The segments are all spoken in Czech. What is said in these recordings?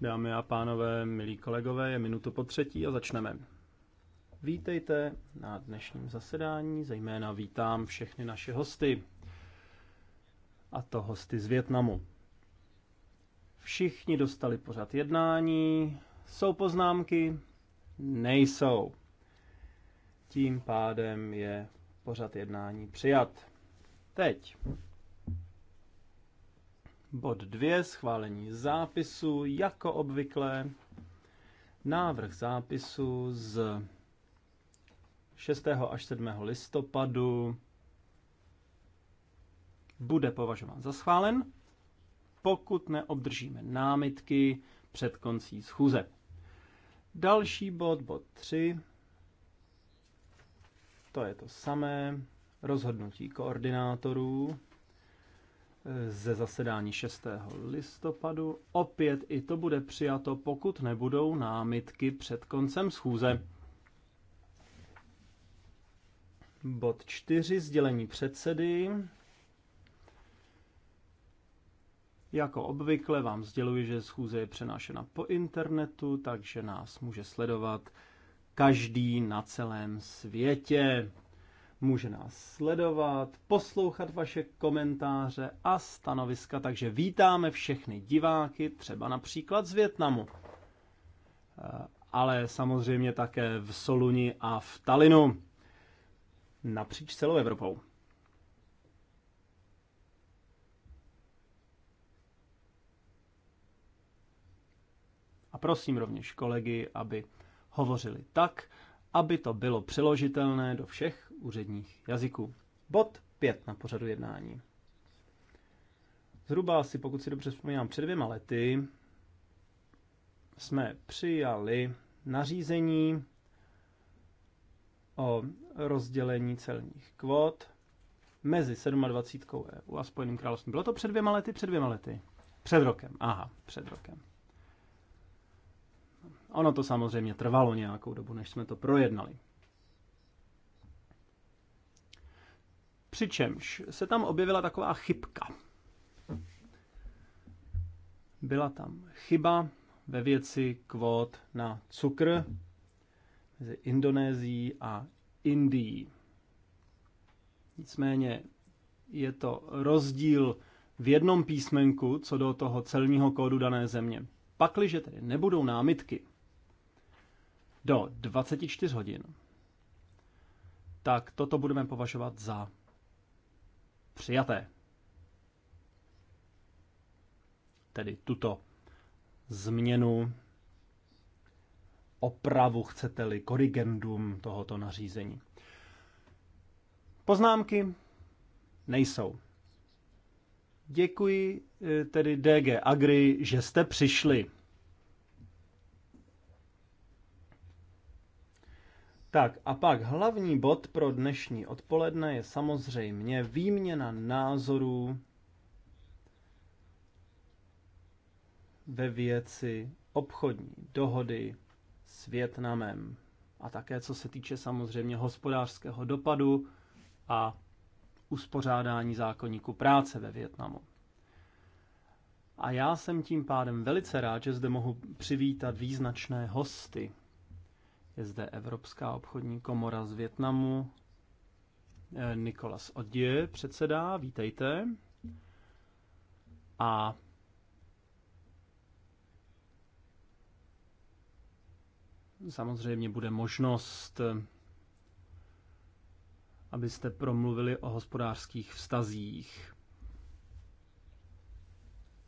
Dámy a pánové, milí kolegové, je minutu po třetí a začneme. Vítejte na dnešním zasedání, zejména vítám všechny naše hosty, a to hosty z Větnamu. Všichni dostali pořad jednání, jsou poznámky? Nejsou. Tím pádem je pořad jednání přijat. Teď Bod 2, schválení zápisu, jako obvykle, návrh zápisu z 6. až 7. listopadu bude považován za schválen, pokud neobdržíme námitky před koncí schůze. Další bod, bod 3, to je to samé, rozhodnutí koordinátorů ze zasedání 6. listopadu. Opět i to bude přijato, pokud nebudou námitky před koncem schůze. Bod 4. Sdělení předsedy. Jako obvykle vám sděluji, že schůze je přenášena po internetu, takže nás může sledovat každý na celém světě může nás sledovat, poslouchat vaše komentáře a stanoviska, takže vítáme všechny diváky, třeba například z Větnamu, eh, ale samozřejmě také v Soluni a v Talinu, napříč celou Evropou. A prosím rovněž kolegy, aby hovořili tak, aby to bylo přeložitelné do všech úředních jazyků. Bod 5 na pořadu jednání. Zhruba asi, pokud si dobře vzpomínám, před dvěma lety jsme přijali nařízení o rozdělení celních kvot mezi 27. EU a Spojeným královstvím. Bylo to před dvěma lety? Před dvěma lety. Před rokem, aha, před rokem. Ono to samozřejmě trvalo nějakou dobu, než jsme to projednali. Přičemž se tam objevila taková chybka. Byla tam chyba ve věci kvót na cukr mezi Indonésií a Indií. Nicméně je to rozdíl v jednom písmenku co do toho celního kódu dané země. Pakliže tedy nebudou námitky do 24 hodin, tak toto budeme považovat za Přijaté. Tedy tuto změnu, opravu, chcete-li, korigendum tohoto nařízení. Poznámky nejsou. Děkuji eh, tedy DG Agri, že jste přišli. Tak a pak hlavní bod pro dnešní odpoledne je samozřejmě výměna názorů ve věci obchodní dohody s Větnamem a také co se týče samozřejmě hospodářského dopadu a uspořádání zákonníku práce ve Větnamu. A já jsem tím pádem velice rád, že zde mohu přivítat význačné hosty – je zde Evropská obchodní komora z Větnamu. Eh, Nikolas Odie, předseda, vítejte. A samozřejmě bude možnost, eh, abyste promluvili o hospodářských vztazích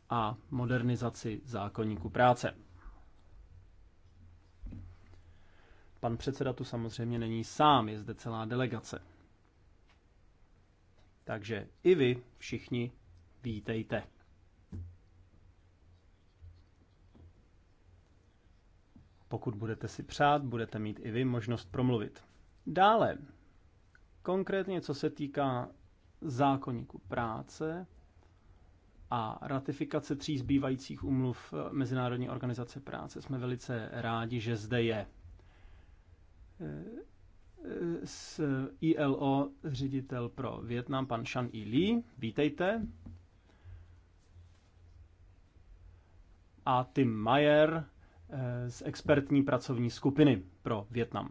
a modernizaci zákonníku práce. Pan předseda tu samozřejmě není sám, je zde celá delegace. Takže i vy všichni vítejte. Pokud budete si přát, budete mít i vy možnost promluvit. Dále, konkrétně co se týká zákonníku práce a ratifikace tří zbývajících umluv Mezinárodní organizace práce, jsme velice rádi, že zde je s ILO ředitel pro Větnam, pan Shan Yi Lee. Vítejte. A Tim Mayer eh, z expertní pracovní skupiny pro Větnam.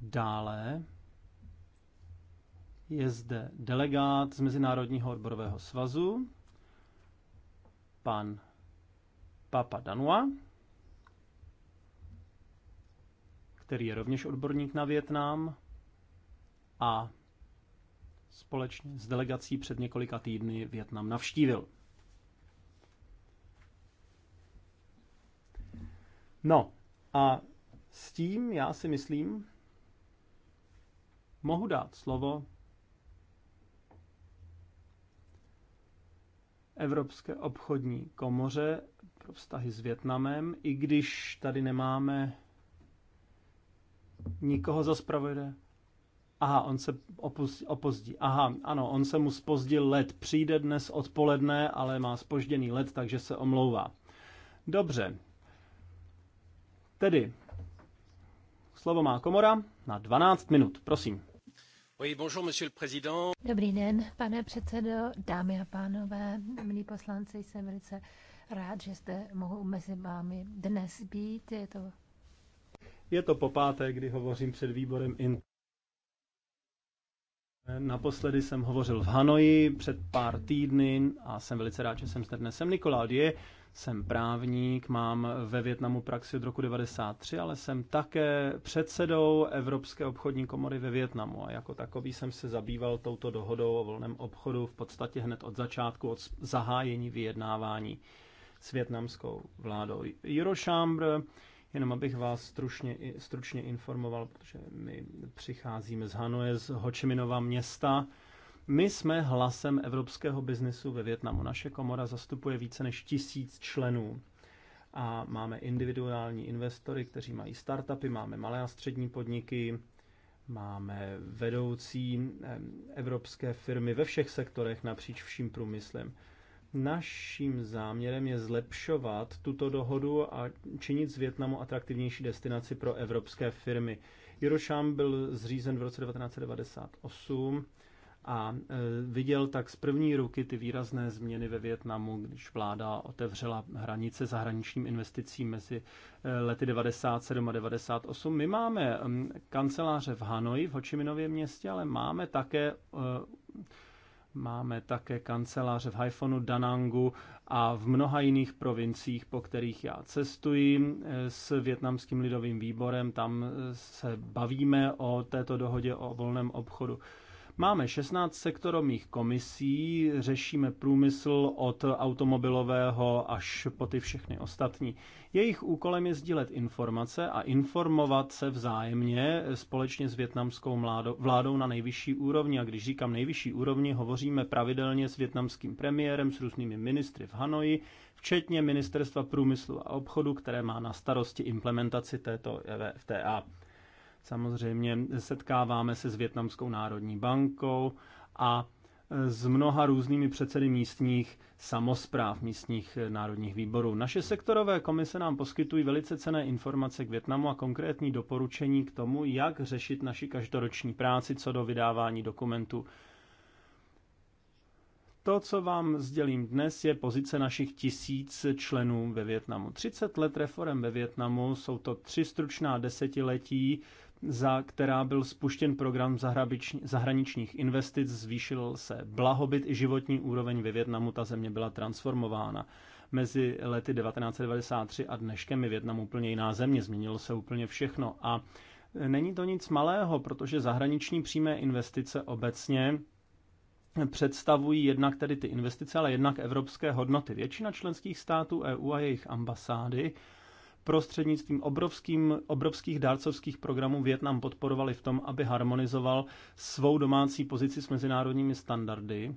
Dále je zde delegát z Mezinárodního odborového svazu, pan Papa Danua. který je rovněž odborník na Větnam a společně s delegací před několika týdny Větnam navštívil. No a s tím já si myslím, mohu dát slovo Evropské obchodní komoře pro vztahy s Větnamem, i když tady nemáme Nikoho za zpravodaje? Aha, on se opustí, opozdí. Aha, ano, on se mu spozdil let. Přijde dnes odpoledne, ale má spožděný let, takže se omlouvá. Dobře. Tedy, slovo má komora na 12 minut, prosím. Dobrý den, pane předsedo, dámy a pánové, milí poslanci, jsem velice rád, že jste mohu mezi vámi dnes být. Je to je to po páté, kdy hovořím před výborem IN. Naposledy jsem hovořil v Hanoji před pár týdny a jsem velice rád, že jsem zde dnes. Jsem Nikolá Die, jsem právník, mám ve Větnamu praxi od roku 1993, ale jsem také předsedou Evropské obchodní komory ve Větnamu a jako takový jsem se zabýval touto dohodou o volném obchodu v podstatě hned od začátku, od zahájení vyjednávání s větnamskou vládou. Eurošambr Jenom abych vás stručně, stručně informoval, protože my přicházíme z Hanoje, z Hočiminova města. My jsme hlasem evropského biznesu ve Větnamu. Naše komora zastupuje více než tisíc členů a máme individuální investory, kteří mají startupy, máme malé a střední podniky, máme vedoucí evropské firmy ve všech sektorech napříč vším průmyslem. Naším záměrem je zlepšovat tuto dohodu a činit z Větnamu atraktivnější destinaci pro evropské firmy. Jirošám byl zřízen v roce 1998 a e, viděl tak z první ruky ty výrazné změny ve Větnamu, když vláda otevřela hranice zahraničním investicím mezi e, lety 97 a 98. My máme kanceláře v Hanoji, v Hočiminově městě, ale máme také e, Máme také kanceláře v Haifonu, Danangu a v mnoha jiných provinciích, po kterých já cestuji eh, s Větnamským lidovým výborem. Tam eh, se bavíme o této dohodě o volném obchodu. Máme 16 sektorových komisí, řešíme průmysl od automobilového až po ty všechny ostatní. Jejich úkolem je sdílet informace a informovat se vzájemně společně s větnamskou vládou na nejvyšší úrovni. A když říkám nejvyšší úrovni, hovoříme pravidelně s větnamským premiérem, s různými ministry v Hanoji, včetně Ministerstva průmyslu a obchodu, které má na starosti implementaci této EVFTA. Samozřejmě setkáváme se s Větnamskou národní bankou a e, s mnoha různými předsedy místních samozpráv, místních e, národních výborů. Naše sektorové komise nám poskytují velice cené informace k Větnamu a konkrétní doporučení k tomu, jak řešit naši každoroční práci co do vydávání dokumentů. To, co vám sdělím dnes, je pozice našich tisíc členů ve Větnamu. 30 let reform ve Větnamu, jsou to tři stručná desetiletí za která byl spuštěn program zahraničních investic, zvýšil se blahobyt i životní úroveň ve Větnamu, ta země byla transformována. Mezi lety 1993 a dneškem je Větnam úplně jiná země, změnilo se úplně všechno a Není to nic malého, protože zahraniční přímé investice obecně představují jednak tedy ty investice, ale jednak evropské hodnoty. Většina členských států EU a jejich ambasády prostřednictvím obrovským, obrovských dárcovských programů Větnam podporovali v tom, aby harmonizoval svou domácí pozici s mezinárodními standardy,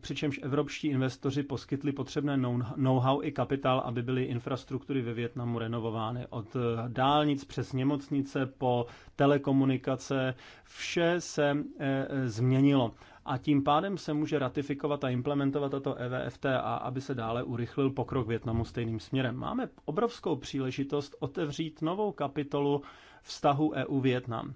přičemž evropští investoři poskytli potřebné know-how i kapitál, aby byly infrastruktury ve Větnamu renovovány. Od eh, dálnic přes nemocnice po telekomunikace, vše se e, změnilo a tím pádem se může ratifikovat a implementovat tato EVFTA, aby se dále urychlil pokrok Větnamu stejným směrem. Máme obrovskou příležitost otevřít novou kapitolu vztahu EU-Větnam.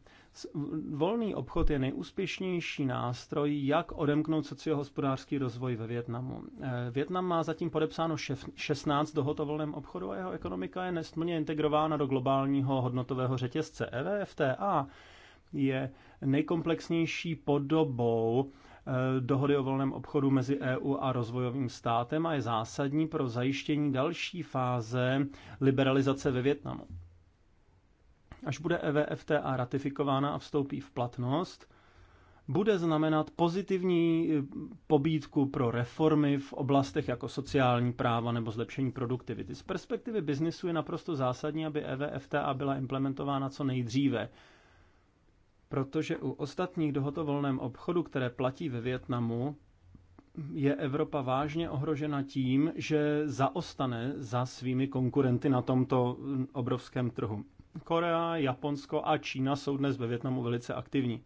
Volný obchod je nejúspěšnější nástroj, jak odemknout sociohospodářský rozvoj ve Větnamu. E, Větnam má zatím podepsáno 16 dohod o volném obchodu a jeho ekonomika je nesmlně integrována do globálního hodnotového řetězce. EVFTA je nejkomplexnější podobou eh, dohody o volném obchodu mezi EU a rozvojovým státem a je zásadní pro zajištění další fáze liberalizace ve Větnamu. Až bude EVFTA ratifikována a vstoupí v platnost, bude znamenat pozitivní eh, pobídku pro reformy v oblastech jako sociální práva nebo zlepšení produktivity. Z perspektivy biznisu je naprosto zásadní, aby EVFTA byla implementována co nejdříve, protože u ostatních dohotovolném obchodu, které platí ve Větnamu, je Evropa vážně ohrožena tím, že zaostane za svými konkurenty na tomto obrovském trhu. Korea, Japonsko a Čína jsou dnes ve Větnamu velice aktivní.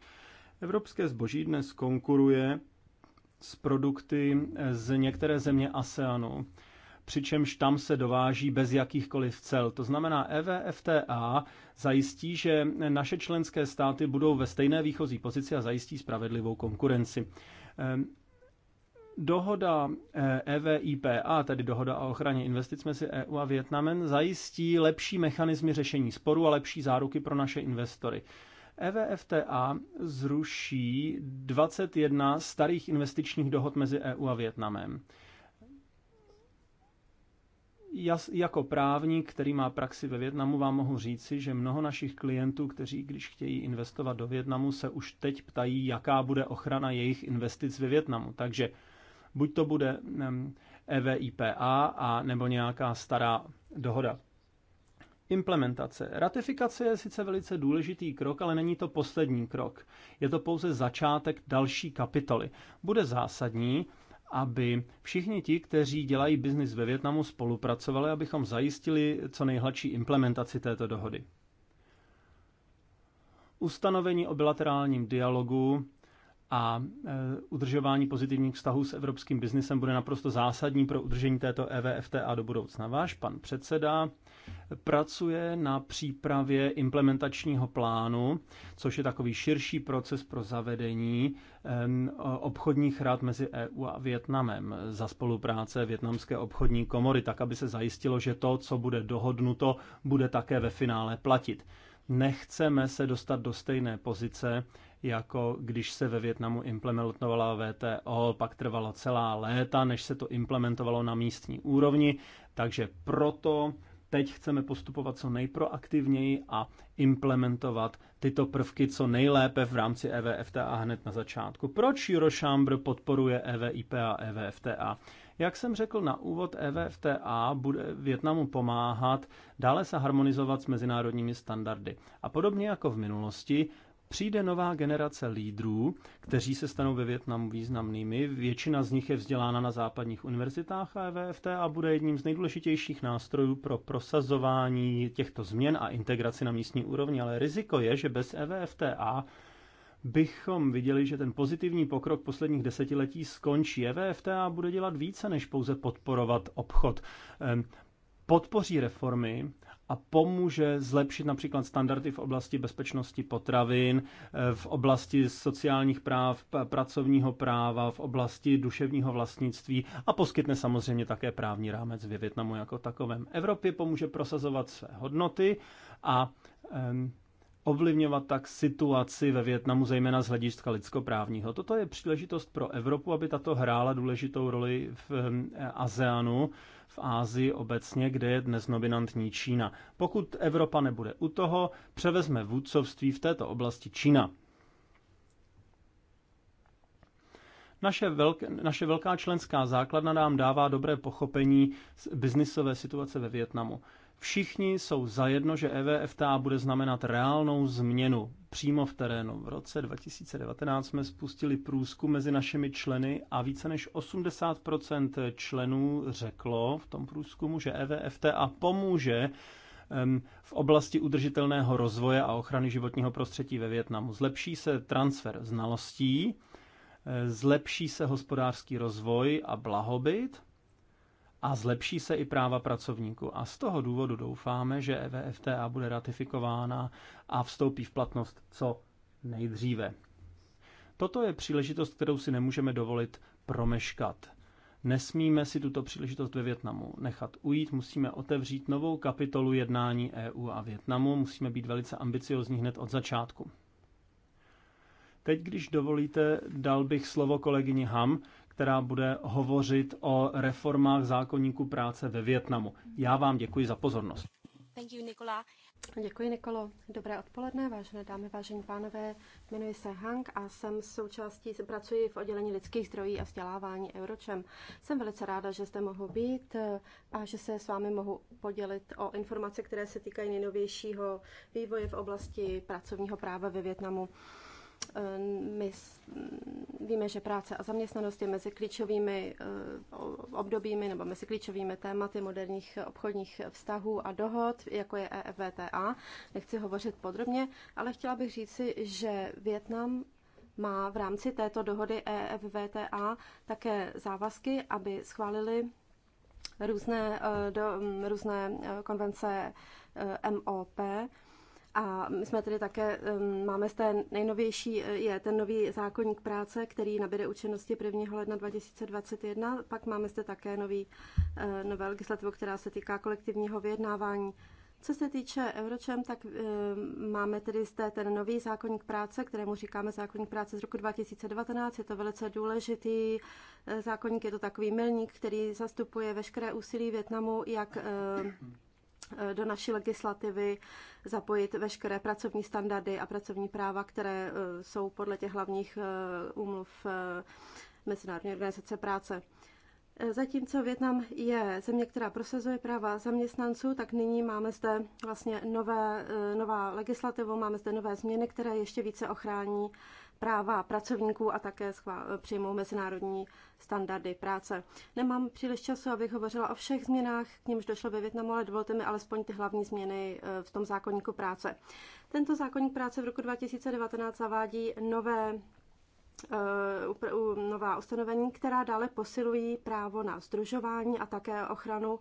Evropské zboží dnes konkuruje s produkty z některé země ASEANu přičemž tam se dováží bez jakýchkoliv cel. To znamená, EVFTA zajistí, že naše členské státy budou ve stejné výchozí pozici a zajistí spravedlivou konkurenci. Ehm, dohoda EVIPA, eh, e tedy dohoda o ochraně investic mezi EU a Větnamem, zajistí lepší mechanismy řešení sporu a lepší záruky pro naše investory. EVFTA zruší 21 starých investičních dohod mezi EU a Větnamem. Jas, jako právník, který má praxi ve Větnamu, vám mohu říci, že mnoho našich klientů, kteří když chtějí investovat do Větnamu, se už teď ptají, jaká bude ochrana jejich investic ve Větnamu. Takže buď to bude EVIPA e a nebo nějaká stará dohoda. Implementace. Ratifikace je sice velice důležitý krok, ale není to poslední krok. Je to pouze začátek další kapitoly. Bude zásadní, aby všichni ti, kteří dělají biznis ve Větnamu, spolupracovali, abychom zajistili co nejhladší implementaci této dohody. Ustanovení o bilaterálním dialogu a e, udržování pozitivních vztahů s evropským biznisem bude naprosto zásadní pro udržení této EVFTA do budoucna. Váš pan předseda pracuje na přípravě implementačního plánu, což je takový širší proces pro zavedení obchodních rad mezi EU a Větnamem za spolupráce Větnamské obchodní komory, tak aby se zajistilo, že to, co bude dohodnuto, bude také ve finále platit. Nechceme se dostat do stejné pozice, jako když se ve Větnamu implementovala VTO, pak trvalo celá léta, než se to implementovalo na místní úrovni, takže proto Teď chceme postupovat co nejproaktivněji a implementovat tyto prvky co nejlépe v rámci EVFTA hned na začátku. Proč Eurochamber podporuje EVIP a EVFTA? Jak jsem řekl na úvod, EVFTA bude Větnamu pomáhat dále se harmonizovat s mezinárodními standardy. A podobně jako v minulosti, Přijde nová generace lídrů, kteří se stanou ve Větnamu významnými. Většina z nich je vzdělána na západních univerzitách a EVFT a bude jedním z nejdůležitějších nástrojů pro prosazování těchto změn a integraci na místní úrovni. Ale riziko je, že bez EVFTA bychom viděli, že ten pozitivní pokrok posledních desetiletí skončí. EVFTA bude dělat více, než pouze podporovat obchod ehm, podpoří reformy a pomůže zlepšit například standardy v oblasti bezpečnosti potravin, eh, v oblasti sociálních práv, pracovního práva, v oblasti duševního vlastnictví a poskytne samozřejmě také právní rámec ve Větnamu jako takovém. Evropě pomůže prosazovat své hodnoty a ovlivňovat tak situaci ve Větnamu, zejména z hlediska lidskoprávního. Toto je příležitost pro Evropu, aby tato hrála důležitou roli v ASEANu v Ázii obecně, kde je dnes dominantní Čína. Pokud Evropa nebude u toho, převezme vůdcovství v této oblasti Čína. Naše, velk, naše velká členská základna nám dává dobré pochopení biznisové situace ve Větnamu. Všichni jsou zajedno, že EVFTA bude znamenat reálnou změnu přímo v terénu. V roce 2019 jsme spustili průzkum mezi našimi členy a více než 80 členů řeklo v tom průzkumu, že EVFTA pomůže v oblasti udržitelného rozvoje a ochrany životního prostředí ve Větnamu. Zlepší se transfer znalostí, e, zlepší se hospodářský rozvoj a blahobyt a zlepší se i práva pracovníků. A z toho důvodu doufáme, že EVFTA bude ratifikována a vstoupí v platnost co nejdříve. Toto je příležitost, kterou si nemůžeme dovolit promeškat. Nesmíme si tuto příležitost ve Větnamu nechat ujít, musíme otevřít novou kapitolu jednání EU a Větnamu, musíme být velice ambiciozní hned od začátku. Teď, když dovolíte, dal bych slovo kolegyni Ham, která bude hovořit o reformách zákonníku práce ve Větnamu. Já vám děkuji za pozornost. Thank you, Nikola. Děkuji, Nikolo. Dobré odpoledne, vážené dámy, vážení pánové. Jmenuji se Hank a jsem součástí, pracuji v oddělení lidských zdrojí a vzdělávání Euročem. Jsem velice ráda, že zde mohu být eh, a že se s vámi mohu podělit o informace, které se týkají nejnovějšího vývoje v oblasti pracovního práva ve Větnamu. Ehm, my víme, že práce a zaměstnanost je mezi klíčovými eh, obdobími nebo mezi klíčovými tématy moderních obchodních vztahů a dohod, jako je EFVTA. Nechci hovořit podrobně, ale chtěla bych říci, že Větnam má v rámci této dohody EFVTA také závazky, aby schválili různé, eh, do, mm, různé eh, konvence MOP, a my jsme tedy také, máme z té nejnovější, e, je ten nový zákonník práce, který nabíde účinnosti 1. ledna 2021. Pak máme zde také nový, e, nové legislativu, která se týká kolektivního vyjednávání. Co se týče Euročem, tak máme tedy zde ten nový zákonník práce, kterému říkáme zákonník práce z roku 2019. Je to velice důležitý e, zákonník, je to takový milník, který zastupuje veškeré úsilí Větnamu, jak Eh, do naší legislativy zapojit veškeré pracovní standardy a pracovní práva, které eh, jsou podle těch hlavních eh, úmluv Mezinárodní organizace práce. Zatímco Větnam je země, která prosazuje práva zaměstnanců, tak nyní máme zde vlastně nové, nová legislativu, máme zde nové změny, které ještě více ochrání práva pracovníků a také přijmou mezinárodní standardy práce. Nemám příliš času, abych hovořila o všech změnách, k nímž došlo ve Větnamu, ale dovolte mi alespoň ty hlavní změny eh, v tom zákonníku práce. Tento zákonník práce v roku 2019 zavádí nové eh, nová ustanovení, která dále posilují právo na združování a také ochranu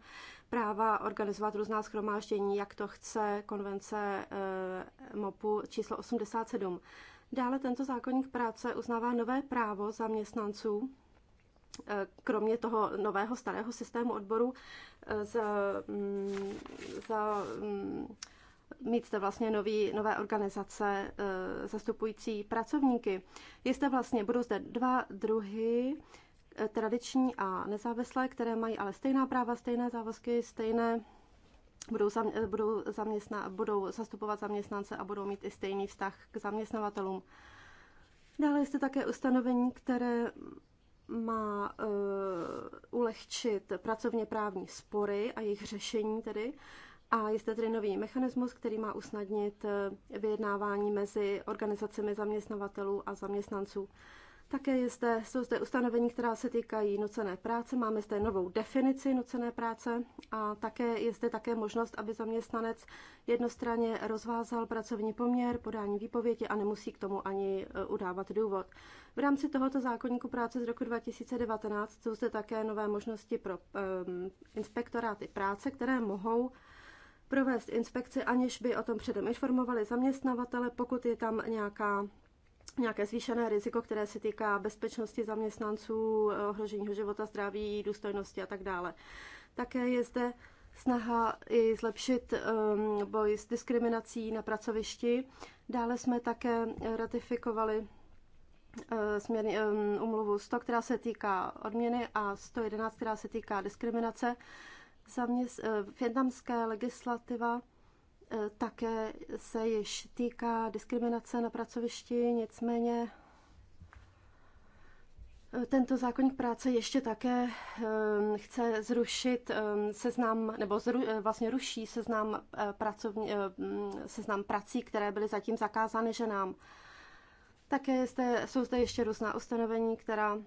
práva organizovat různá schromáždění, jak to chce konvence eh, MOPu číslo 87. Dále tento zákonník práce uznává nové právo zaměstnanců, eh, kromě toho nového starého systému odboru, eh, za, mm, za mm, mít zde vlastně nový, nové organizace eh, zastupující pracovníky. Je zde vlastně, budou zde dva druhy, tradiční a nezávislé, které mají ale stejná práva, stejné závazky, stejné budou, zam, eh, budou, zaměstna, budou zastupovat zaměstnance a budou mít i stejný vztah k zaměstnavatelům. Dále je také ustanovení, které má uh, ulehčit pracovně právní spory a jejich řešení tedy. A je zde tedy nový mechanismus, který má usnadnit eh, vyjednávání mezi organizacemi zaměstnavatelů a zaměstnanců. Uh, také je zde, jsou zde ustanovení, která se týkají nucené práce. Máme zde novou definici nucené práce a také je zde také možnost, aby zaměstnanec jednostranně rozvázal pracovní poměr, podání výpovědi a nemusí k tomu ani e, udávat důvod. V rámci tohoto zákonníku práce z roku 2019 jsou zde také nové možnosti pro um, inspektoráty práce, které mohou provést inspekci, aniž by o tom předem informovali zaměstnavatele, pokud je tam nějaká nějaké zvýšené riziko, které se týká bezpečnosti zaměstnanců, ohrožení života, zdraví, důstojnosti a tak dále. Také je zde snaha i zlepšit um, boj s diskriminací na pracovišti. Dále jsme také ratifikovali uh, směrně, um, umluvu 100, která se týká odměny a 111, která se týká diskriminace. Zaměst, uh, větnamské legislativa Eh, také se již týká diskriminace na pracovišti, nicméně eh, tento zákonník práce ještě také eh, chce zrušit seznam, nebo zru, vlastně ruší seznam, pracovní, mm, seznam prací, které byly zatím zakázány ženám. Také jste, jsou zde ještě různá ustanovení, která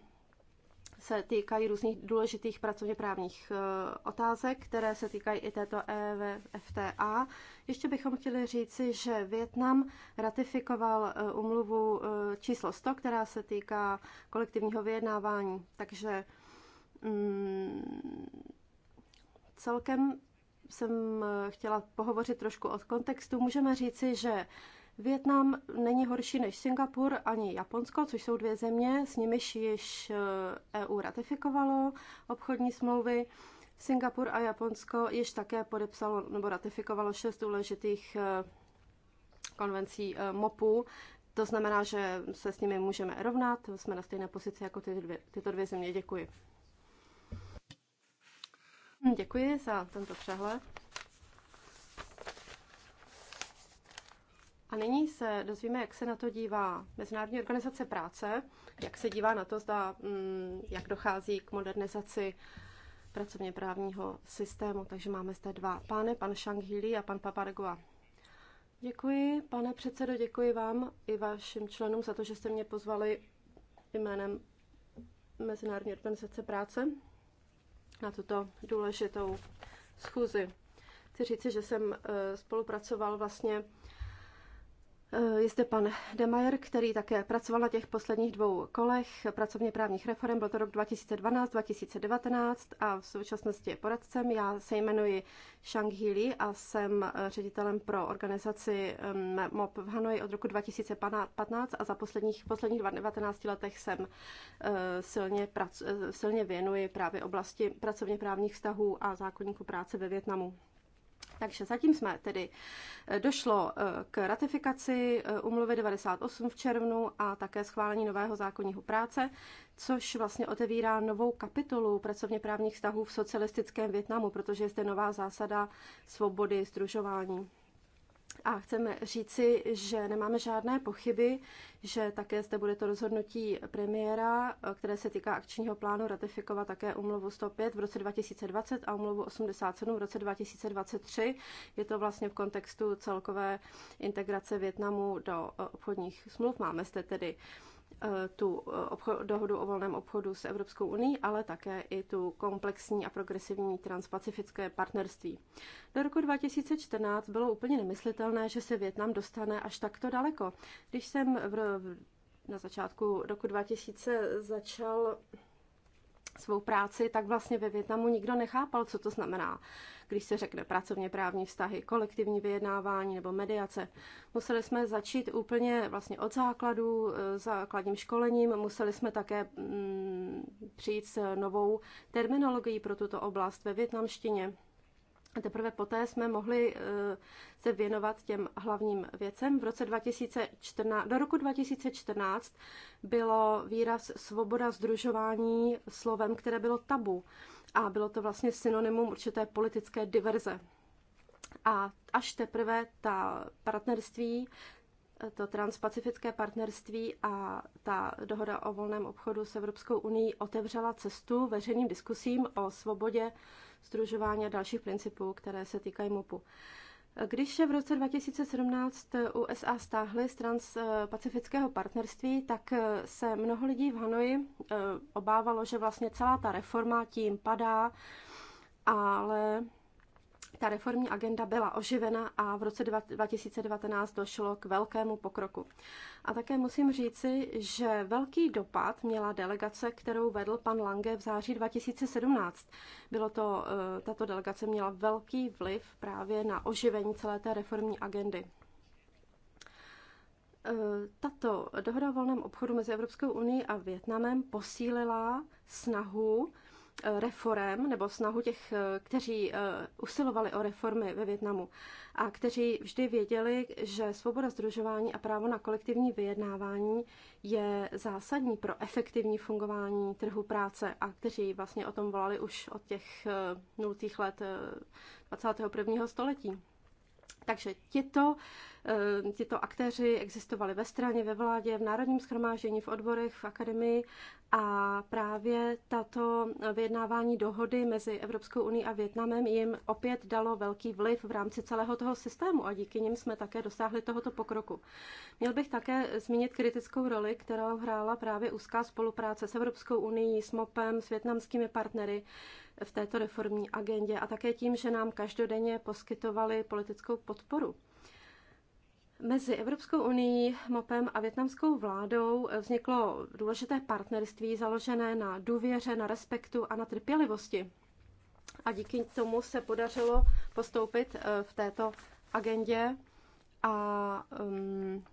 se týkají různých důležitých pracovně právních eh, otázek, které se týkají i této EVFTA. Ještě bychom chtěli říci, že Větnam ratifikoval eh, umluvu eh, číslo 100, která se týká kolektivního vyjednávání. Takže mm, celkem jsem chtěla pohovořit trošku od kontextu. Můžeme říci, že Větnam není horší než Singapur ani Japonsko, což jsou dvě země, s nimiž již EU eh, e ratifikovalo obchodní smlouvy. Singapur a Japonsko již také podepsalo nebo ratifikovalo šest důležitých eh, konvencí eh, MOPu. To znamená, že se s nimi můžeme rovnat, jsme na stejné pozici jako ty dvě, tyto dvě země. Děkuji. Děkuji za tento přehled. A nyní se dozvíme, jak se na to dívá Mezinárodní organizace práce, jak se dívá na to, zda, mm, jak dochází k modernizaci pracovně právního systému. Takže máme zde dva pány, pan Shanghili a pan Papargua. Děkuji, pane předsedo, děkuji vám i vašim členům za to, že jste mě pozvali jménem Mezinárodní organizace práce na tuto důležitou schůzi. Chci říci, že jsem eh, spolupracoval vlastně Eh, je zde pan Demajer, který také pracoval na těch posledních dvou kolech pracovně právních reform. Byl to rok 2012-2019 a v současnosti je poradcem. Já se jmenuji Shang Hili a jsem eh, ředitelem pro organizaci MOP v Hanoji od roku 2015 a za posledních, posledních 19 letech jsem eh, silně, prac, silně věnuji právě oblasti pracovně právních vztahů a zákonníku práce ve Větnamu. Takže zatím jsme tedy eh, došlo eh, k ratifikaci eh, umluvy 98 v červnu a také schválení nového zákonního práce, což vlastně otevírá novou kapitolu pracovně právních vztahů v socialistickém Větnamu, protože je zde nová zásada svobody združování. A chceme říci, že nemáme žádné pochyby, že také zde bude to rozhodnutí premiéra, které se týká akčního plánu ratifikovat také umluvu 105 v roce 2020 a umluvu 87 v roce 2023. Je to vlastně v kontextu celkové integrace Větnamu do obchodních smluv. Máme zde tedy uh, Eh, tu eh, obchod, dohodu o volném obchodu s Evropskou uní, ale také i tu komplexní a progresivní transpacifické partnerství. Do roku 2014 bylo úplně nemyslitelné, že se Větnam dostane až takto daleko. Když jsem v, na začátku roku 2000 začal svou práci, tak vlastně ve Větnamu nikdo nechápal, co to znamená. Když se řekne pracovně právní vztahy, kolektivní vyjednávání nebo mediace, museli jsme začít úplně vlastně od základu, eh, základním školením, museli jsme také mm, přijít s novou terminologií pro tuto oblast ve větnamštině. Teprve poté jsme mohli eh, se věnovat těm hlavním věcem. V roce 2014, do roku 2014 bylo výraz svoboda združování slovem, které bylo tabu a bylo to vlastně synonymum určité politické diverze. A až teprve ta partnerství, eh, to transpacifické partnerství a ta dohoda o volném obchodu s Evropskou unii otevřela cestu veřejným diskusím o svobodě združování a dalších principů, které se týkají MOPu. Když se v roce 2017 USA stáhly z transpacifického partnerství, tak se mnoho lidí v Hanoji eh, obávalo, že vlastně celá ta reforma tím padá, ale ta reformní agenda byla oživena a v roce 2019 došlo k velkému pokroku. A také musím říci, že velký dopad měla delegace, kterou vedl pan Lange v září 2017. Bylo to, eh, tato delegace měla velký vliv právě na oživení celé té reformní agendy. Eh, tato dohoda o volném obchodu mezi Evropskou unii a Větnamem posílila snahu Eh, reform nebo snahu těch, eh, kteří eh, usilovali o reformy ve Větnamu a kteří vždy věděli, že svoboda združování a právo na kolektivní vyjednávání je zásadní pro efektivní fungování trhu práce a kteří vlastně o tom volali už od těch nultých let 21. století. Takže těto, eh, těto aktéři existovali ve straně, ve vládě, v Národním schromážení, v odborech, v akademii a právě tato vyjednávání dohody mezi Evropskou unii a Větnamem jim opět dalo velký vliv v rámci celého toho systému a díky nim jsme také dosáhli tohoto pokroku. Měl bych také zmínit kritickou roli, kterou hrála právě úzká spolupráce s Evropskou unii, s MOPem, e s větnamskými partnery, v této reformní agendě a také tím, že nám každodenně poskytovali politickou podporu. Mezi Evropskou unii, MOPem a větnamskou vládou vzniklo důležité partnerství založené na důvěře, na respektu a na trpělivosti. A díky tomu se podařilo postoupit eh, v této agendě a um,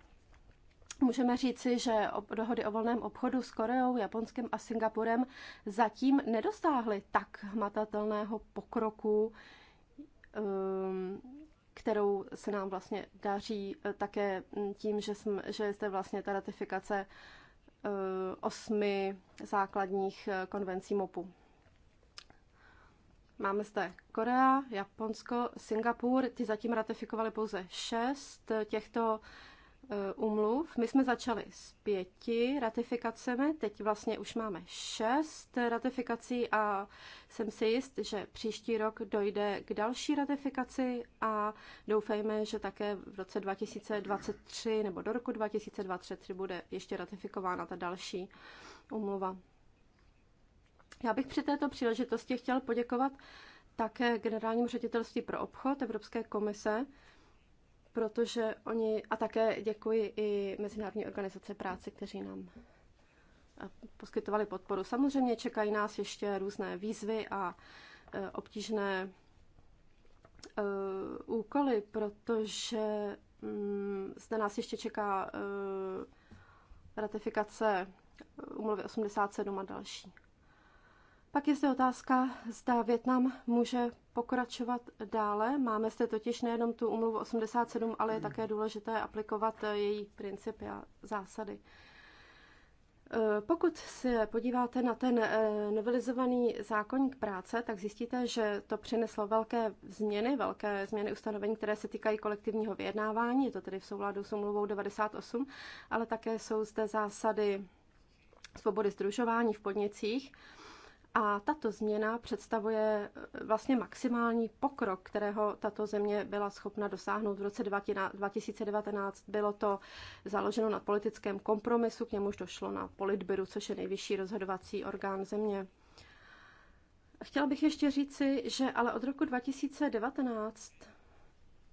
Můžeme říci, že dohody o volném obchodu s Koreou, Japonskem a Singapurem zatím nedosáhly tak hmatatelného pokroku, ehm, kterou se nám vlastně daří e, také tím, že, jsme, že zde vlastně ta ratifikace e, osmi základních e, konvencí MOPu. Máme zde Korea, Japonsko, Singapur, ty zatím ratifikovali pouze šest těchto Eh, umluv. My jsme začali s pěti ratifikacemi, teď vlastně už máme šest ratifikací a jsem si jist, že příští rok dojde k další ratifikaci a doufejme, že také v roce 2023 nebo do roku 2023 bude ještě ratifikována ta další umluva. Já bych při této příležitosti chtěl poděkovat také generálnímu ředitelství pro obchod Evropské komise, protože oni, a také děkuji i Mezinárodní organizace práce, kteří nám eh, poskytovali podporu. Samozřejmě čekají nás ještě různé výzvy a eh, obtížné eh, úkoly, protože mm, zde nás ještě čeká ratifikace umluvy 87 a další. Pak je zde otázka, zda Větnam může pokračovat dále. Máme zde totiž nejenom tu umluvu 87, ale je také důležité aplikovat její principy a zásady. Eh, pokud se podíváte na ten eh, novelizovaný zákonník práce, tak zjistíte, že to přineslo velké změny, velké změny ustanovení, které se týkají kolektivního vyjednávání, je to tedy v souladu s umluvou 98, ale také jsou zde zásady svobody združování v podnicích a tato změna představuje eh, vlastně maximální pokrok, kterého tato země byla schopna dosáhnout v roce 2019. Bylo to založeno na politickém kompromisu, k němuž došlo na politbyru, což je nejvyšší rozhodovací orgán země. Chtěla bych ještě říci, že ale od roku 2019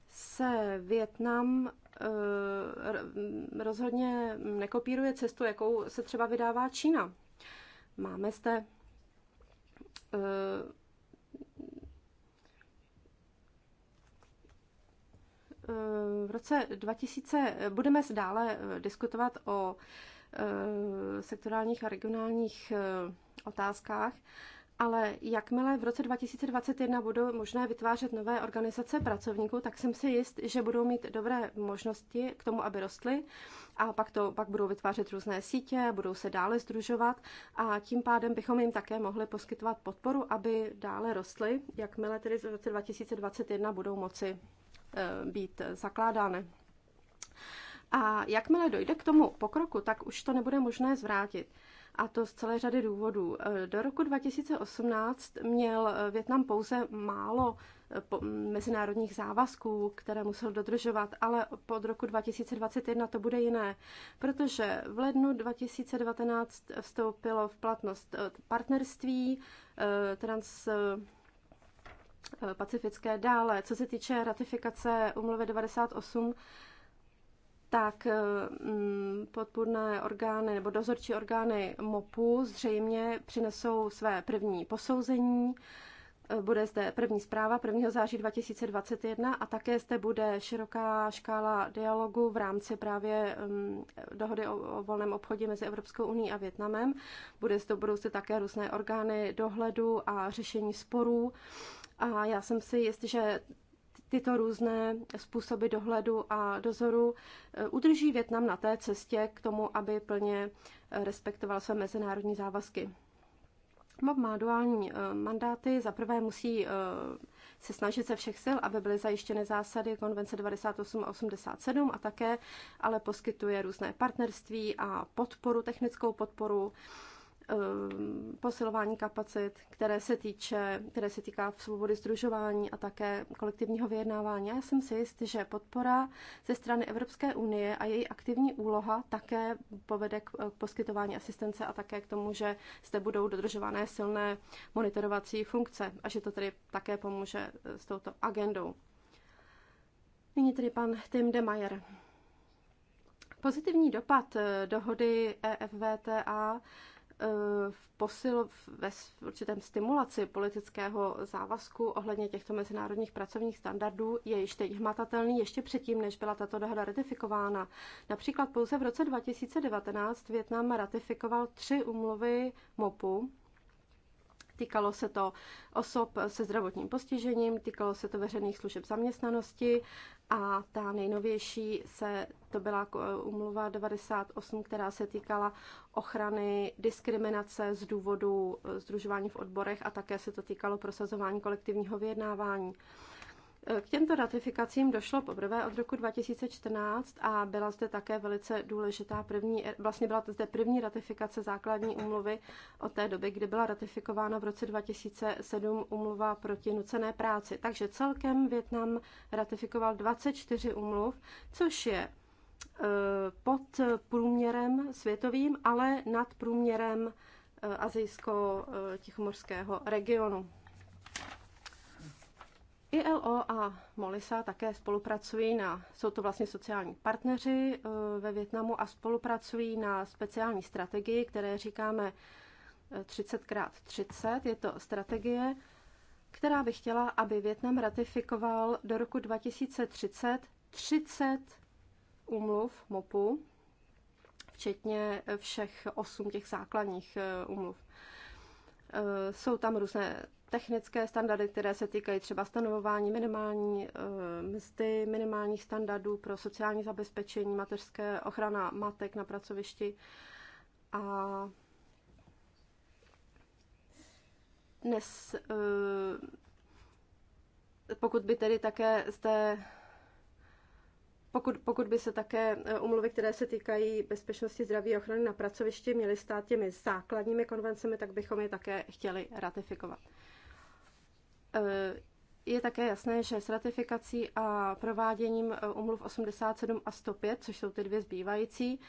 se Větnam eh, rozhodně nekopíruje cestu, jakou se třeba vydává Čína. Máme zde Eh, v roce 2000 budeme dále eh, diskutovat o eh, sektorálních a regionálních otázkách ale jakmile v roce 2021 budou možné vytvářet nové organizace pracovníků, tak jsem si jist, že budou mít dobré možnosti k tomu, aby rostly a pak, to, pak budou vytvářet různé sítě, budou se dále združovat a tím pádem bychom jim také mohli poskytovat podporu, aby dále rostly, jakmile tedy v roce 2021 budou moci eh, být zakládány. A jakmile dojde k tomu pokroku, tak už to nebude možné zvrátit a to z celé řady důvodů. E, do roku 2018 měl e, Větnam pouze málo e, mezinárodních závazků, které musel dodržovat, ale od roku 2021 to bude jiné, protože v lednu 2019 vstoupilo v platnost partnerství trans pacifické dále. Co se týče ratifikace umluvy 98, tak eh, mm, podpůrné orgány nebo dozorčí orgány MOPu zřejmě přinesou své první posouzení. Eh, bude zde první zpráva 1. září 2021 a také zde bude široká škála dialogu v rámci právě mm, dohody o volném obchodě mezi Evropskou uní a Větnamem. Bude zde, budou zde také různé orgány dohledu a řešení sporů. A já jsem si jistý, že tyto různé způsoby dohledu a dozoru eh, udrží Větnam na té cestě k tomu, aby plně eh, respektoval své mezinárodní závazky. MOB má duální eh, mandáty. Za prvé musí se snažit ze všech sil, aby byly zajištěny zásady konvence 98 a 87 a také ale poskytuje různé partnerství a podporu, technickou podporu Ehm, posilování kapacit, které se, týče, které se týká svobody združování a také kolektivního vyjednávání. Já jsem si jist, že podpora ze strany Evropské unie a její aktivní úloha také povede k poskytování asistence a také k tomu, že zde budou dodržované silné monitorovací funkce a že to tedy také pomůže eh, s touto agendou. Nyní tedy pan Tim de Mayer. Pozitivní dopad eh, dohody EFVTA Eh, v posil ve určitém stimulaci politického závazku ohledně těchto mezinárodních pracovních standardů je již teď hmatatelný ještě předtím, než byla tato dohoda ratifikována. Například pouze v roce 2019 Větnam ratifikoval tři umluvy MOPu, Týkalo se to osob se zdravotním postižením, týkalo se to veřejných služeb zaměstnanosti a ta nejnovější se to byla jako, e, umluva 98, která se týkala ochrany diskriminace z důvodu združování e, v odborech a také se to týkalo prosazování kolektivního vyjednávání. K těmto ratifikacím došlo poprvé od roku 2014 a byla zde také velice důležitá první, vlastně byla zde první ratifikace základní úmluvy od té doby, kdy byla ratifikována v roce 2007 úmluva proti nucené práci. Takže celkem Větnam ratifikoval 24 úmluv, což je e, pod průměrem světovým, ale nad průměrem e, azijsko-tichomorského e, regionu. ILO a Molisa také spolupracují na, jsou to vlastně sociální partneři eh, ve Větnamu a spolupracují na speciální strategii, které říkáme 30x30. Eh, Je to strategie, která by chtěla, aby Větnam ratifikoval do roku 2030 30 úmluv MOPu, včetně eh, všech osm těch základních úmluv. Jsou tam různé technické standardy, které se týkají třeba stanovování minimální eh, mzdy, minimálních standardů pro sociální zabezpečení, mateřské ochrana matek na pracovišti. A dnes, eh, pokud by tedy také zde pokud, pokud by se také eh, umluvy, které se týkají bezpečnosti zdraví a ochrany na pracovišti, měly stát těmi základními konvencemi, tak bychom je také chtěli ratifikovat. Je také jasné, že s ratifikací a prováděním e, umluv 87 a 105, což jsou ty dvě zbývající,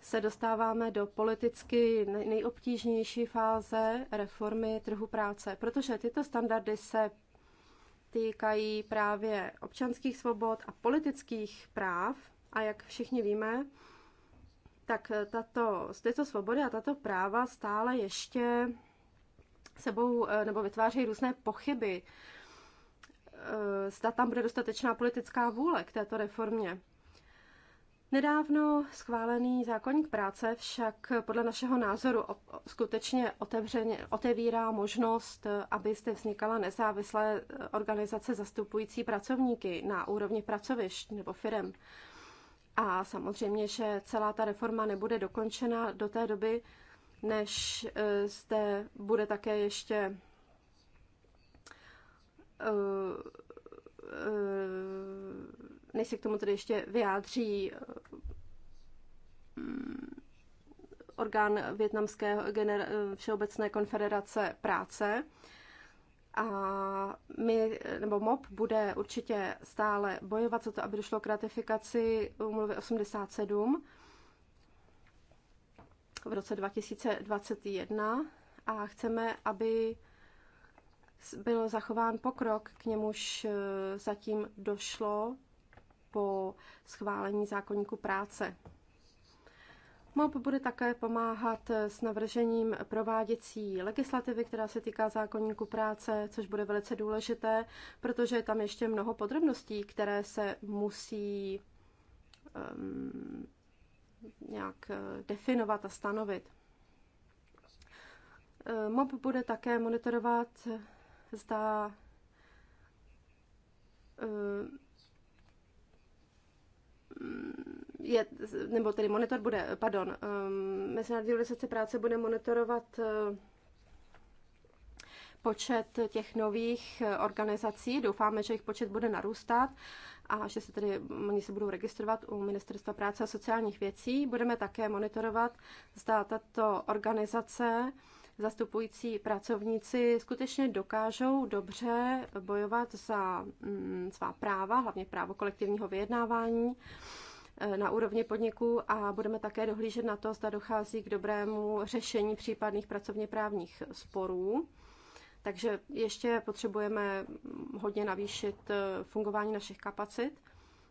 se dostáváme do politicky nejobtížnější fáze reformy trhu práce, protože tyto standardy se týkají právě občanských svobod a politických práv. A jak všichni víme, tak tato, tyto svobody a tato práva stále ještě sebou eh, nebo vytvářejí různé pochyby, eh, zda tam bude dostatečná politická vůle k této reformě. Nedávno schválený zákonník práce však podle našeho názoru skutečně otevřeně otevírá možnost, eh, aby zde vznikala nezávislé organizace zastupující pracovníky na úrovni pracovišť nebo firem. A samozřejmě, že celá ta reforma nebude dokončena do té doby, než eh, zde bude také ještě eh, eh, než se k tomu tedy ještě vyjádří orgán Větnamského všeobecné konfederace práce. A my, nebo MOP bude určitě stále bojovat za to, aby došlo k ratifikaci umluvy 87 v roce 2021 a chceme, aby byl zachován pokrok, k němuž eh, zatím došlo po schválení zákonníku práce. MOP bude také pomáhat eh, s navržením prováděcí legislativy, která se týká zákonníku práce, což bude velice důležité, protože je tam ještě mnoho podrobností, které se musí um, nějak eh, definovat a stanovit. Eh, MOB bude také monitorovat, zda eh, je, nebo tedy monitor bude, pardon, Mezinárodní organizace práce bude monitorovat počet těch nových eh, organizací. Doufáme, že jejich počet bude narůstat a že se tedy mm, oni se budou registrovat u Ministerstva práce a sociálních věcí. Budeme také monitorovat, zda tato organizace zastupující pracovníci skutečně dokážou dobře bojovat za mm, svá práva, hlavně právo kolektivního vyjednávání eh, na úrovni podniků a budeme také dohlížet na to, zda dochází k dobrému řešení případných pracovně právních sporů. Takže ještě potřebujeme hodně navýšit eh, fungování našich kapacit.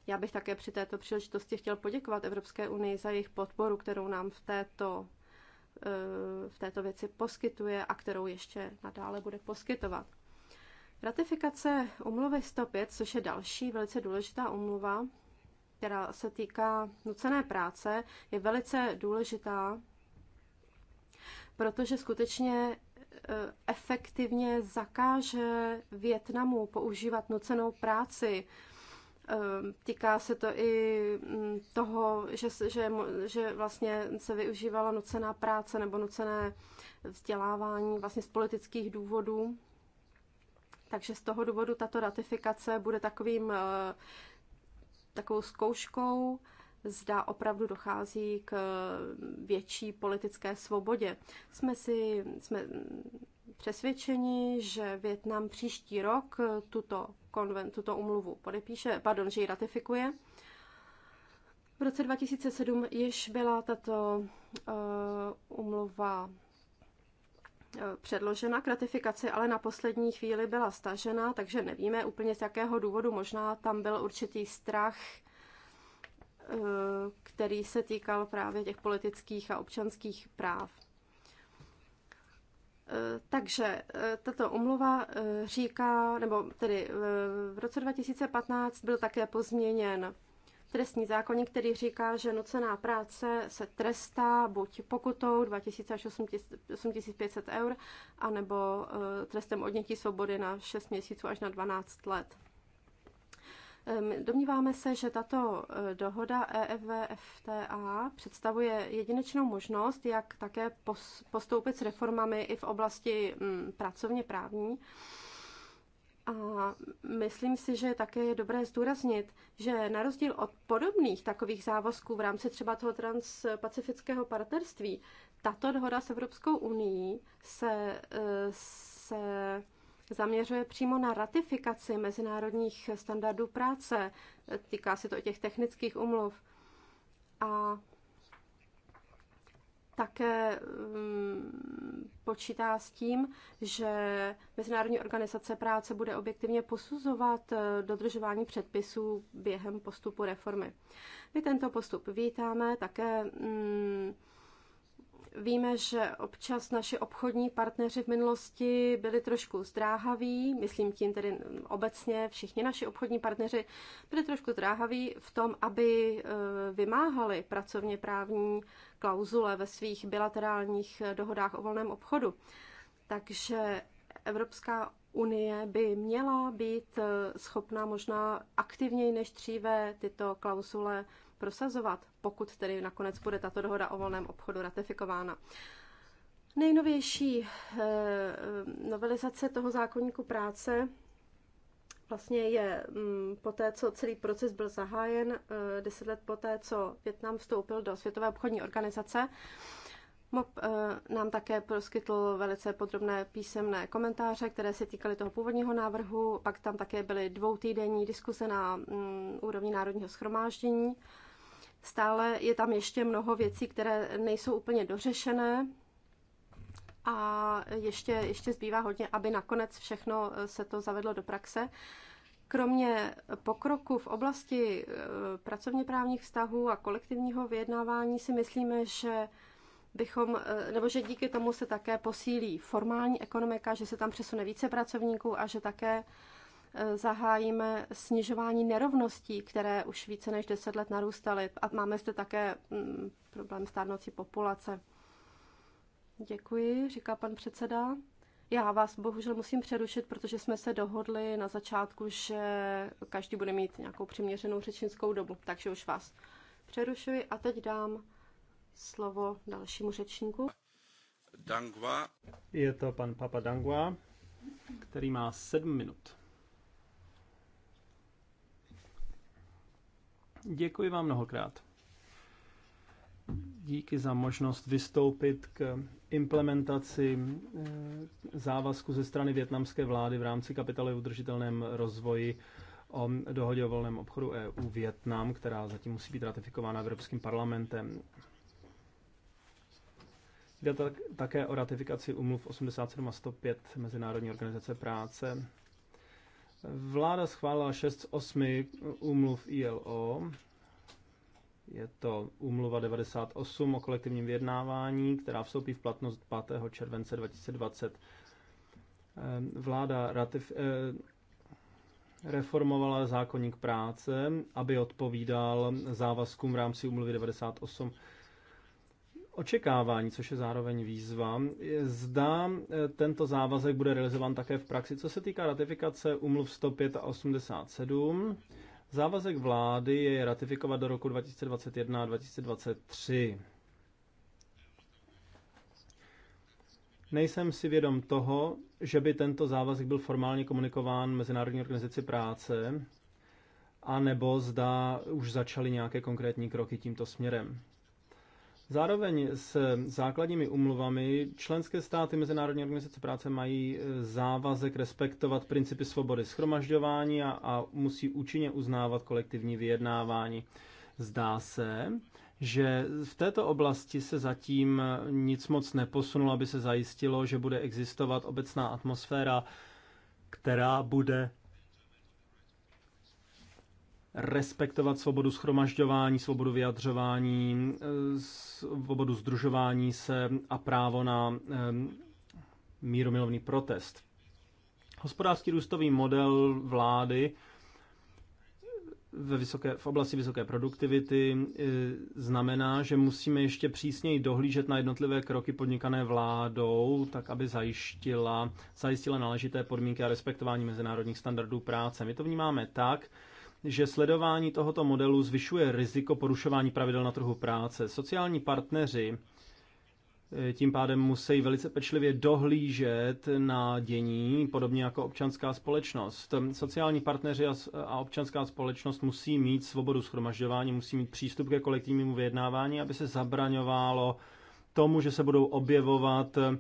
Já bych také při této příležitosti chtěl poděkovat Evropské unii za jejich podporu, kterou nám v této, eh, v této věci poskytuje a kterou ještě nadále bude poskytovat. Ratifikace umluvy 105, což je další velice důležitá umluva, která se týká nucené práce, je velice důležitá, protože skutečně Eh, efektivně zakáže Větnamu používat nucenou práci. Eh, týká se to i mm, toho, že, že, že vlastně se využívala nucená práce nebo nucené vzdělávání vlastně z politických důvodů. Takže z toho důvodu tato ratifikace bude takovým, eh, takovou zkouškou zda opravdu dochází k větší politické svobodě. Jsme si jsme přesvědčeni, že Větnam příští rok tuto, konvent, tuto umluvu podepíše, pardon, že ji ratifikuje. V roce 2007 již byla tato uh, umluva eh, předložena k ratifikaci, ale na poslední chvíli byla stažena, takže nevíme úplně z jakého důvodu. Možná tam byl určitý strach Eh, který se týkal právě těch politických a občanských práv. Eh, takže eh, tato umluva říká, nebo tedy v roce 2015 byl také pozměněn trestní zákonník, který říká, že nucená práce se trestá buď pokutou 2000 8500 eur, anebo trestem odnětí svobody na 6 měsíců až na 12 let. Domníváme se, že tato eh, dohoda EFVFTA představuje jedinečnou možnost, jak také postoupit s reformami i v oblasti mm, pracovně právní. A myslím si, že také je dobré zdůraznit, že na rozdíl od podobných takových závazků v rámci třeba toho transpacifického partnerství, tato dohoda s Evropskou unii se, eh, se zaměřuje přímo na ratifikaci mezinárodních standardů práce. Týká se to i těch technických umluv. A také mm, počítá s tím, že Mezinárodní organizace práce bude objektivně posuzovat eh, dodržování předpisů během postupu reformy. My tento postup vítáme, také mm, Víme, že občas naši obchodní partneři v minulosti byli trošku zdráhaví, myslím tím tedy obecně všichni naši obchodní partneři byli trošku zdráhaví v tom, aby eh, vymáhali pracovně právní klauzule ve svých bilaterálních eh, dohodách o volném obchodu. Takže Evropská unie by měla být eh, schopná možná aktivněji než dříve tyto klauzule prosazovat, pokud tedy nakonec bude tato dohoda o volném obchodu ratifikována. Nejnovější eh, novelizace toho zákonníku práce vlastně je mm, po té, co celý proces byl zahájen, eh, deset let poté, co Větnam vstoupil do Světové obchodní organizace, MOP eh, nám také poskytl velice podrobné písemné komentáře, které se týkaly toho původního návrhu. Pak tam také byly dvoutýdenní diskuse na mm, úrovni Národního schromáždění. Stále je tam ještě mnoho věcí, které nejsou úplně dořešené a ještě, ještě zbývá hodně, aby nakonec všechno eh, se to zavedlo do praxe. Kromě pokroku v oblasti eh, pracovně právních vztahů a kolektivního vyjednávání si myslíme, že bychom, eh, nebo že díky tomu se také posílí formální ekonomika, že se tam přesune více pracovníků a že také Eh, zahájíme snižování nerovností, které už více než 10 let narůstaly. A máme zde také mm, problém stárnoucí populace. Děkuji, říká pan předseda. Já vás bohužel musím přerušit, protože jsme se dohodli na začátku, že každý bude mít nějakou přiměřenou řečnickou dobu, takže už vás přerušuji a teď dám slovo dalšímu řečníku. Dangwa. Je to pan Papa Dangwa, který má sedm minut. Děkuji vám mnohokrát. Díky za možnost vystoupit k implementaci eh, závazku ze strany větnamské vlády v rámci kapitoly udržitelném rozvoji o dohodě o volném obchodu EU Větnam, která zatím musí být ratifikována Evropským parlamentem. Jde také o ratifikaci umluv 87 a 105 Mezinárodní organizace práce Vláda schválila 6 z 8 úmluv ILO. Je to úmluva 98 o kolektivním vyjednávání, která vstoupí v platnost 5. července 2020. Ehm, vláda ratif- eh, reformovala zákonník práce, aby odpovídal závazkům v rámci úmluvy 98 očekávání, což je zároveň výzva. Zda eh, tento závazek bude realizován také v praxi. Co se týká ratifikace umluv 105 a 87, závazek vlády je ratifikovat do roku 2021 a 2023. Nejsem si vědom toho, že by tento závazek byl formálně komunikován Mezinárodní organizaci práce, a nebo zda už začaly nějaké konkrétní kroky tímto směrem. Zároveň s základními umluvami členské státy Mezinárodní organizace práce mají e, závazek respektovat principy svobody schromažďování a, a musí účinně uznávat kolektivní vyjednávání. Zdá se, že v této oblasti se zatím e, nic moc neposunulo, aby se zajistilo, že bude existovat obecná atmosféra, která bude respektovat svobodu schromažďování, svobodu vyjadřování, eh, svobodu združování se a právo na eh, míromilovný protest. Hospodářský růstový model vlády ve vysoké, v oblasti vysoké produktivity eh, znamená, že musíme ještě přísněji dohlížet na jednotlivé kroky podnikané vládou, tak aby zajistila zajistila náležité podmínky a respektování mezinárodních standardů práce. My to vnímáme tak, že sledování tohoto modelu zvyšuje riziko porušování pravidel na trhu práce. Sociální partneři eh, tím pádem musí velice pečlivě dohlížet na dění, podobně jako občanská společnost. Sociální partneři a občanská společnost musí mít svobodu schromažďování, musí mít přístup ke kolektivnímu vyjednávání, aby se zabraňovalo tomu, že se budou objevovat eh,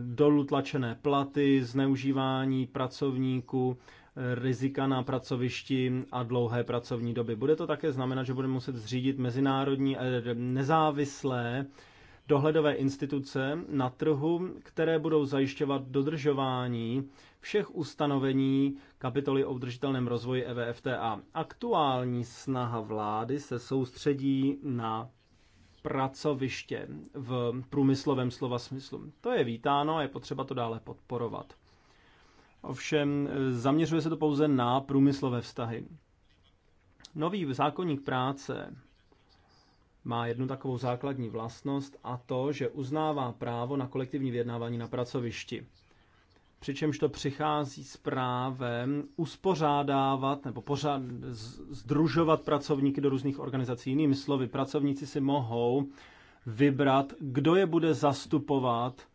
dolů tlačené platy, zneužívání pracovníků, rizika na pracovišti a dlouhé pracovní doby. Bude to také znamenat, že budeme muset zřídit mezinárodní eh, nezávislé dohledové instituce na trhu, které budou zajišťovat dodržování všech ustanovení kapitoly o udržitelném rozvoji EVFTA. Aktuální snaha vlády se soustředí na pracoviště v průmyslovém slova smyslu. To je vítáno a je potřeba to dále podporovat. Ovšem e, zaměřuje se to pouze na průmyslové vztahy. Nový zákonník práce má jednu takovou základní vlastnost a to, že uznává právo na kolektivní vyjednávání na pracovišti. Přičemž to přichází s právem uspořádávat nebo pořád združovat pracovníky do různých organizací. Jinými slovy, pracovníci si mohou vybrat, kdo je bude zastupovat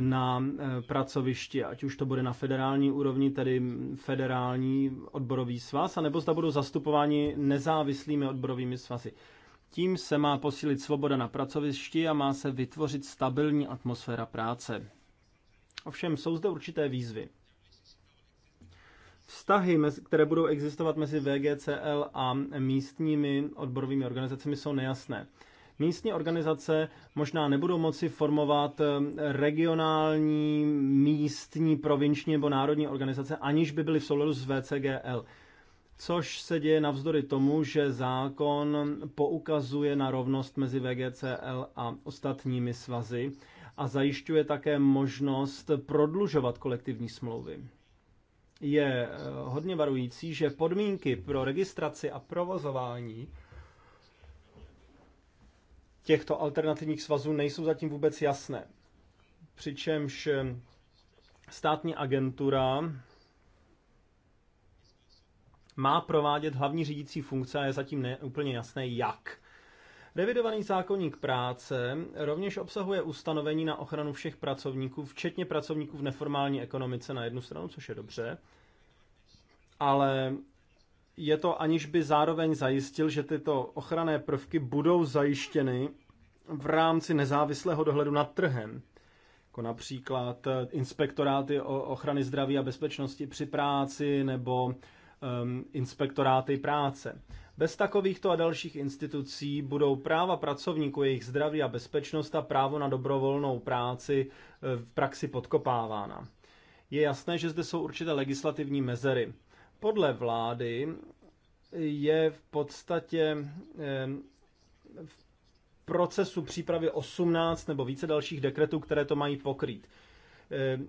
na e, pracovišti, ať už to bude na federální úrovni, tedy federální odborový svaz, anebo zda budou zastupováni nezávislými odborovými svazy. Tím se má posílit svoboda na pracovišti a má se vytvořit stabilní atmosféra práce. Ovšem jsou zde určité výzvy. Vztahy, které budou existovat mezi VGCL a místními odborovými organizacemi, jsou nejasné. Místní organizace možná nebudou moci formovat eh, regionální, místní, provinční nebo národní organizace, aniž by byly v souladu s VCGL což se děje navzdory tomu, že zákon poukazuje na rovnost mezi VGCL a ostatními svazy a zajišťuje také možnost prodlužovat kolektivní smlouvy. Je eh, hodně varující, že podmínky pro registraci a provozování těchto alternativních svazů nejsou zatím vůbec jasné. Přičemž eh, státní agentura má provádět hlavní řídící funkce a je zatím ne, úplně jasné jak. Revidovaný zákonník práce rovněž obsahuje ustanovení na ochranu všech pracovníků, včetně pracovníků v neformální ekonomice na jednu stranu, což je dobře, ale je to aniž by zároveň zajistil, že tyto ochranné prvky budou zajištěny v rámci nezávislého dohledu nad trhem, jako například eh, inspektoráty ochrany zdraví a bezpečnosti při práci nebo um, inspektoráty práce. Bez takovýchto a dalších institucí budou práva pracovníků, jejich zdraví a bezpečnost a právo na dobrovolnou práci eh, v praxi podkopávána. Je jasné, že zde jsou určité legislativní mezery podle vlády je v podstatě v procesu přípravy 18 nebo více dalších dekretů, které to mají pokrýt.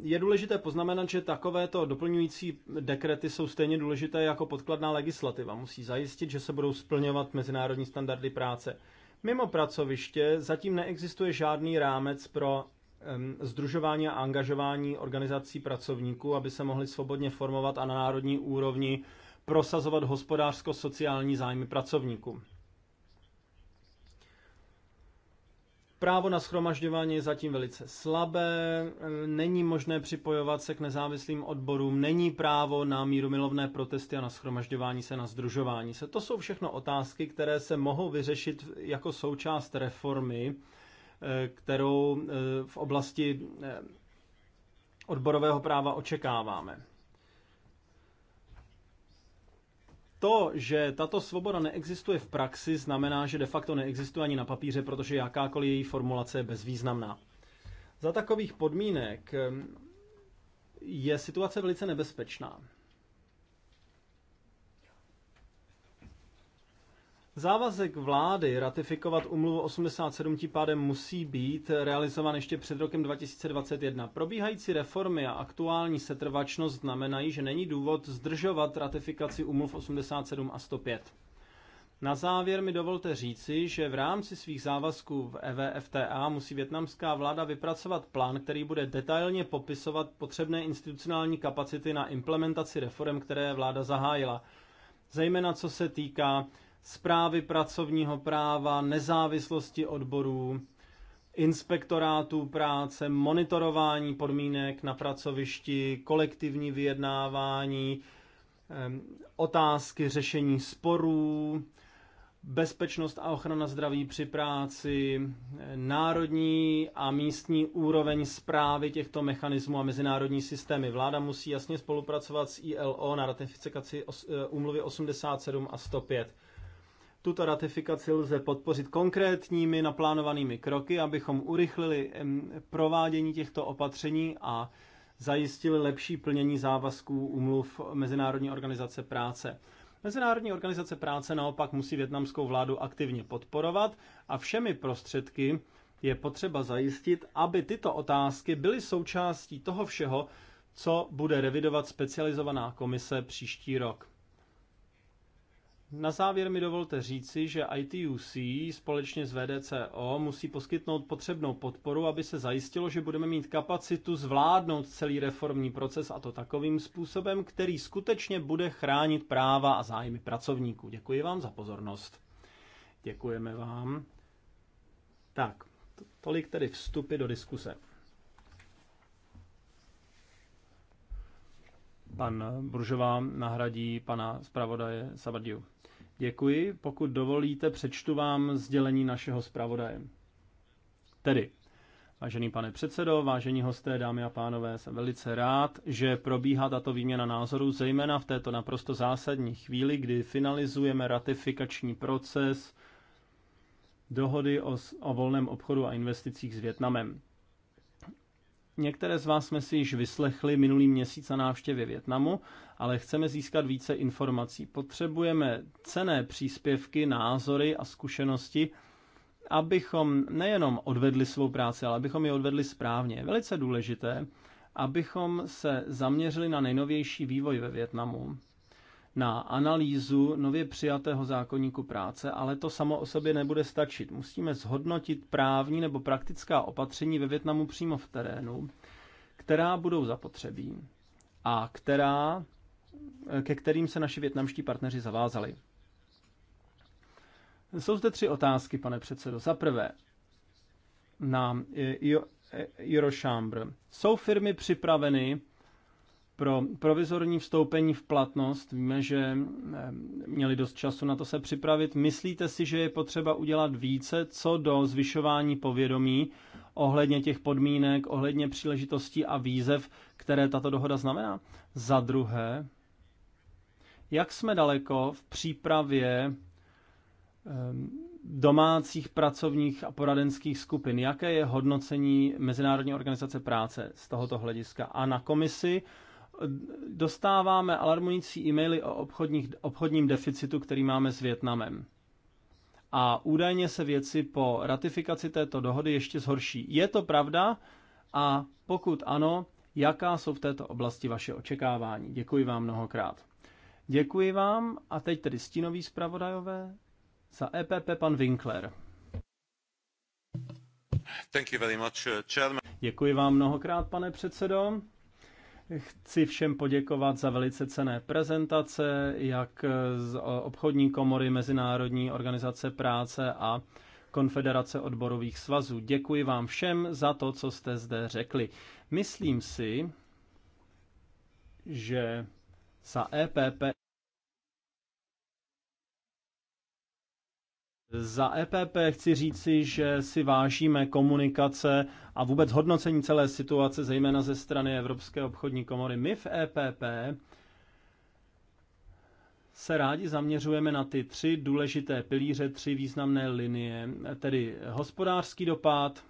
Je důležité poznamenat, že takovéto doplňující dekrety jsou stejně důležité jako podkladná legislativa. Musí zajistit, že se budou splňovat mezinárodní standardy práce. Mimo pracoviště zatím neexistuje žádný rámec pro združování a angažování organizací pracovníků, aby se mohli svobodně formovat a na národní úrovni prosazovat hospodářsko-sociální zájmy pracovníků. Právo na schromažďování je zatím velice slabé, není možné připojovat se k nezávislým odborům, není právo na mírumilovné protesty a na schromažďování se, na združování se. To jsou všechno otázky, které se mohou vyřešit jako součást reformy kterou eh, v oblasti eh, odborového práva očekáváme. To, že tato svoboda neexistuje v praxi, znamená, že de facto neexistuje ani na papíře, protože jakákoliv její formulace je bezvýznamná. Za takových podmínek eh, je situace velice nebezpečná. Závazek vlády ratifikovat umluvu 87 tím pádem musí být realizovan ještě před rokem 2021. Probíhající reformy a aktuální setrvačnost znamenají, že není důvod zdržovat ratifikaci umluv 87 a 105. Na závěr mi dovolte říci, že v rámci svých závazků v EVFTA musí větnamská vláda vypracovat plán, který bude detailně popisovat potřebné institucionální kapacity na implementaci reform, které vláda zahájila. Zejména co se týká zprávy pracovního práva, nezávislosti odborů, inspektorátů práce, monitorování podmínek na pracovišti, kolektivní vyjednávání, otázky řešení sporů, bezpečnost a ochrana zdraví při práci, národní a místní úroveň zprávy těchto mechanismů a mezinárodní systémy. Vláda musí jasně spolupracovat s ILO na ratifikaci e, úmluvy 87 a 105. Tuto ratifikaci lze podpořit konkrétními naplánovanými kroky, abychom urychlili provádění těchto opatření a zajistili lepší plnění závazků umluv Mezinárodní organizace práce. Mezinárodní organizace práce naopak musí větnamskou vládu aktivně podporovat a všemi prostředky je potřeba zajistit, aby tyto otázky byly součástí toho všeho, co bude revidovat specializovaná komise příští rok. Na závěr mi dovolte říci, že ITUC společně s VDCO musí poskytnout potřebnou podporu, aby se zajistilo, že budeme mít kapacitu zvládnout celý reformní proces a to takovým způsobem, který skutečně bude chránit práva a zájmy pracovníků. Děkuji vám za pozornost. Děkujeme vám. Tak, tolik tedy vstupy do diskuse. Pan Bružová nahradí pana zpravodaje Sabadiu. Děkuji. Pokud dovolíte, přečtu vám sdělení našeho zpravodaje. Tedy, vážený pane předsedo, vážení hosté, dámy a pánové, jsem velice rád, že probíhá tato výměna názorů, zejména v této naprosto zásadní chvíli, kdy finalizujeme ratifikační proces dohody o, o volném obchodu a investicích s Větnamem. Některé z vás jsme si již vyslechli minulý měsíc na návštěvě Větnamu, ale chceme získat více informací. Potřebujeme cené příspěvky, názory a zkušenosti, abychom nejenom odvedli svou práci, ale abychom ji odvedli správně. Je velice důležité, abychom se zaměřili na nejnovější vývoj ve Větnamu na analýzu nově přijatého zákonníku práce, ale to samo o sobě nebude stačit. Musíme zhodnotit právní nebo praktická opatření ve Větnamu přímo v terénu, která budou zapotřebí a která, ke kterým se naši větnamští partneři zavázali. Jsou zde tři otázky, pane předsedo. Za prvé, na Eurochambre. Eh, eh, Jsou firmy připraveny pro provizorní vstoupení v platnost víme, že eh, měli dost času na to se připravit. Myslíte si, že je potřeba udělat více co do zvyšování povědomí ohledně těch podmínek, ohledně příležitostí a výzev, které tato dohoda znamená? Za druhé, jak jsme daleko v přípravě eh, domácích pracovních a poradenských skupin. Jaké je hodnocení Mezinárodní organizace práce z tohoto hlediska? A na komisi dostáváme alarmující e-maily o obchodních, obchodním deficitu, který máme s Větnamem. A údajně se věci po ratifikaci této dohody ještě zhorší. Je to pravda? A pokud ano, jaká jsou v této oblasti vaše očekávání? Děkuji vám mnohokrát. Děkuji vám a teď tedy stínový zpravodajové za EPP pan Winkler. Thank you very much, uh, chairman. Děkuji vám mnohokrát, pane předsedo. Chci všem poděkovat za velice cené prezentace, jak z obchodní komory Mezinárodní organizace práce a Konfederace odborových svazů. Děkuji vám všem za to, co jste zde řekli. Myslím si, že za EPP Za EPP chci říci, že si vážíme komunikace a vůbec hodnocení celé situace, zejména ze strany Evropské obchodní komory. My v EPP se rádi zaměřujeme na ty tři důležité pilíře, tři významné linie, tedy hospodářský dopad,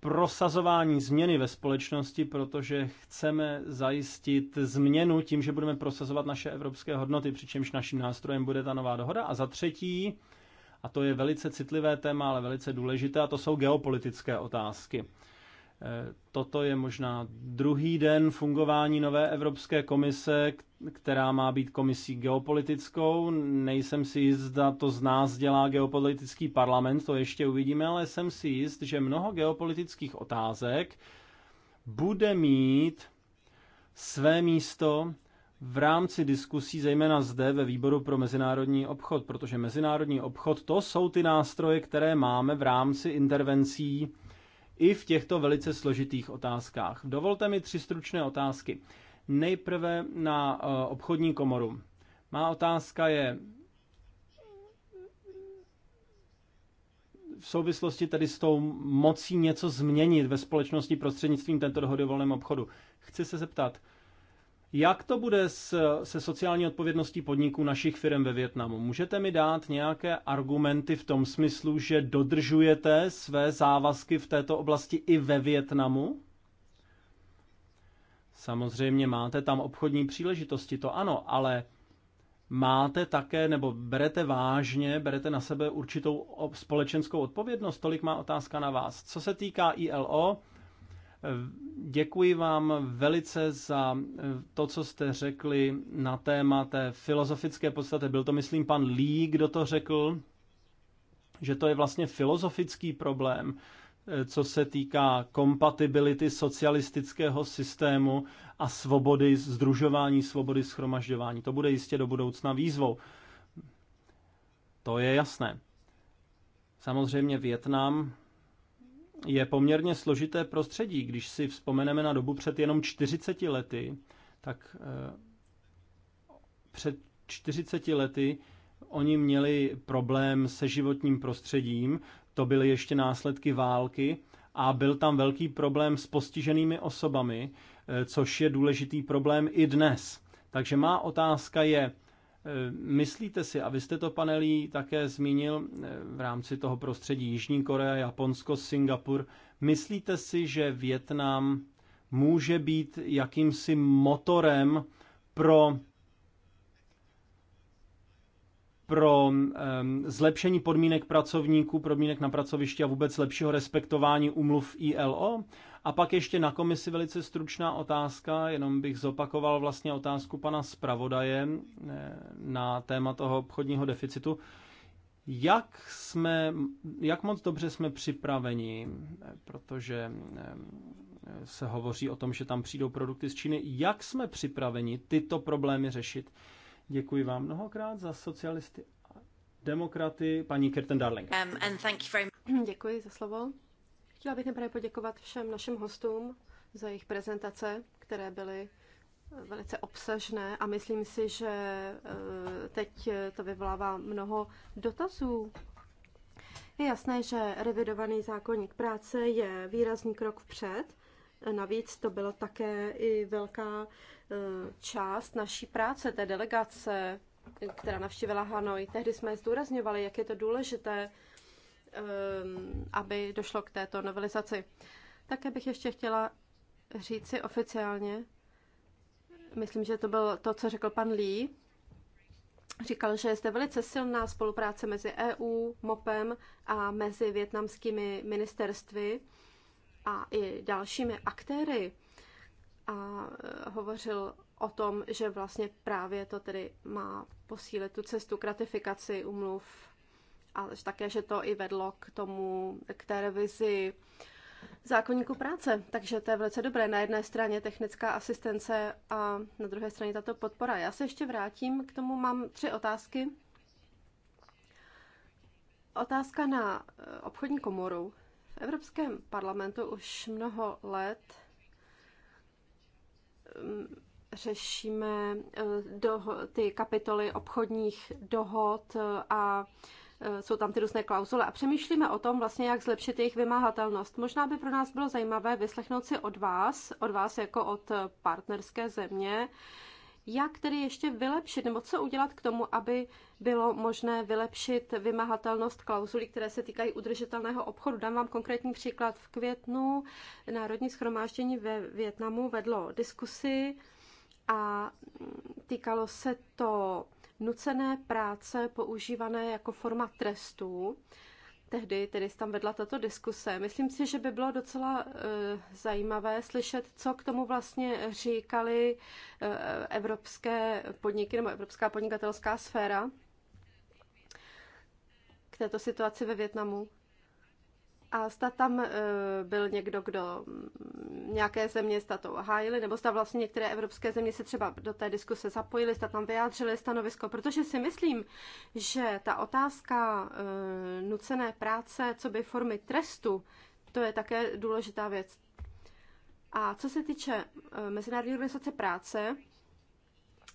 prosazování změny ve společnosti, protože chceme zajistit změnu tím, že budeme prosazovat naše evropské hodnoty, přičemž naším nástrojem bude ta nová dohoda. A za třetí, a to je velice citlivé téma, ale velice důležité, a to jsou geopolitické otázky. Toto je možná druhý den fungování nové Evropské komise, která má být komisí geopolitickou. Nejsem si jist, zda to z nás dělá geopolitický parlament, to ještě uvidíme, ale jsem si jist, že mnoho geopolitických otázek bude mít své místo v rámci diskusí, zejména zde ve výboru pro mezinárodní obchod, protože mezinárodní obchod to jsou ty nástroje, které máme v rámci intervencí i v těchto velice složitých otázkách. Dovolte mi tři stručné otázky. Nejprve na eh, obchodní komoru. Má otázka je, v souvislosti tedy s tou mocí něco změnit ve společnosti prostřednictvím této dohody o volném obchodu. Chci se zeptat, jak to bude s, se sociální odpovědností podniků našich firm ve Větnamu? Můžete mi dát nějaké argumenty v tom smyslu, že dodržujete své závazky v této oblasti i ve Větnamu? Samozřejmě máte tam obchodní příležitosti, to ano, ale máte také, nebo berete vážně, berete na sebe určitou společenskou odpovědnost? Tolik má otázka na vás. Co se týká ILO, Děkuji vám velice za eh, to, co jste řekli na téma té filozofické podstaty. Byl to, myslím, pan Lee, kdo to řekl, že to je vlastně filozofický problém, eh, co se týká kompatibility socialistického systému a svobody združování, svobody schromažďování. To bude jistě do budoucna výzvou. To je jasné. Samozřejmě Větnam je poměrně složité prostředí. Když si vzpomeneme na dobu před jenom 40 lety, tak eh, před 40 lety oni měli problém se životním prostředím, to byly ještě následky války a byl tam velký problém s postiženými osobami, eh, což je důležitý problém i dnes. Takže má otázka je, Eh, myslíte si, a vy jste to panelí také zmínil eh, v rámci toho prostředí Jižní Korea, Japonsko, Singapur, myslíte si, že Větnam může být jakýmsi motorem pro pro um, zlepšení podmínek pracovníků, podmínek na pracovišti a vůbec lepšího respektování umluv ILO? A pak ještě na komisi velice stručná otázka, jenom bych zopakoval vlastně otázku pana zpravodaje eh, na téma toho obchodního deficitu. Jak, jsme, jak moc dobře jsme připraveni, protože eh, se hovoří o tom, že tam přijdou produkty z Číny, jak jsme připraveni tyto problémy řešit? Děkuji vám mnohokrát za socialisty a demokraty, paní Kirten Darling. Um, and thank you very much. Děkuji za slovo. Chtěla bych nejprve poděkovat všem našim hostům za jejich prezentace, které byly eh, velice obsažné a myslím si, že eh, teď eh, to vyvolává mnoho dotazů. Je jasné, že revidovaný zákonník práce je výrazný krok vpřed. Navíc to byla také i velká část naší práce, té delegace, která navštívila Hanoj. Tehdy jsme zdůrazňovali, jak je to důležité Um, aby došlo k této novelizaci. Také bych ještě chtěla říci oficiálně, myslím, že to bylo to, co řekl pan Lee, říkal, že je zde velice silná spolupráce mezi EU, MOPem a mezi větnamskými ministerstvy a i dalšími aktéry. A eh, hovořil o tom, že vlastně právě to tedy má posílit tu cestu k ratifikaci umluv a také, že to i vedlo k tomu, k té revizi zákonníku práce. Takže to je velice dobré. Na jedné straně technická asistence a na druhé straně tato podpora. Já se ještě vrátím k tomu, mám tři otázky. Otázka na eh, obchodní komoru. V Evropském parlamentu už mnoho let mm, řešíme eh, do, ty kapitoly obchodních dohod eh, a Eh, jsou tam ty různé klauzule a přemýšlíme o tom vlastně, jak zlepšit jejich vymáhatelnost. Možná by pro nás bylo zajímavé vyslechnout si od vás, od vás jako od eh, partnerské země, jak tedy ještě vylepšit, nebo co udělat k tomu, aby bylo možné vylepšit vymahatelnost klauzulí, které se týkají udržitelného obchodu. Dám vám konkrétní příklad. V květnu Národní schromáždění ve Větnamu vedlo diskusi a mm, týkalo se to nucené práce používané jako forma trestů. Tehdy tedy tam vedla tato diskuse. Myslím si, že by bylo docela e, zajímavé slyšet, co k tomu vlastně říkali e, evropské podniky nebo evropská podnikatelská sféra k této situaci ve Větnamu a sta tam e, byl někdo, kdo mm, nějaké země sta to hájili, nebo sta vlastně některé evropské země se třeba do té diskuse zapojili, sta tam vyjádřili stanovisko, protože si myslím, že ta otázka e, nucené práce, co by formy trestu, to je také důležitá věc. A co se týče e, Mezinárodní organizace práce,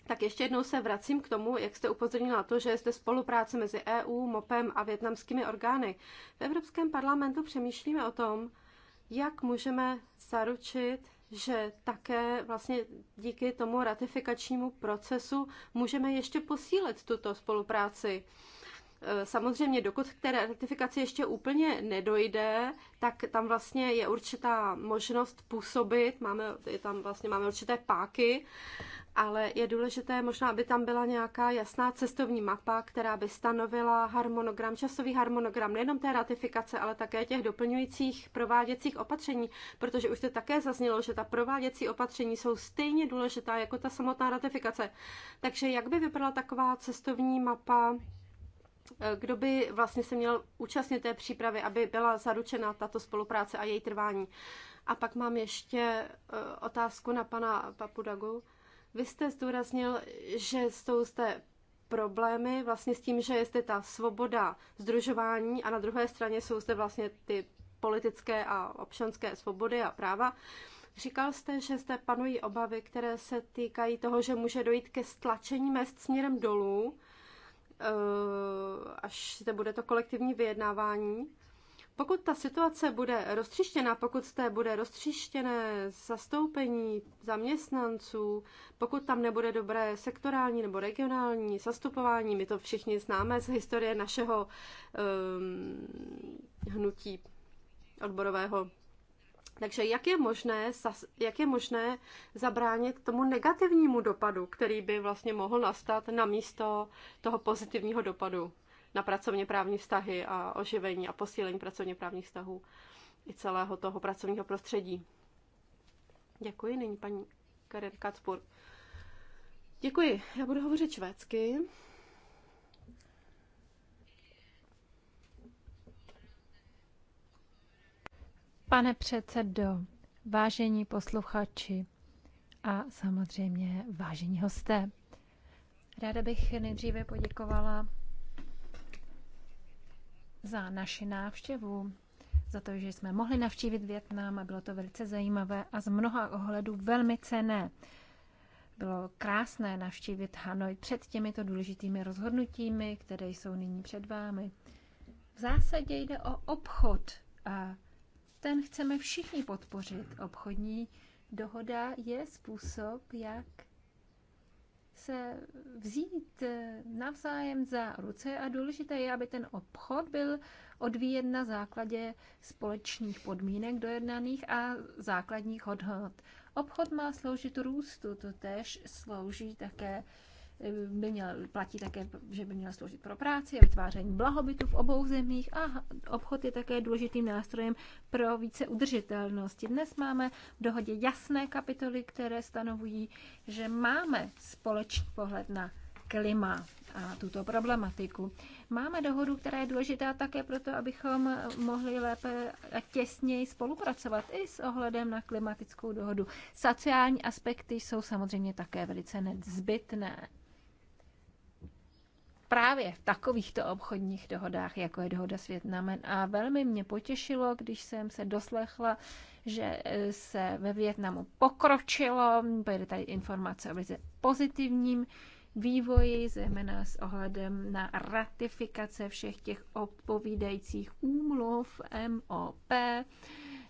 tak ještě jednou se vracím k tomu, jak jste upozornila to, že jste spolupráce mezi EU, MOPem a větnamskými orgány. V Evropském parlamentu přemýšlíme o tom, jak můžeme zaručit, že také vlastně díky tomu ratifikačnímu procesu můžeme ještě posílit tuto spolupráci. E, samozřejmě, dokud k té ratifikaci ještě úplně nedojde, tak tam vlastně je určitá možnost působit, máme, je tam vlastně máme určité páky ale je důležité možná, aby tam byla nějaká jasná cestovní mapa, která by stanovila harmonogram, časový harmonogram nejenom té ratifikace, ale také těch doplňujících prováděcích opatření, protože už to také zaznělo, že ta prováděcí opatření jsou stejně důležitá jako ta samotná ratifikace. Takže jak by vypadala taková cestovní mapa? Eh, kdo by vlastně se měl účastnit té přípravy, aby byla zaručena tato spolupráce a její trvání? A pak mám ještě eh, otázku na pana Papudagu vy jste zdůraznil, že jsou jste problémy vlastně s tím, že je zde ta svoboda združování a na druhé straně jsou zde vlastně ty politické a občanské svobody a práva. Říkal jste, že zde panují obavy, které se týkají toho, že může dojít ke stlačení mest směrem dolů, eh, až zde bude to kolektivní vyjednávání. Pokud ta situace bude roztřištěná, pokud té bude roztřištěné zastoupení zaměstnanců, pokud tam nebude dobré sektorální nebo regionální zastupování, my to všichni známe z historie našeho um, hnutí odborového. Takže jak je, možné, jak je možné zabránit tomu negativnímu dopadu, který by vlastně mohl nastat na místo toho pozitivního dopadu? na pracovně právní vztahy a oživení a posílení pracovně právních vztahů i celého toho pracovního prostředí. Děkuji, nyní paní Karen Kacpur. Děkuji, já budu hovořit švédsky. Pane předsedo, vážení posluchači a samozřejmě vážení hosté, ráda bych nejdříve poděkovala za naši návštěvu, za to, že jsme mohli navštívit Větnam a bylo to velice zajímavé a z mnoha ohledů velmi cené. Bylo krásné navštívit Hanoj před těmito důležitými rozhodnutími, které jsou nyní před vámi. V zásadě jde o obchod a ten chceme všichni podpořit. Obchodní dohoda je způsob, jak se vzít eh, navzájem za ruce a důležité je, aby ten obchod byl odvíjen na základě společných podmínek dojednaných a základních hodnot. Obchod má sloužit růstu, to tež slouží také Ehm, by měl, platit také, že by měl sloužit pro práci a vytváření blahobytu v obou zemích a obchod je také důležitým nástrojem pro více udržitelnosti. Dnes máme v dohodě jasné kapitoly, které stanovují, že máme společný pohled na klima a tuto problematiku. Máme dohodu, která je důležitá také proto, abychom mohli lépe a těsněji spolupracovat i s ohledem na klimatickou dohodu. Sociální aspekty jsou samozřejmě také velice nezbytné právě v takovýchto obchodních dohodách, jako je dohoda s Větnamem. A velmi mě potěšilo, když jsem se doslechla, že eh, se ve Větnamu pokročilo, bude tady informace o vize pozitivním vývoji, zejména s ohledem na ratifikace všech těch odpovídajících úmluv MOP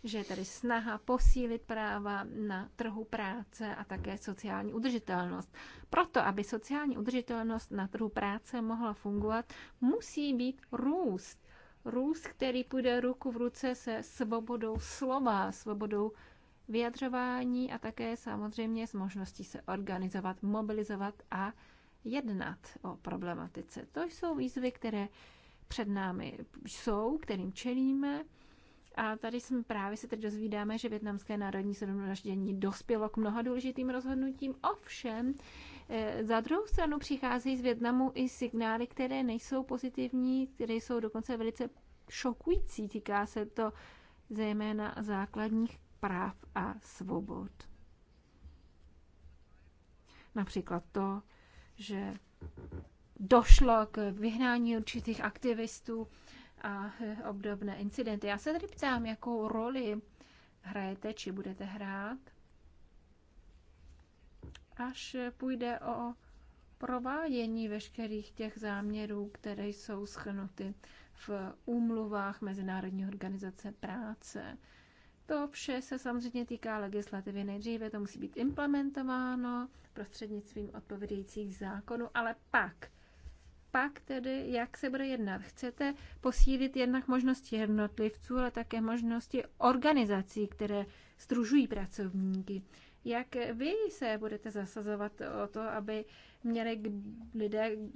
že je tady snaha posílit práva na trhu práce a také sociální udržitelnost. Proto, aby sociální udržitelnost na trhu práce mohla fungovat, musí být růst. Růst, který půjde ruku v ruce se svobodou slova, svobodou vyjadřování a také samozřejmě s možností se organizovat, mobilizovat a jednat o problematice. To jsou výzvy, které před námi jsou, kterým čelíme a tady jsme právě se teď dozvídáme, že Větnamské národní shromáždění dospělo k mnoha důležitým rozhodnutím. Ovšem, eh, za druhou stranu přicházejí z Větnamu i signály, které nejsou pozitivní, které jsou dokonce velice šokující. Týká se to zejména základních práv a svobod. Například to, že došlo k vyhnání určitých aktivistů a obdobné incidenty. Já se tedy ptám, jakou roli hrajete či budete hrát, až půjde o provádění veškerých těch záměrů, které jsou schrnuty v úmluvách Mezinárodní organizace práce. To vše se samozřejmě týká legislativy. Nejdříve to musí být implementováno prostřednictvím odpovědějících zákonů, ale pak pak tedy, jak se bude jednat. Chcete posílit jednak možnosti jednotlivců, ale také možnosti organizací, které stružují pracovníky. Jak vy se budete zasazovat o to, aby měli lidé k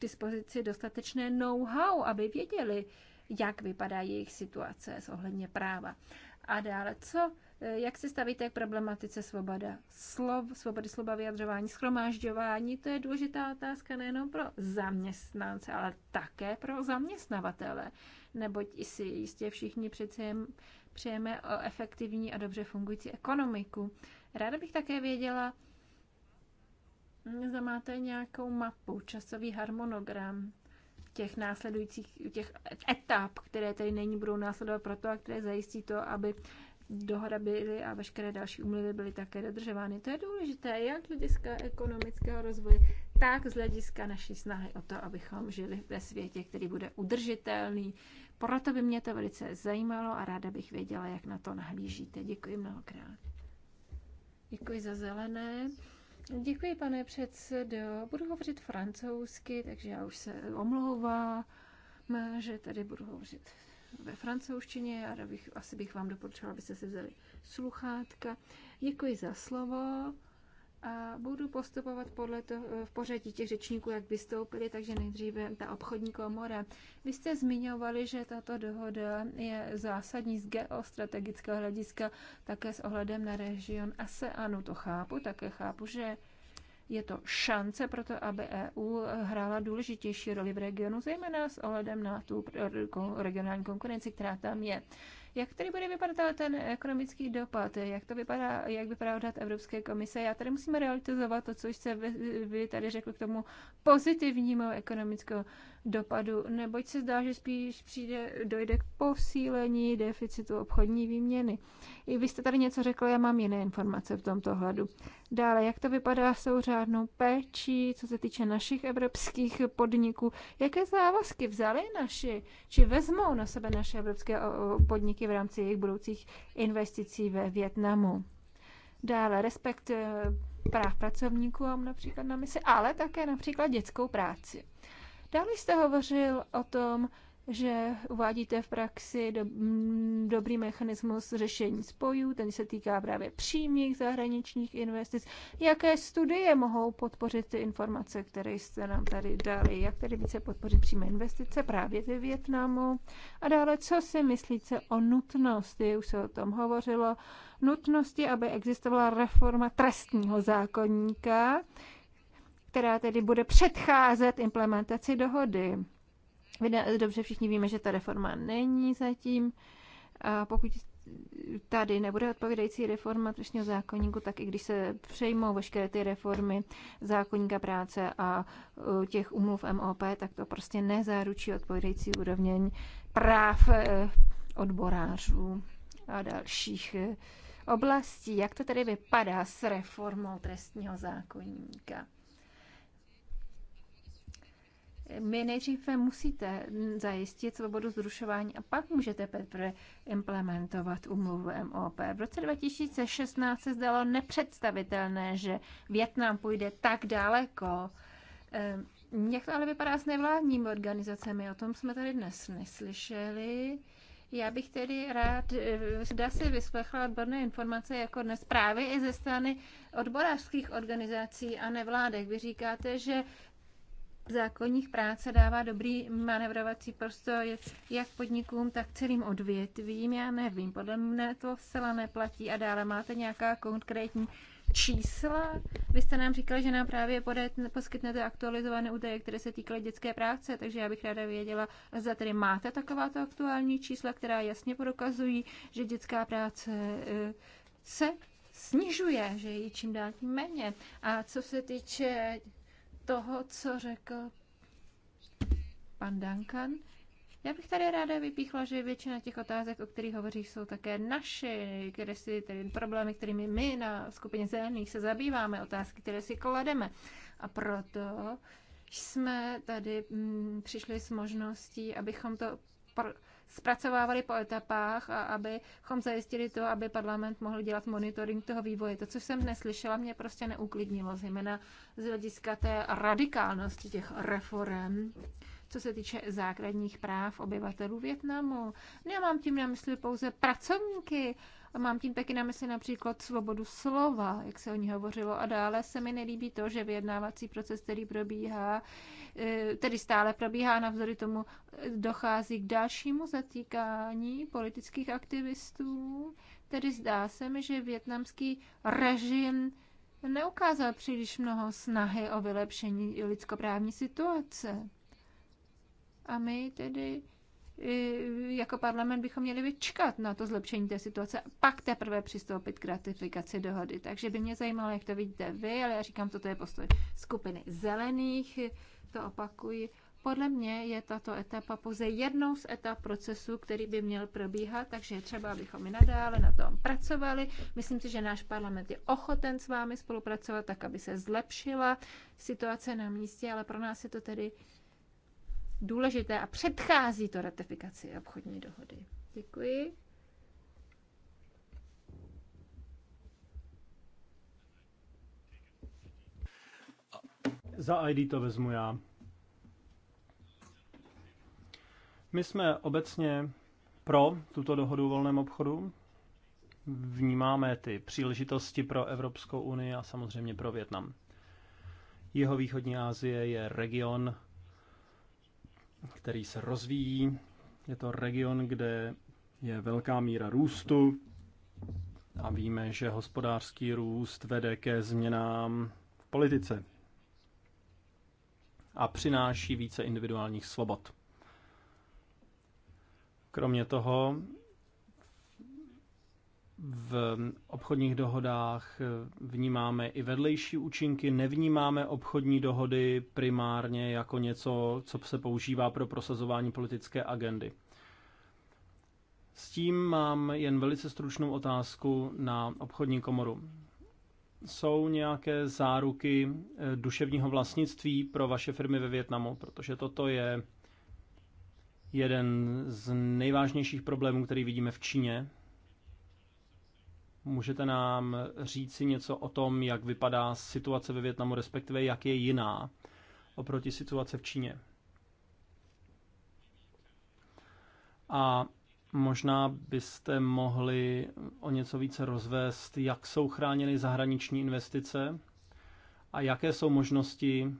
dispozici dostatečné know-how, aby věděli, jak vypadá jejich situace s ohledně práva? A dále, co Eh, jak se stavíte k problematice svoboda slov, svobody slova vyjadřování, schromážďování? To je důležitá otázka nejenom pro zaměstnance, ale také pro zaměstnavatele, neboť si jistě všichni přece přejeme o efektivní a dobře fungující ekonomiku. Ráda bych také věděla, zda máte nějakou mapu, časový harmonogram těch následujících těch etap, které tady není budou následovat proto a které zajistí to, aby dohoda byly a veškeré další umluvy byly také dodržovány. To je důležité jak z hlediska ekonomického rozvoje, tak z hlediska naší snahy o to, abychom žili ve světě, který bude udržitelný. Proto by mě to velice zajímalo a ráda bych věděla, jak na to nahlížíte. Děkuji mnohokrát. Děkuji za zelené. Děkuji, pane předsedo. Budu hovořit francouzsky, takže já už se omlouvám, že tady budu hovořit ve francouzštině a bych, asi bych vám doporučila, abyste si vzali sluchátka. Děkuji za slovo a budu postupovat podle toho, eh, v pořadí těch řečníků, jak vystoupili, takže nejdříve ta obchodní komora. Vy jste zmiňovali, že tato dohoda je zásadní z geostrategického hlediska, také s ohledem na region ASEANu. No, to chápu, také chápu, že je to šance pro to, aby EU hrála důležitější roli v regionu, zejména s ohledem na tu regionální konkurenci, která tam je. Jak tedy bude vypadat ten ekonomický dopad? Jak to vypadá, jak vypadá odhad Evropské komise? Já tady musíme realizovat to, co jste vy, vy tady řekl k tomu pozitivnímu ekonomickému dopadu, neboť se zdá, že spíš přijde, dojde k posílení deficitu obchodní výměny. I vy jste tady něco řekl, já mám jiné informace v tomto hledu. Dále, jak to vypadá s tou řádnou péčí, co se týče našich evropských podniků, jaké závazky vzali naši, či vezmou na sebe naše evropské podniky v rámci jejich budoucích investicí ve Větnamu. Dále, respekt eh, práv pracovníků například na misi, ale také například dětskou práci. Dále jste hovořil o tom, že uvádíte v praxi do, m, mm, dobrý mechanismus řešení spojů, ten se týká právě přímých zahraničních investic. Jaké studie mohou podpořit ty informace, které jste nám tady dali? Jak tedy více podpořit přímé investice právě ve Větnamu? A dále, co si myslíte o nutnosti, už se o tom hovořilo, nutnosti, aby existovala reforma trestního zákonníka, která tedy bude předcházet implementaci dohody. Dobře, všichni víme, že ta reforma není zatím. A pokud tady nebude odpovědající reforma trestního zákonníku, tak i když se přejmou veškeré ty reformy zákonníka práce a e, těch umluv MOP, tak to prostě nezaručí odpovědající úroveň práv e, odborářů a dalších e, oblastí. Jak to tedy vypadá s reformou trestního zákonníka? my nejdříve musíte zajistit svobodu zrušování a pak můžete teprve implementovat umluvu MOP. V roce 2016 se zdalo nepředstavitelné, že Větnam půjde tak daleko. Ehm, jak to ale vypadá s nevládními organizacemi? O tom jsme tady dnes neslyšeli. Já bych tedy rád, eh, zda si vyslechla odborné informace jako dnes právě i ze strany odborářských organizací a nevládek. Vy říkáte, že zákonních práce dává dobrý manevrovací prostor jak podnikům, tak celým odvětvím. Já nevím, podle mě to zcela neplatí. A dále máte nějaká konkrétní čísla? Vy jste nám říkali, že nám právě poskytnete aktualizované údaje, které se týkaly dětské práce, takže já bych ráda věděla, zda tedy máte takováto aktuální čísla, která jasně prokazují, že dětská práce e, se snižuje, že je čím dál tím méně. A co se týče toho, co řekl pan Duncan. Já bych tady ráda vypíchla, že většina těch otázek, o kterých hovoří, jsou také naše, které si, tedy problémy, kterými my na skupině zelených se zabýváme, otázky, které si klademe. A proto jsme tady m, mm, přišli s možností, abychom to zpracovávali po etapách a abychom zajistili to, aby parlament mohl dělat monitoring toho vývoje. To, co jsem dnes slyšela, mě prostě neuklidnilo, zejména z hlediska té radikálnosti těch reform co se týče základních práv obyvatelů Větnamu. mám tím na mysli pouze pracovníky, a mám tím taky na mysli například svobodu slova, jak se o ní hovořilo. A dále se mi nelíbí to, že vyjednávací proces, který probíhá, e, tedy stále probíhá, navzdory tomu e, dochází k dalšímu zatýkání politických aktivistů. Tedy zdá se mi, že větnamský režim neukázal příliš mnoho snahy o vylepšení lidskoprávní situace. A my tedy jako parlament bychom měli vyčkat na to zlepšení té situace a pak teprve přistoupit k ratifikaci dohody. Takže by mě zajímalo, jak to vidíte vy, ale já říkám, toto je postoj skupiny zelených, to opakuji. Podle mě je tato etapa pouze jednou z etap procesu, který by měl probíhat, takže je třeba, abychom i nadále na tom pracovali. Myslím si, že náš parlament je ochoten s vámi spolupracovat tak, aby se zlepšila situace na místě, ale pro nás je to tedy důležité a předchází to ratifikaci obchodní dohody. Děkuji. Za ID to vezmu já. My jsme obecně pro tuto dohodu o volném obchodu. Vnímáme ty příležitosti pro Evropskou unii a samozřejmě pro Větnam. Jeho východní Asie je region, který se rozvíjí. Je to region, kde je velká míra růstu a víme, že hospodářský růst vede ke změnám v politice a přináší více individuálních svobod. Kromě toho v obchodních dohodách eh, vnímáme i vedlejší účinky, nevnímáme obchodní dohody primárně jako něco, co se používá pro prosazování politické agendy. S tím mám jen velice stručnou otázku na obchodní komoru. Jsou nějaké záruky eh, duševního vlastnictví pro vaše firmy ve Větnamu? Protože toto je jeden z nejvážnějších problémů, který vidíme v Číně, Můžete nám říct si něco o tom, jak vypadá situace ve Větnamu, respektive jak je jiná oproti situace v Číně? A možná byste mohli o něco více rozvést, jak jsou chráněny zahraniční investice a jaké jsou možnosti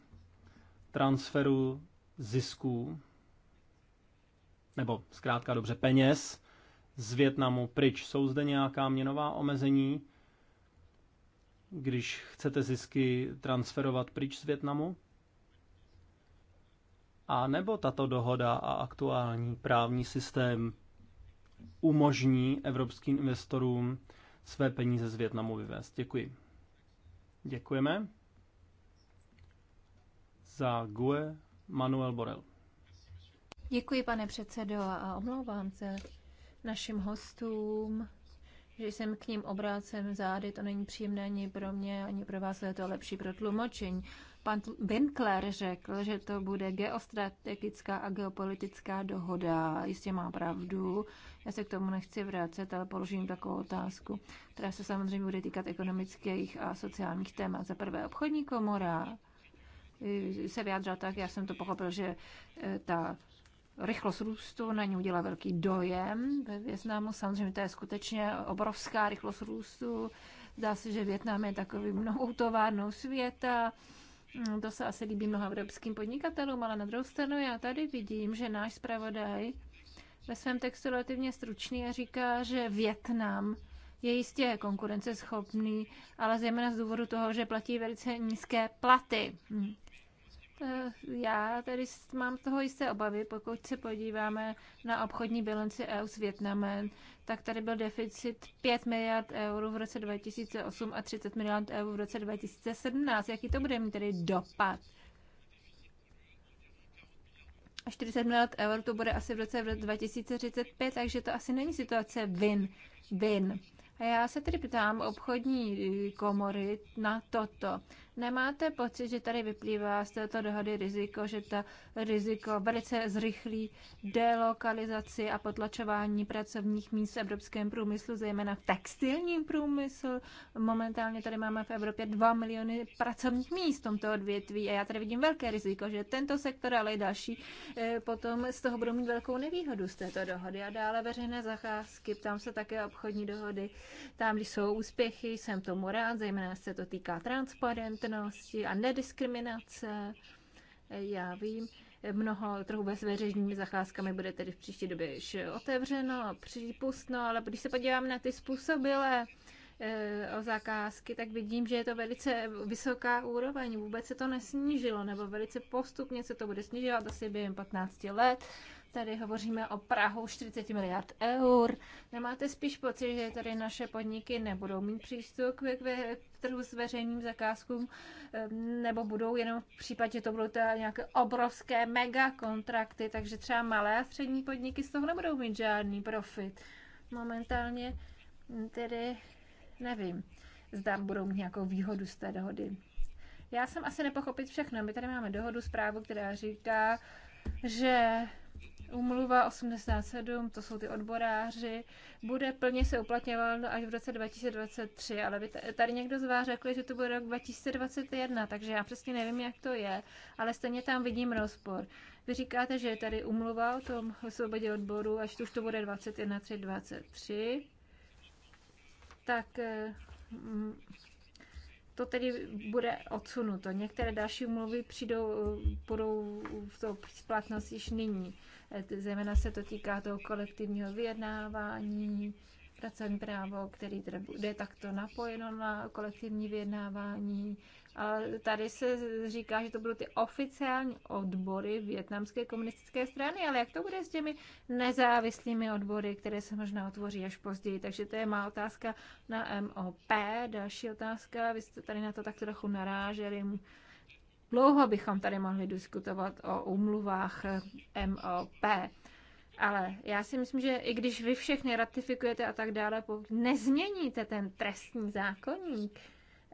transferu zisků, nebo zkrátka dobře peněz, z Větnamu pryč. Jsou zde nějaká měnová omezení, když chcete zisky transferovat pryč z Větnamu? A nebo tato dohoda a aktuální právní systém umožní evropským investorům své peníze z Větnamu vyvést? Děkuji. Děkujeme. Za GUE Manuel Borel. Děkuji, pane předsedo, a omlouvám se našim hostům, že jsem k ním obrácen zády, to není příjemné ani pro mě, ani pro vás, ale je to lepší pro tlumočení. Pan Winkler řekl, že to bude geostrategická a geopolitická dohoda. Jistě má pravdu. Já se k tomu nechci vracet, ale položím takovou otázku, která se samozřejmě bude týkat ekonomických a sociálních témat. Za prvé obchodní komora se vyjádřila tak, já jsem to pochopil, že eh, ta rychlost růstu na ně udělá velký dojem. Ve Větnamu samozřejmě to je skutečně obrovská rychlost růstu. Zdá se, že Větnam je takový mnohou továrnou světa. To se asi líbí mnoha evropským podnikatelům, ale na druhou stranu já tady vidím, že náš zpravodaj ve svém textu relativně stručný a říká, že Větnam je jistě konkurenceschopný, ale zejména z důvodu toho, že platí velice nízké platy. Eh, já tady mám toho jisté obavy, pokud se podíváme na obchodní bilanci EU s Větnamem, tak tady byl deficit 5 miliard eur v roce 2008 a 30 miliard eur v roce 2017. Jaký to bude mít tedy dopad? A 40 miliard eur to bude asi v roce 2035, takže to asi není situace win-win. A já se tedy ptám obchodní eh, komory na toto. Nemáte pocit, že tady vyplývá z této dohody riziko, že ta riziko velice zrychlí delokalizaci a potlačování pracovních míst v evropském průmyslu, zejména v textilním průmyslu? Momentálně tady máme v Evropě 2 miliony pracovních míst v tomto odvětví a já tady vidím velké riziko, že tento sektor, ale i další, eh, potom z toho budou mít velkou nevýhodu z této dohody. A dále veřejné zacházky, tam se také obchodní dohody, tam, když jsou úspěchy, jsem tomu rád, zejména se to týká transparent transparentnosti a nediskriminace. Já vím, mnoho trhů bez veřejnými zacházkami bude tedy v příští době již otevřeno a přípustno, ale když se podívám na ty způsobilé eh, o zakázky, tak vidím, že je to velice vysoká úroveň. Vůbec se to nesnížilo, nebo velice postupně se to bude snižovat asi během 15 let. Tady hovoříme o Prahu 40 miliard eur. Nemáte spíš pocit, že tady naše podniky nebudou mít přístup k, trhu s veřejným zakázkům, ehm, nebo budou jenom v případě, že to budou teda nějaké obrovské mega kontrakty, takže třeba malé a střední podniky z toho nebudou mít žádný profit. Momentálně tedy nevím, zda budou mít nějakou výhodu z té dohody. Já jsem asi nepochopit všechno. My tady máme dohodu zprávu, která říká, že Umluva 87, to jsou ty odboráři, bude plně se uplatňováno až v roce 2023, ale vy tady někdo z vás řekl, že to bude rok 2021, takže já přesně nevím, jak to je, ale stejně tam vidím rozpor. Vy říkáte, že je tady umluva o tom o svobodě odboru, až to už to bude 21, 23, 23. Tak eh, to tedy bude odsunuto. Některé další umluvy přijdou, budou v to splatnost již nyní. E, zejména se to týká toho kolektivního vyjednávání, pracovní právo, který bude takto napojeno na kolektivní vyjednávání, tady se říká, že to budou ty oficiální odbory větnamské komunistické strany, ale jak to bude s těmi nezávislými odbory, které se možná otvoří až později? Takže to je má otázka na MOP. Další otázka, vy jste tady na to tak trochu naráželi. Dlouho bychom tady mohli diskutovat o umluvách MOP. Ale já si myslím, že i když vy všechny ratifikujete a tak dále, nezměníte ten trestní zákonník,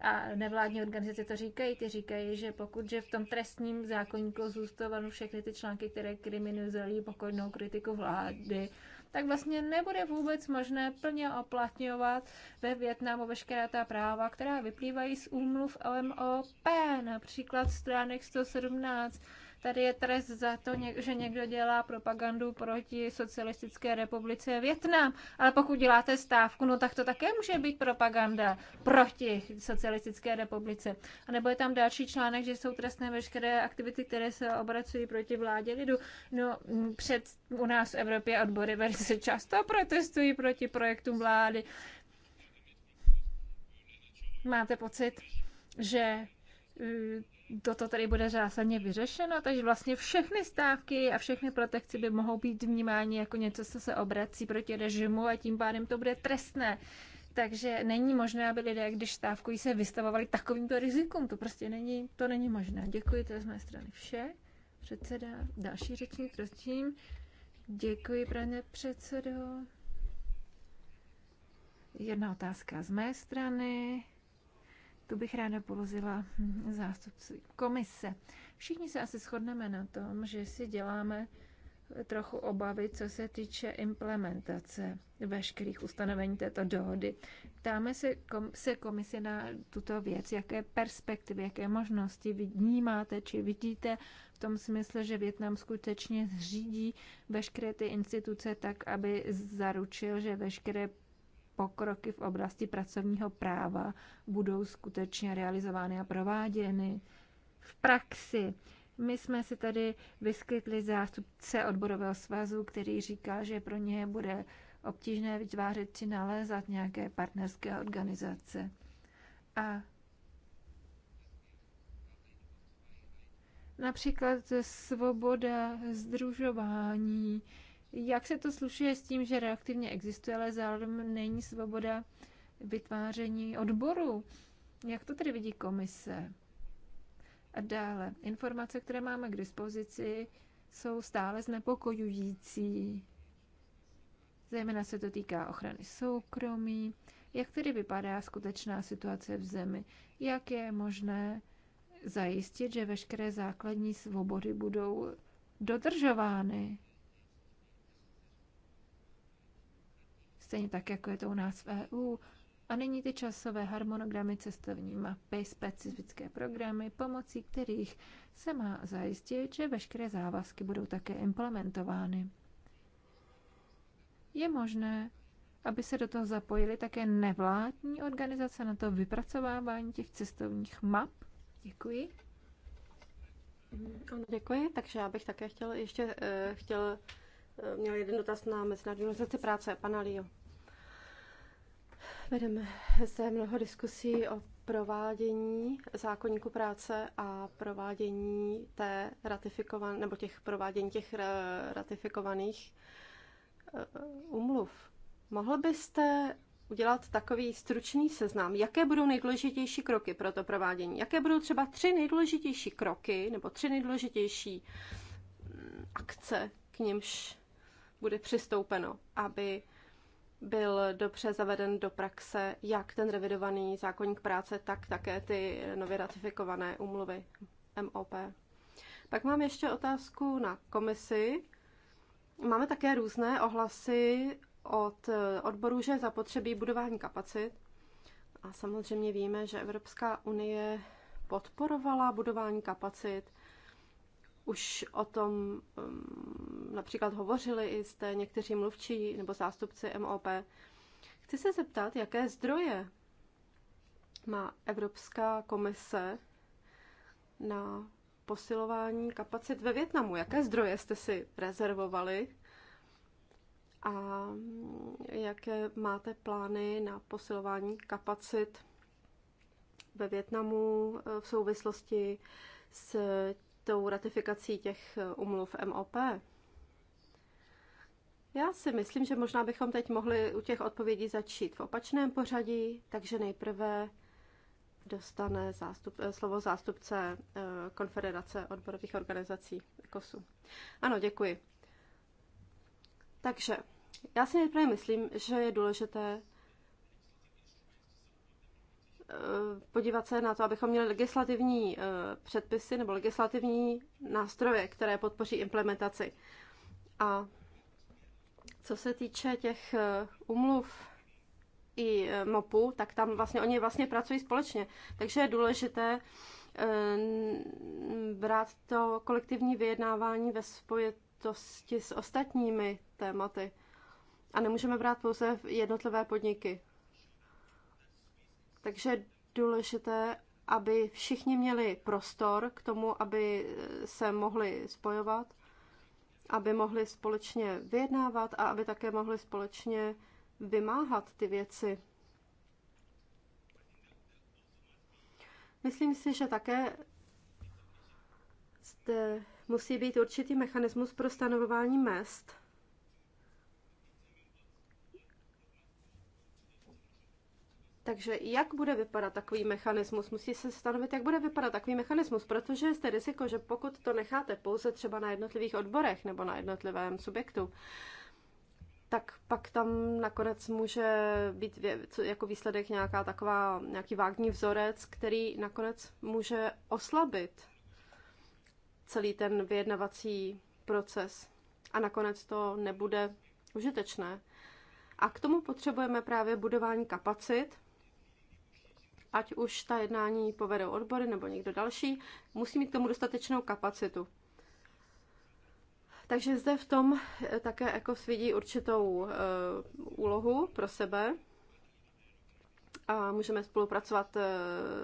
a nevládní organizace to říkají, ty říkají, že pokud že v tom trestním zákonníku zůstávají všechny ty články, které kriminalizují pokojnou kritiku vlády, tak vlastně nebude vůbec možné plně oplatňovat ve Větnamu veškerá ta práva, která vyplývají z úmluv LMOP, například stránek 117 Tady je trest za to, že někdo dělá propagandu proti socialistické republice Větnam. Ale pokud děláte stávku, no tak to také může být propaganda proti socialistické republice. A nebo je tam další článek, že jsou trestné veškeré aktivity, které se obracují proti vládě lidu. No mm, před u nás v Evropě odbory velice často protestují proti projektům vlády. Máte pocit, že mm, toto tady bude zásadně vyřešeno, takže vlastně všechny stávky a všechny protekci by mohou být vnímány jako něco, co se obrací proti režimu a tím pádem to bude trestné. Takže není možné, aby lidé, když stávkují, se vystavovali takovýmto rizikům. To prostě není, to není možné. Děkuji, to je z mé strany vše. Předseda, další řečník, prosím. Děkuji, pane předsedo. Jedna otázka z mé strany. Tu bych ráda položila zástupci komise. Všichni se asi shodneme na tom, že si děláme trochu obavy, co se týče implementace veškerých ustanovení této dohody. Ptáme se, kom, se komise na tuto věc, jaké perspektivy, jaké možnosti vnímáte či vidíte v tom smyslu, že Větnam skutečně zřídí veškeré ty instituce tak, aby zaručil, že veškeré pokroky v oblasti pracovního práva budou skutečně realizovány a prováděny v praxi. My jsme si tady vyskytli zástupce odborového svazu, který říká, že pro ně bude obtížné vytvářet či nalézat nějaké partnerské organizace. A například svoboda združování, jak se to slušuje s tím, že reaktivně existuje, ale zároveň není svoboda vytváření odboru? Jak to tedy vidí komise? A dále, informace, které máme k dispozici, jsou stále znepokojující. Zejména se to týká ochrany soukromí. Jak tedy vypadá skutečná situace v zemi? Jak je možné zajistit, že veškeré základní svobody budou dodržovány? stejně tak, jako je to u nás v EU. A nyní ty časové harmonogramy, cestovní mapy, specifické programy, pomocí kterých se má zajistit, že veškeré závazky budou také implementovány. Je možné, aby se do toho zapojily také nevládní organizace na to vypracovávání těch cestovních map. Děkuji. Děkuji, takže já bych také chtěl ještě eh, chtěl, eh, měl jeden dotaz na Mezinárodní organizaci práce, pana Lio. Vedeme se mnoho diskusí o provádění zákonníku práce a provádění té ratifikovan, nebo těch provádění těch ratifikovaných umluv. Eh, Mohl byste udělat takový stručný seznam, jaké budou nejdůležitější kroky pro to provádění? Jaké budou třeba tři nejdůležitější kroky nebo tři nejdůležitější mm, akce, k nimž bude přistoupeno, aby byl dobře zaveden do praxe jak ten revidovaný zákonník práce, tak také ty nově ratifikované úmluvy MOP. Pak mám ještě otázku na komisi. Máme také různé ohlasy od odborů, že zapotřebí budování kapacit. A samozřejmě víme, že Evropská unie podporovala budování kapacit už o tom um, například hovořili i jste někteří mluvčí nebo zástupci MOP. Chci se zeptat, jaké zdroje má Evropská komise na posilování kapacit ve Větnamu. Jaké zdroje jste si rezervovali a jaké máte plány na posilování kapacit ve Větnamu eh, v souvislosti s tou ratifikací těch eh, umluv MOP? Já si myslím, že možná bychom teď mohli u těch odpovědí začít v opačném pořadí, takže nejprve dostane zástup, eh, slovo zástupce eh, Konfederace odborových organizací KOSu. Ano, děkuji. Takže já si nejprve myslím, že je důležité Eh, podívat se na to, abychom měli legislativní eh, předpisy nebo legislativní nástroje, které podpoří implementaci. A co se týče těch eh, umluv i MOPu, tak tam vlastně oni vlastně pracují společně. Takže je důležité brát to kolektivní vyjednávání ve spojitosti s ostatními tématy. A nemůžeme brát pouze jednotlivé podniky. Takže důležité, aby všichni měli prostor k tomu, aby se mohli spojovat, aby mohli společně vyjednávat a aby také mohli společně vymáhat ty věci. Myslím si, že také zde musí být určitý mechanismus pro stanovování mest, Takže jak bude vypadat takový mechanismus? Musí se stanovit, jak bude vypadat takový mechanismus, protože jste riziko, že pokud to necháte pouze třeba na jednotlivých odborech nebo na jednotlivém subjektu, tak pak tam nakonec může být jako výsledek nějaká taková, nějaký vágní vzorec, který nakonec může oslabit celý ten vyjednavací proces a nakonec to nebude užitečné. A k tomu potřebujeme právě budování kapacit, ať už ta jednání povedou odbory nebo někdo další, musí mít k tomu dostatečnou kapacitu. Takže zde v tom eh, také jako svidí určitou e, úlohu pro sebe a můžeme spolupracovat e,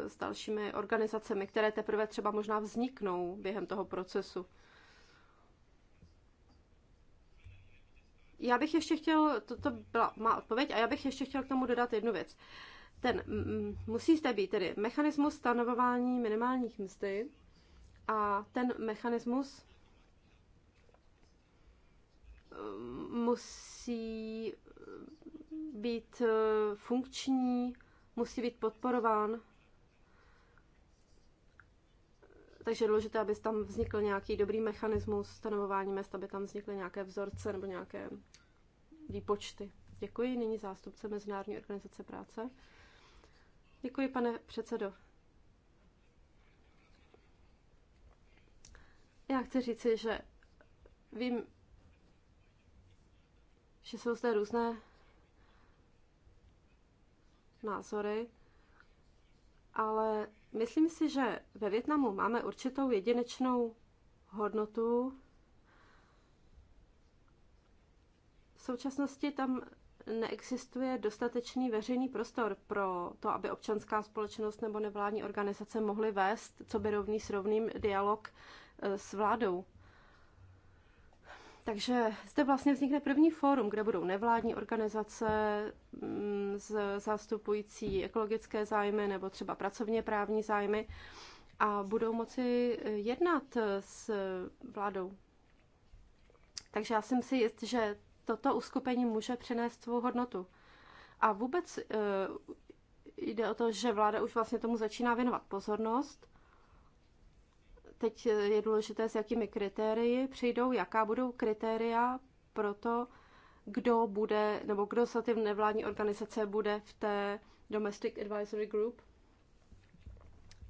s dalšími organizacemi, které teprve třeba možná vzniknou během toho procesu. Já bych ještě chtěl, toto byla má odpověď, a já bych ještě chtěl k tomu dodat jednu věc. E, ten, musí zde být tedy mechanismus stanovování minimálních mzdy a ten mechanismus musí být e, funkční, musí být podporován. Takže je důležité, aby tam vznikl nějaký dobrý mechanismus stanovování mest, aby tam vznikly nějaké vzorce nebo nějaké výpočty. Děkuji. Nyní zástupce Mezinárodní organizace práce. Děkuji, pane předsedo. Já chci říci, že vím, že jsou zde různé názory, ale myslím si, že ve Větnamu máme určitou jedinečnou hodnotu. V současnosti tam neexistuje dostatečný veřejný prostor pro to, aby občanská společnost nebo nevládní organizace mohly vést co by rovný s rovným dialog eh, s vládou. Takže zde vlastně vznikne první fórum, kde budou nevládní organizace mm, zastupující ekologické zájmy nebo třeba pracovně právní zájmy a budou moci eh, jednat eh, s vládou. Takže já jsem si jist, že toto uskupení může přinést svou hodnotu. A vůbec eh, jde o to, že vláda už vlastně tomu začíná věnovat pozornost. Teď je důležité, s jakými kritérii přijdou, jaká budou kritéria pro to, kdo bude, nebo kdo se ty nevládní organizace bude v té Domestic Advisory Group.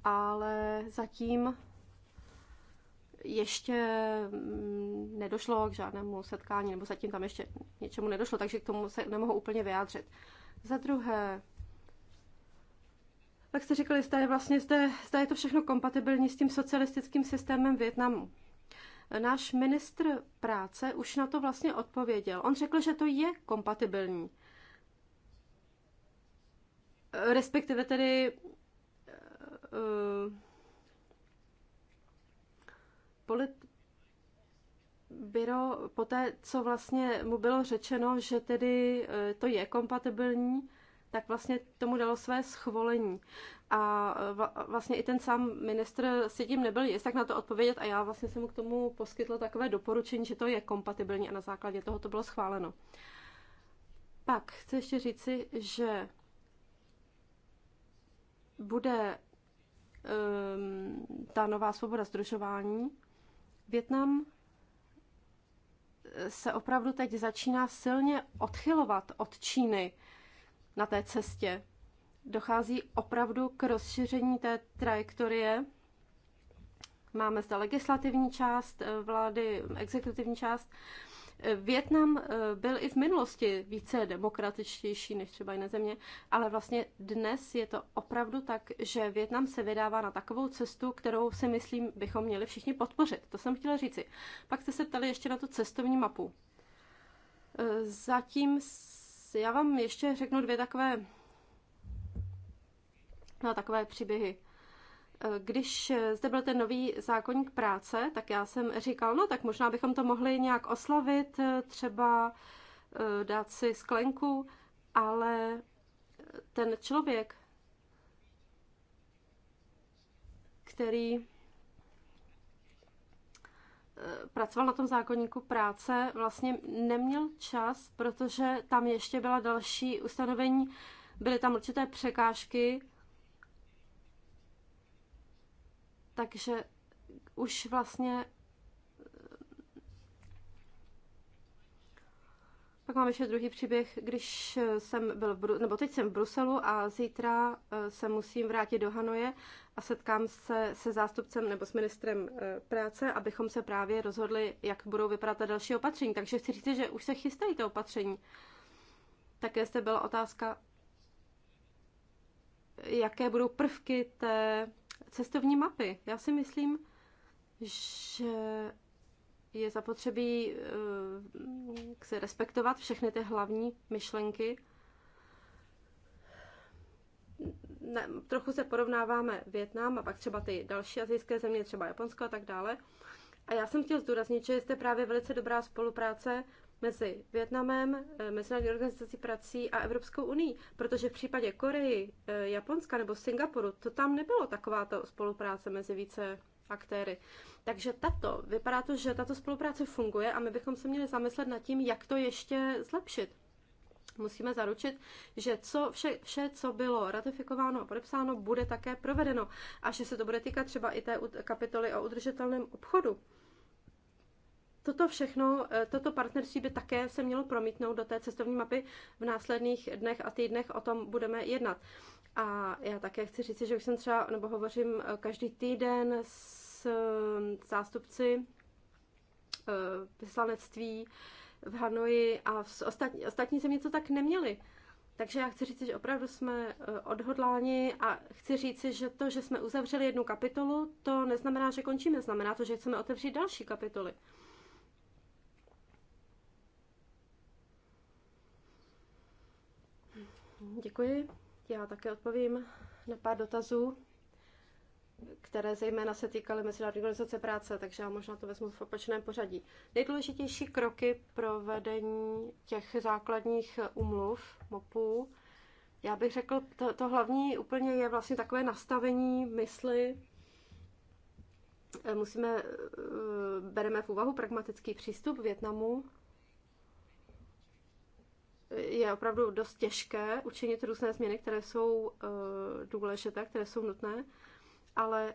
Ale zatím ještě mm, nedošlo k žádnému setkání, nebo zatím tam ještě něčemu nedošlo, takže k tomu se nemohu úplně vyjádřit. Za druhé, tak jste řekli, zda je vlastně zde, zda je to všechno kompatibilní s tím socialistickým systémem Větnamu. Náš ministr práce už na to vlastně odpověděl. On řekl, že to je kompatibilní. Respektive tedy uh, Polit, Byro, po té, co vlastně mu bylo řečeno, že tedy e, to je kompatibilní, tak vlastně tomu dalo své schvolení. A e, vlastně i ten sám ministr si tím nebyl jist, tak na to odpovědět a já vlastně jsem mu k tomu poskytla takové doporučení, že to je kompatibilní a na základě toho to bylo schváleno. Pak chci ještě říci, že bude um, ta nová svoboda združování, Větnam eh, se opravdu teď začíná silně odchylovat od Číny na té cestě. Dochází opravdu k rozšíření té trajektorie. Máme zde legislativní část eh, vlády, exekutivní část Větnam eh, byl i v minulosti více demokratičtější než třeba jiné země, ale vlastně dnes je to opravdu tak, že Větnam se vydává na takovou cestu, kterou si myslím bychom měli všichni podpořit. To jsem chtěla říci. Pak jste se ptali ještě na tu cestovní mapu. Eh, zatím já vám ještě řeknu dvě takové, no, takové příběhy. Eh, když zde byl ten nový zákonník práce, tak já jsem říkal, no tak možná bychom to mohli nějak oslavit, eh, třeba eh, dát si sklenku, ale ten člověk, který pracoval na tom zákonníku práce, vlastně neměl čas, protože tam ještě byla další ustanovení, byly tam určité překážky, Takže už vlastně Pak mám ještě druhý příběh, když jsem byl, v Bru- nebo teď jsem v Bruselu a zítra eh, se musím vrátit do Hanoje a setkám se se zástupcem nebo s ministrem eh, práce, abychom se právě rozhodli, jak budou vypadat ta další opatření. Takže chci říct, že už se chystají ty opatření. Také jste byla otázka, jaké budou prvky té cestovní mapy. Já si myslím, že je zapotřebí jak eh, se respektovat všechny ty hlavní myšlenky. Ne, trochu se porovnáváme Větnam a pak třeba ty další azijské země, třeba Japonsko a tak dále. A já jsem chtěl zdůraznit, že jste právě velice dobrá spolupráce mezi Větnamem, eh, Mezinárodní organizací prací a Evropskou unii, protože v případě Koreji, eh, Japonska nebo Singapuru, to tam nebylo takováto spolupráce mezi více aktéry. Takže tato, vypadá to, že tato spolupráce funguje a my bychom se měli zamyslet nad tím, jak to ještě zlepšit. Musíme zaručit, že co, vše, vše, co bylo ratifikováno a podepsáno, bude také provedeno a že se to bude týkat třeba i té kapitoly o udržitelném obchodu Toto všechno, eh, toto partnerství by také se mělo promítnout do té cestovní mapy v následných dnech a týdnech, o tom budeme jednat. A já také chci říct, že už jsem třeba, nebo hovořím eh, každý týden s eh, zástupci vyslanectví v Hanoji a v ostatní, ostatní země to tak neměli. Takže já chci říct, že opravdu jsme odhodláni a chci říct, že to, že jsme uzavřeli jednu kapitolu, to neznamená, že končíme. Znamená to, že chceme otevřít další kapitoly. Děkuji. Já také odpovím na pár dotazů, které zejména se týkaly Mezinárodní organizace práce, takže já možná to vezmu v opačném pořadí. Nejdůležitější kroky pro vedení těch základních umluv MOPů, já bych řekl, to, to hlavní úplně je vlastně takové nastavení mysli. Musíme, eh, bereme v úvahu pragmatický přístup Větnamu je opravdu dost těžké učinit různé změny, které jsou eh, důležité, které jsou nutné, ale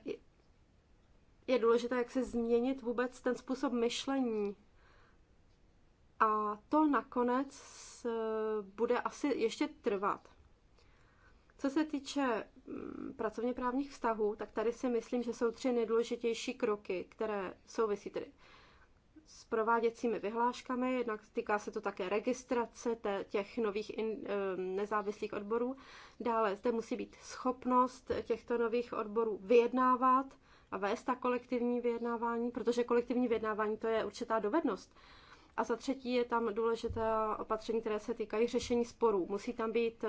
je důležité, jak se změnit vůbec ten způsob myšlení. A to nakonec bude asi ještě trvat. Co se týče mm, pracovně právních vztahů, tak tady si myslím, že jsou tři nejdůležitější kroky, které souvisí tedy s prováděcími vyhláškami, jednak týká se to také registrace těch nových in, eh, nezávislých odborů. Dále zde musí být schopnost těchto nových odborů vyjednávat a vést ta kolektivní vyjednávání, protože kolektivní vyjednávání to je určitá dovednost. A za třetí je tam důležité opatření, které se týkají řešení sporů. Musí tam být eh,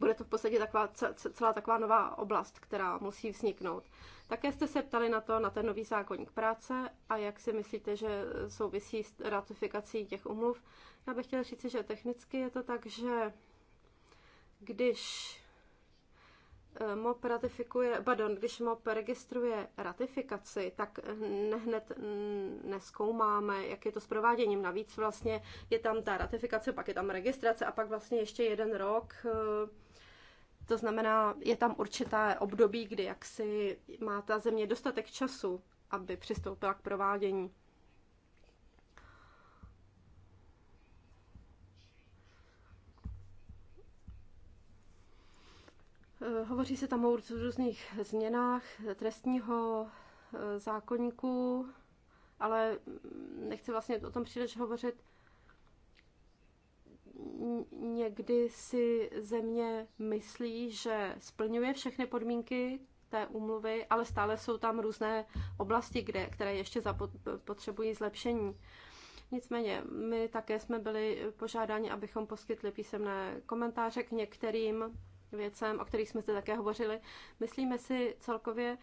bude to v podstatě taková, celá taková nová oblast, která musí vzniknout. Také jste se ptali na to, na ten nový zákonník práce a jak si myslíte, že souvisí s ratifikací těch umluv. Já bych chtěla říct, že technicky je to tak, že když eh, MOP ratifikuje, pardon, když MOP registruje ratifikaci, tak hned neskoumáme, jak je to s prováděním. Navíc vlastně je tam ta ratifikace, pak je tam registrace a pak vlastně ještě jeden rok eh, to znamená, je tam určité období, kdy jaksi má ta země dostatek času, aby přistoupila k provádění. Eh, hovoří se tam o různých změnách trestního eh, zákonníku, ale nechci vlastně o tom příliš hovořit někdy si země myslí, že splňuje všechny podmínky té úmluvy, ale stále jsou tam různé oblasti, kde, které ještě potřebují zlepšení. Nicméně, my také jsme byli požádáni, abychom poskytli písemné komentáře k některým věcem, o kterých jsme zde také hovořili. Myslíme si celkově,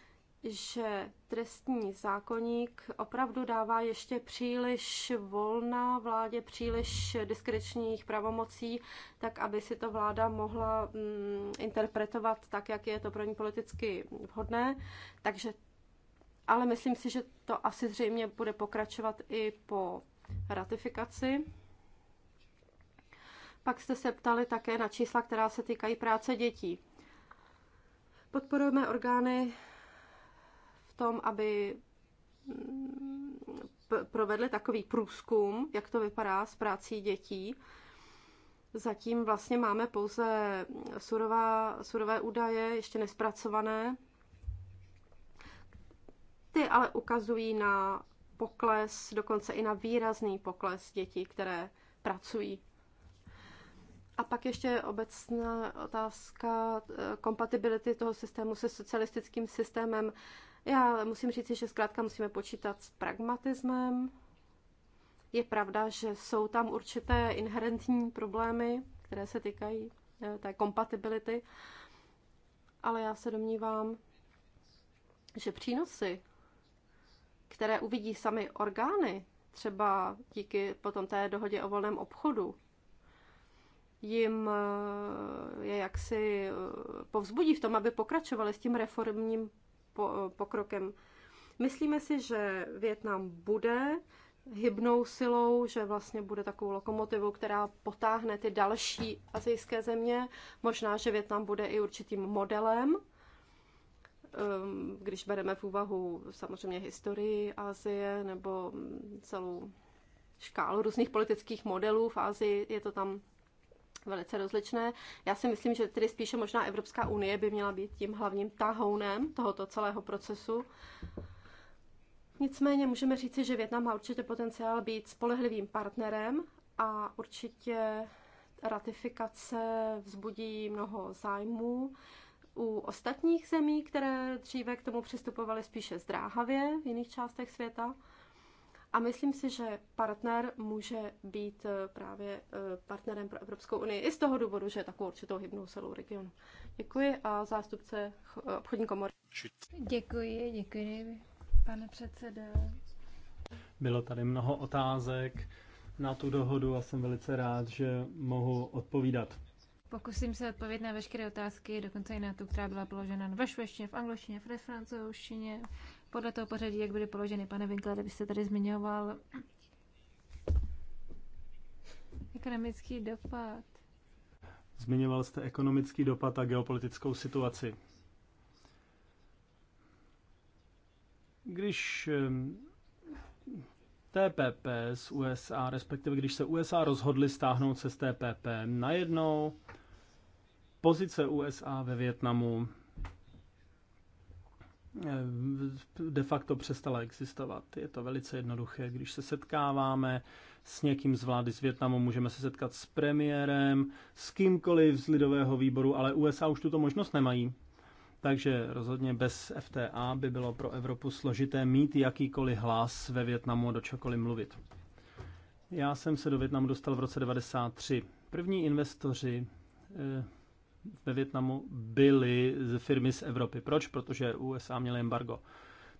že trestní zákonník opravdu dává ještě příliš volná vládě, příliš diskrečních pravomocí, tak aby si to vláda mohla mm, interpretovat tak, jak je to pro ní politicky vhodné. Takže, ale myslím si, že to asi zřejmě bude pokračovat i po ratifikaci. Pak jste se ptali také na čísla, která se týkají práce dětí. Podporujeme orgány tom, aby mm, provedli takový průzkum, jak to vypadá s prací dětí. Zatím vlastně máme pouze surová, surové údaje, ještě nespracované. Ty ale ukazují na pokles, dokonce i na výrazný pokles dětí, které pracují. A pak ještě obecná otázka eh, kompatibility toho systému se socialistickým systémem. Já musím říct, že zkrátka musíme počítat s pragmatismem. Je pravda, že jsou tam určité inherentní problémy, které se týkají eh, té kompatibility, ale já se domnívám, že přínosy, které uvidí sami orgány, třeba díky potom té dohodě o volném obchodu, jim eh, je jaksi eh, povzbudí v tom, aby pokračovali s tím reformním pokrokem. Myslíme si, že Větnam bude hybnou silou, že vlastně bude takovou lokomotivou, která potáhne ty další azijské země. Možná, že Větnam bude i určitým modelem, um, když bereme v úvahu samozřejmě historii Asie nebo celou škálu různých politických modelů v Asii, je to tam velice rozličné. Já si myslím, že tedy spíše možná Evropská unie by měla být tím hlavním tahounem tohoto celého procesu. Nicméně můžeme říci, že Větnam má určitě potenciál být spolehlivým partnerem a určitě ratifikace vzbudí mnoho zájmů. U ostatních zemí, které dříve k tomu přistupovaly spíše zdráhavě v jiných částech světa, a myslím si, že partner může být eh, právě eh, partnerem pro Evropskou unii i z toho důvodu, že je takovou určitou hybnou silou regionu. Děkuji a zástupce eh, obchodní komory. Děkuji, děkuji, pane předsedo. Bylo tady mnoho otázek na tu dohodu a jsem velice rád, že mohu odpovídat. Pokusím se odpovědět na veškeré otázky, dokonce i na tu, která byla položena ve švédštině, v angličtině, ve francouzštině, podle toho pořadí, jak byly položeny. Pane Winkler, jste tady zmiňoval ekonomický dopad. Zmiňoval jste ekonomický dopad a geopolitickou situaci. Když TPP z USA, respektive když se USA rozhodli stáhnout se z TPP, najednou pozice USA ve Větnamu Eh, de facto přestala existovat. Je to velice jednoduché. Když se setkáváme s někým z vlády z Větnamu, můžeme se setkat s premiérem, s kýmkoliv z lidového výboru, ale USA už tuto možnost nemají. Takže rozhodně bez FTA by bylo pro Evropu složité mít jakýkoliv hlas ve Větnamu do čokoliv mluvit. Já jsem se do Větnamu dostal v roce 93. První investoři eh, ve Větnamu byly firmy z Evropy. Proč? Protože USA měly embargo.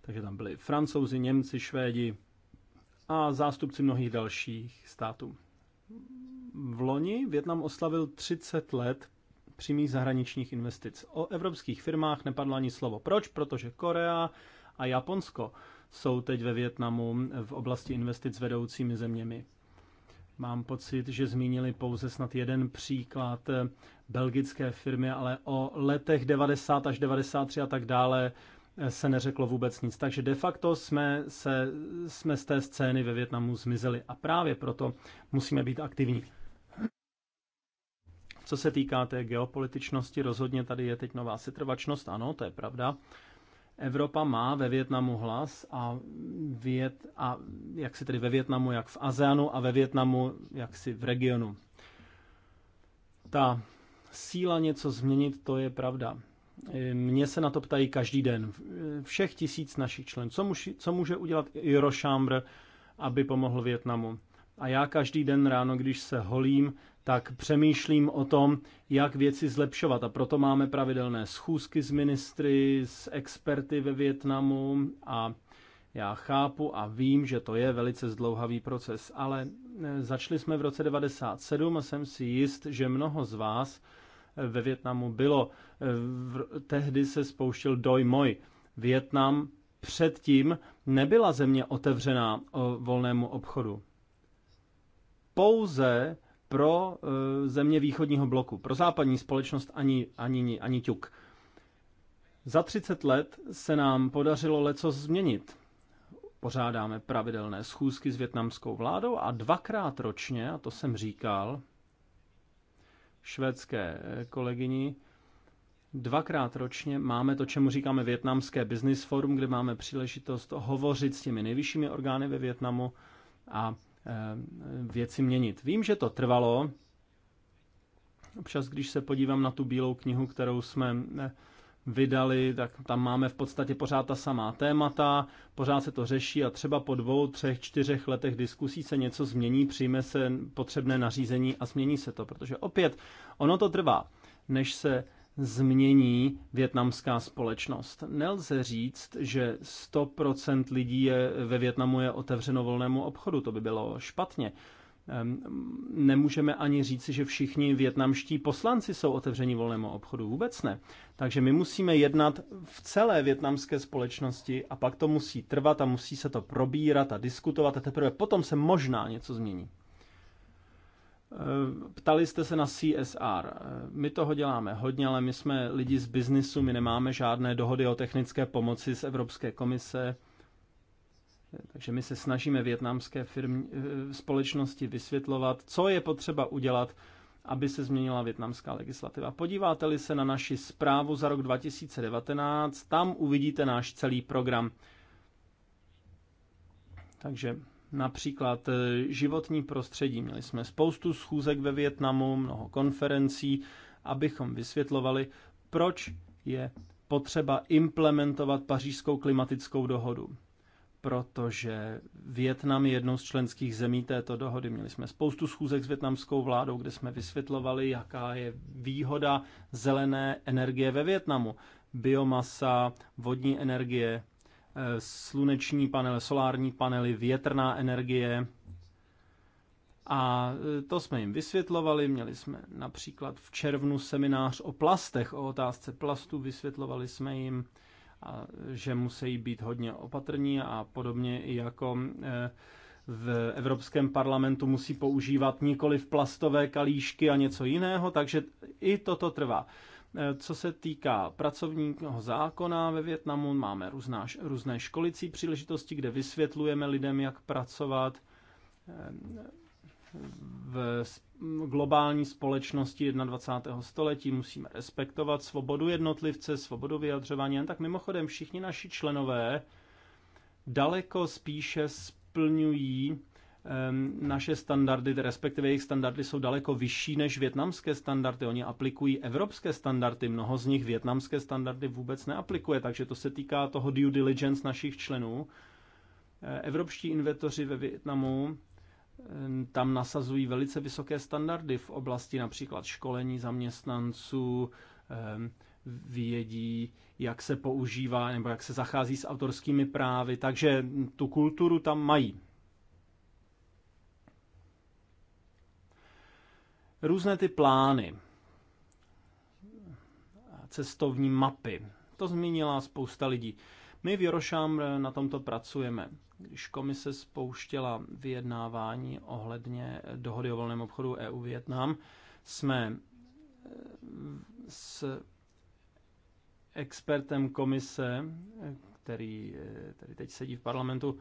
Takže tam byli francouzi, Němci, Švédi a zástupci mnohých dalších států. V loni Větnam oslavil 30 let přímých zahraničních investic. O evropských firmách nepadlo ani slovo. Proč? Protože Korea a Japonsko jsou teď ve Větnamu v oblasti investic vedoucími zeměmi. Mám pocit, že zmínili pouze snad jeden příklad eh, belgické firmy, ale o letech 90 až 93 a tak dále eh, se neřeklo vůbec nic. Takže de facto jsme, se, jsme z té scény ve Větnamu zmizeli a právě proto musíme být aktivní. Co se týká té geopolitičnosti, rozhodně tady je teď nová setrvačnost, ano, to je pravda. Evropa má ve Větnamu hlas a, Vět, a jak si tedy ve Větnamu, jak v ASEANu a ve Větnamu, jak si v regionu. Ta síla něco změnit, to je pravda. E, mně se na to ptají každý den. Všech tisíc našich členů. Co, co může udělat Eurošambr, aby pomohl Větnamu? A já každý den ráno, když se holím, tak přemýšlím o tom, jak věci zlepšovat. A proto máme pravidelné schůzky s ministry, s experty ve Větnamu a já chápu a vím, že to je velice zdlouhavý proces, ale e, začali jsme v roce 97 a jsem si jist, že mnoho z vás e, ve Větnamu bylo. E, tehdy se spouštěl doj Moj. Větnam předtím nebyla země otevřená o volnému obchodu. Pouze pro eh, země východního bloku. Pro západní společnost ani, ani, ani ťuk. Za 30 let se nám podařilo leco změnit. Pořádáme pravidelné schůzky s větnamskou vládou a dvakrát ročně, a to jsem říkal švédské eh, kolegyni, dvakrát ročně máme to, čemu říkáme Větnamské business forum, kde máme příležitost hovořit s těmi nejvyššími orgány ve Větnamu a Eh, věci měnit. Vím, že to trvalo. Občas, když se podívám na tu bílou knihu, kterou jsme eh, vydali, tak tam máme v podstatě pořád ta samá témata, pořád se to řeší a třeba po dvou, třech, čtyřech letech diskusí se něco změní, přijme se potřebné nařízení a změní se to, protože opět ono to trvá, než se změní větnamská společnost. Nelze říct, že 100% lidí je, ve Větnamu je otevřeno volnému obchodu, to by bylo špatně. Ehm, nemůžeme ani říci, že všichni větnamští poslanci jsou otevření volnému obchodu. Vůbec ne. Takže my musíme jednat v celé větnamské společnosti a pak to musí trvat a musí se to probírat a diskutovat a teprve potom se možná něco změní. Eh, ptali jste se na CSR. Eh, my toho děláme hodně, ale my jsme lidi z biznisu, my nemáme žádné dohody o technické pomoci z Evropské komise. Eh, takže my se snažíme větnamské firmy, společnosti vysvětlovat, co je potřeba udělat, aby se změnila větnamská legislativa. Podíváte-li se na naši zprávu za rok 2019, tam uvidíte náš celý program. Takže Například e, životní prostředí. Měli jsme spoustu schůzek ve Větnamu, mnoho konferencí, abychom vysvětlovali, proč je potřeba implementovat pařížskou klimatickou dohodu. Protože Větnam je jednou z členských zemí této dohody. Měli jsme spoustu schůzek s větnamskou vládou, kde jsme vysvětlovali, jaká je výhoda zelené energie ve Větnamu. Biomasa, vodní energie, sluneční panely, solární panely, větrná energie. A e, to jsme jim vysvětlovali, měli jsme například v červnu seminář o plastech, o otázce plastu, vysvětlovali jsme jim, že musí být hodně opatrní a podobně i jako e, v Evropském parlamentu musí používat nikoli v plastové kalíšky a něco jiného, takže i toto trvá. Eh, co se týká pracovního zákona ve Větnamu, máme různá, různé školicí příležitosti, kde vysvětlujeme lidem, jak pracovat. Eh, v globální společnosti 21. století musíme respektovat svobodu jednotlivce, svobodu vyjadřování. Jen tak mimochodem všichni naši členové daleko spíše splňují Ehm, naše standardy, respektive jejich standardy jsou daleko vyšší než větnamské standardy. Oni aplikují evropské standardy, mnoho z nich větnamské standardy vůbec neaplikuje, takže to se týká toho due diligence našich členů. Eh, evropští inventoři ve Větnamu ehm, tam nasazují velice vysoké standardy v oblasti například školení zaměstnanců, ehm, vědí, jak se používá nebo jak se zachází s autorskými právy, takže tu kulturu tam mají. různé ty plány, cestovní mapy. To zmínila spousta lidí. My v Jorošám na tomto pracujeme. Když komise spouštěla vyjednávání ohledně dohody o volném obchodu EU Vietnam, jsme eh, s expertem komise, který eh, tady teď sedí v parlamentu,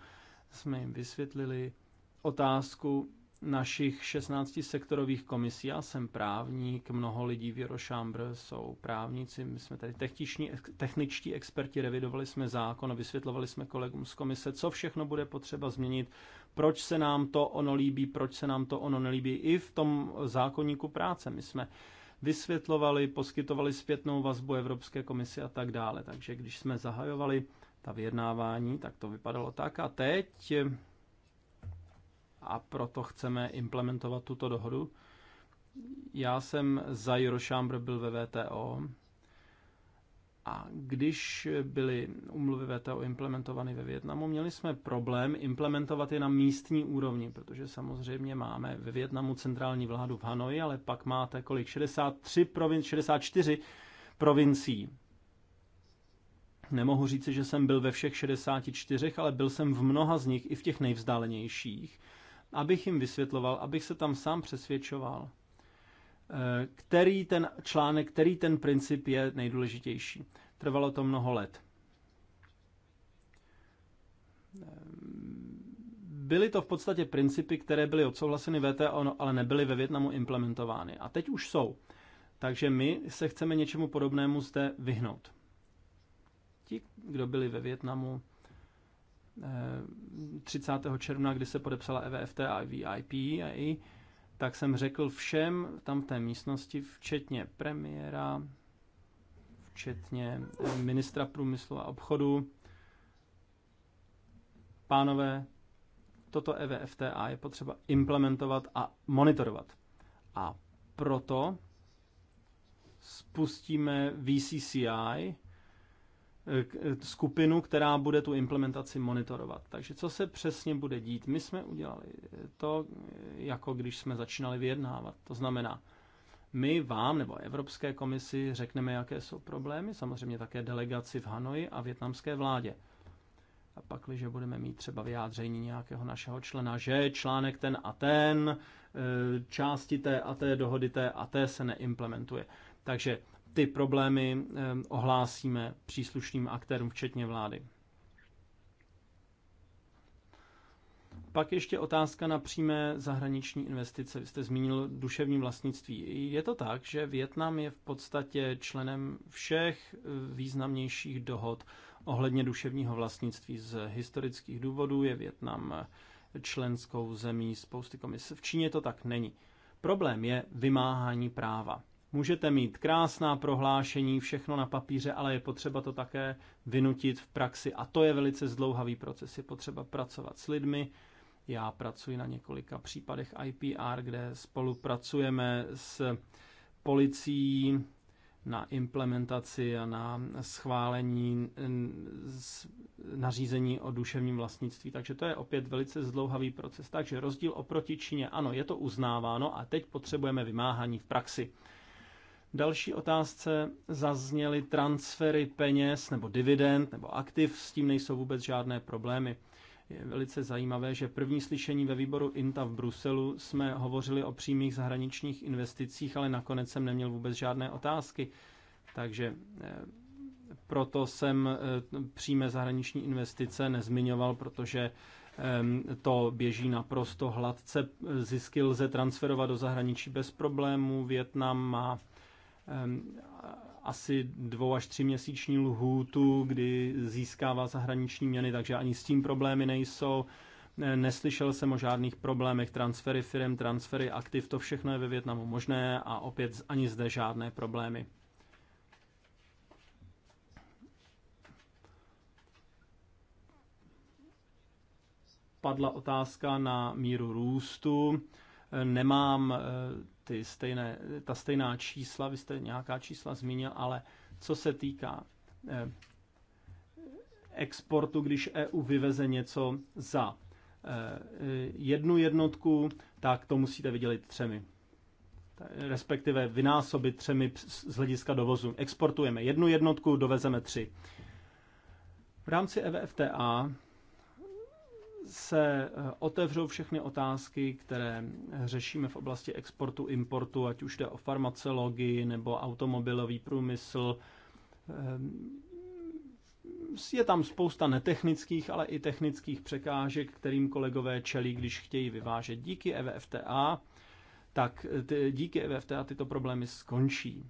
jsme jim vysvětlili otázku, našich 16 sektorových komisí. Já jsem právník, mnoho lidí v Jerošambr jsou právníci, my jsme tady techniční, techničtí experti, revidovali jsme zákon a vysvětlovali jsme kolegům z komise, co všechno bude potřeba změnit, proč se nám to ono líbí, proč se nám to ono nelíbí, i v tom zákonníku práce. My jsme vysvětlovali, poskytovali zpětnou vazbu Evropské komisi a tak dále. Takže když jsme zahajovali ta vyjednávání, tak to vypadalo tak. A teď a proto chceme implementovat tuto dohodu. Já jsem za Eurochamber byl ve VTO a když byly umluvy VTO implementovány ve Větnamu, měli jsme problém implementovat je na místní úrovni, protože samozřejmě máme ve Větnamu centrální vládu v Hanoji, ale pak máte kolik? 63 provin- 64 provincií. Nemohu říci, že jsem byl ve všech 64, ale byl jsem v mnoha z nich, i v těch nejvzdálenějších abych jim vysvětloval, abych se tam sám přesvědčoval, eh, který ten článek, který ten princip je nejdůležitější. Trvalo to mnoho let. Ehm, byly to v podstatě principy, které byly odsouhlaseny VTO, no, ale nebyly ve Větnamu implementovány. A teď už jsou. Takže my se chceme něčemu podobnému zde vyhnout. Ti, kdo byli ve Větnamu, 30. Eh, června, kdy se podepsala EVFT a VIP, tak jsem řekl všem tam v té místnosti, včetně premiéra, včetně eh, ministra průmyslu a obchodu, pánové, toto EVFTA je potřeba implementovat a monitorovat. A proto spustíme VCCI, skupinu, která bude tu implementaci monitorovat. Takže co se přesně bude dít? My jsme udělali to, jako když jsme začínali vyjednávat. To znamená, my vám nebo Evropské komisi řekneme, jaké jsou problémy, samozřejmě také delegaci v Hanoji a větnamské vládě. A pak, když budeme mít třeba vyjádření nějakého našeho člena, že článek ten a ten, e, části té a té dohody té a té se neimplementuje. Takže ty problémy eh, ohlásíme příslušným aktérům, včetně vlády. Pak ještě otázka na přímé zahraniční investice. Vy jste zmínil duševní vlastnictví. Je to tak, že Větnam je v podstatě členem všech eh, významnějších dohod ohledně duševního vlastnictví z historických důvodů. Je Větnam eh, členskou zemí spousty komis. V Číně to tak není. Problém je vymáhání práva. Můžete mít krásná prohlášení, všechno na papíře, ale je potřeba to také vynutit v praxi. A to je velice zdlouhavý proces. Je potřeba pracovat s lidmi. Já pracuji na několika případech IPR, kde spolupracujeme s policií na implementaci a na schválení nařízení o duševním vlastnictví. Takže to je opět velice zdlouhavý proces. Takže rozdíl oproti Číně, ano, je to uznáváno a teď potřebujeme vymáhání v praxi další otázce zazněly transfery peněz nebo dividend nebo aktiv, s tím nejsou vůbec žádné problémy. Je velice zajímavé, že první slyšení ve výboru INTA v Bruselu jsme hovořili o přímých zahraničních investicích, ale nakonec jsem neměl vůbec žádné otázky. Takže eh, proto jsem eh, přímé zahraniční investice nezmiňoval, protože to běží naprosto hladce. Zisky lze transferovat do zahraničí bez problémů. Větnam má asi dvou až tři měsíční lhůtu, kdy získává zahraniční měny, takže ani s tím problémy nejsou. Neslyšel jsem o žádných problémech, transfery firm, transfery aktiv, to všechno je ve Větnamu možné a opět ani zde žádné problémy. Padla otázka na míru růstu. Nemám eh, ty stejné, ta stejná čísla, vy jste nějaká čísla zmínil, ale co se týká eh, exportu, když EU vyveze něco za eh, jednu jednotku, tak to musíte vydělit třemi. Respektive vynásobit třemi z hlediska dovozu. Exportujeme jednu jednotku, dovezeme tři. V rámci EVFTA se eh, otevřou všechny otázky, které eh, řešíme v oblasti exportu, importu, ať už jde o farmacologii nebo automobilový průmysl. Eh, je tam spousta netechnických, ale i technických překážek, kterým kolegové čelí, když chtějí vyvážet. Díky EVFTA, tak ty, díky EVFTA tyto problémy skončí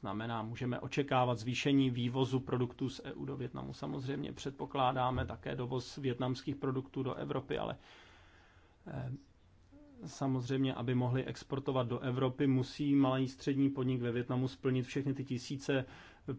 znamená, můžeme očekávat zvýšení vývozu produktů z EU do Větnamu. Samozřejmě předpokládáme také dovoz větnamských produktů do Evropy, ale eh, samozřejmě, aby mohli exportovat do Evropy, musí malý střední podnik ve Větnamu splnit všechny ty tisíce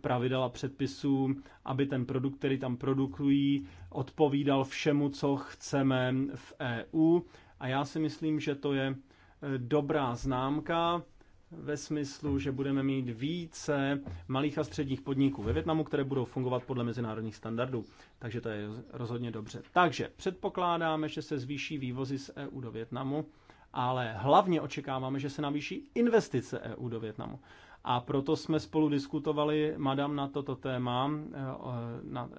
pravidel a předpisů, aby ten produkt, který tam produkují, odpovídal všemu, co chceme v EU. A já si myslím, že to je eh, dobrá známka ve smyslu, že budeme mít více malých a středních podniků ve Větnamu, které budou fungovat podle mezinárodních standardů. Takže to je rozhodně dobře. Takže předpokládáme, že se zvýší vývozy z EU do Větnamu, ale hlavně očekáváme, že se navýší investice EU do Větnamu. A proto jsme spolu diskutovali, madam, na toto téma, eh, na,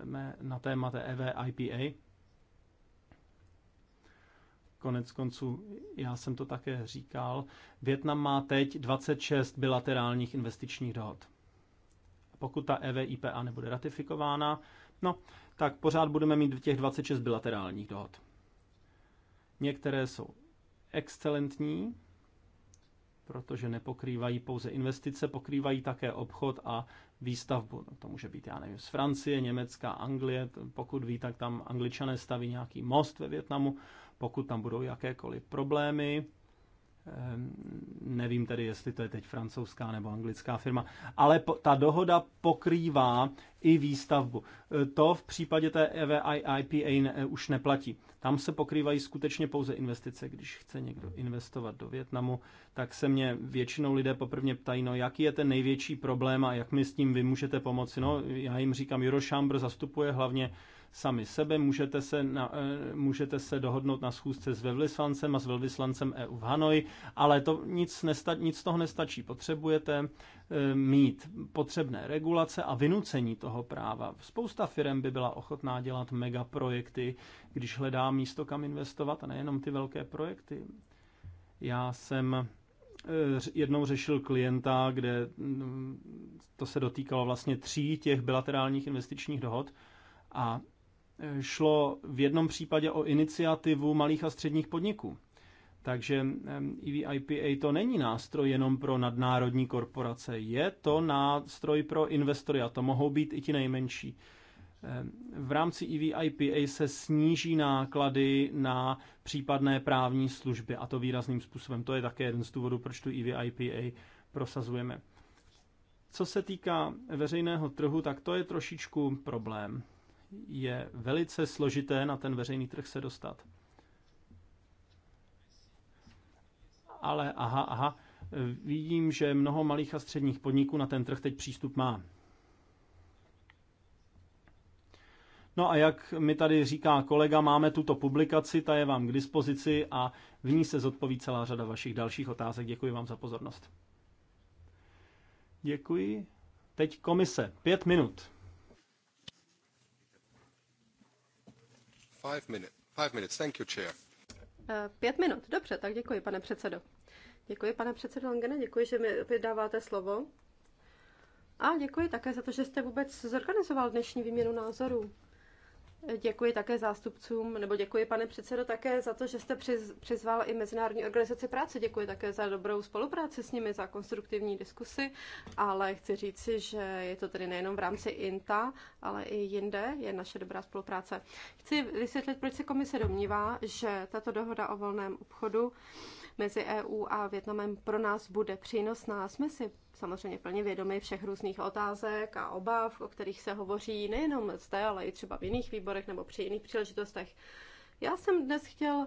na téma té EVIPA, Konec konců, já jsem to také říkal, Větnam má teď 26 bilaterálních investičních dohod. Pokud ta EVIPA nebude ratifikována, no, tak pořád budeme mít těch 26 bilaterálních dohod. Některé jsou excelentní, protože nepokrývají pouze investice, pokrývají také obchod a výstavbu. No, to může být, já nevím, z Francie, Německa, Anglie. Pokud ví, tak tam angličané staví nějaký most ve Větnamu pokud tam budou jakékoliv problémy. Ehm, nevím tedy, jestli to je teď francouzská nebo anglická firma, ale ta dohoda pokrývá i výstavbu. E, to v případě té EVIPA e, už neplatí. Tam se pokrývají skutečně pouze investice. Když chce někdo investovat do Větnamu, tak se mě většinou lidé poprvně ptají, no jaký je ten největší problém a jak mi s tím vy můžete pomoci. No, já jim říkám, Eurošambr zastupuje hlavně sami sebe. Můžete se, na, eh, můžete se dohodnout na schůzce s velvyslancem a s velvyslancem EU v Hanoi, ale to nic, nesta, nic toho nestačí. Potřebujete eh, mít potřebné regulace a vynucení toho práva. Spousta firm by byla ochotná dělat megaprojekty, když hledá místo, kam investovat a nejenom ty velké projekty. Já jsem eh, jednou řešil klienta, kde mm, to se dotýkalo vlastně tří těch bilaterálních investičních dohod a šlo v jednom případě o iniciativu malých a středních podniků. Takže EVIPA e to není nástroj jenom pro nadnárodní korporace, je to nástroj pro investory a to mohou být i ti nejmenší. V rámci EVIPA se sníží náklady na případné právní služby a to výrazným způsobem. To je také jeden z důvodů, proč tu EVIPA prosazujeme. Co se týká veřejného trhu, tak to je trošičku problém je velice složité na ten veřejný trh se dostat. Ale aha, aha, vidím, že mnoho malých a středních podniků na ten trh teď přístup má. No a jak mi tady říká kolega, máme tuto publikaci, ta je vám k dispozici a v ní se zodpoví celá řada vašich dalších otázek. Děkuji vám za pozornost. Děkuji. Teď komise. Pět minut. Five, minute. Five minutes. Thank you, chair. Eh, pět minut, dobře, tak děkuji, pane předsedo. Děkuji, pane předsedo Langene, děkuji, že mi opět dáváte slovo. A děkuji také za to, že jste vůbec zorganizoval dnešní výměnu názorů. Děkuji také zástupcům, nebo děkuji, pane předsedo, také za to, že jste přiz, přizval i Mezinárodní organizaci práce. Děkuji také za dobrou spolupráci s nimi, za konstruktivní diskusy, ale chci říci, že je to tedy nejenom v rámci INTA, ale i jinde je naše dobrá spolupráce. Chci vysvětlit, proč se komise domnívá, že tato dohoda o volném obchodu mezi EU a Větnamem pro nás bude přínosná. Jsme si samozřejmě plně vědomi všech různých otázek a obav, o kterých se hovoří nejenom zde, ale i třeba v jiných výborech nebo při jiných příležitostech. Já jsem dnes chtěl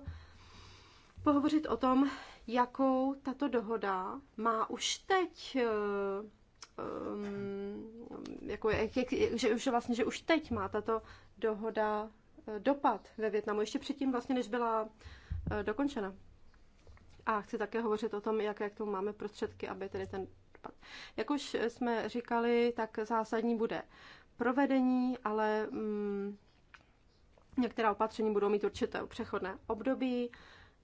pohovořit o tom, jakou tato dohoda má už teď um, jako, jak, jak, že, už vlastně, že už teď má tato dohoda eh, dopad ve Větnamu, ještě předtím vlastně, než byla eh, dokončena. A chci také hovořit o tom, jaké k tomu máme prostředky, aby tedy ten dopad. Jak už jsme říkali, tak zásadní bude provedení, ale mm, některá opatření budou mít určité přechodné období,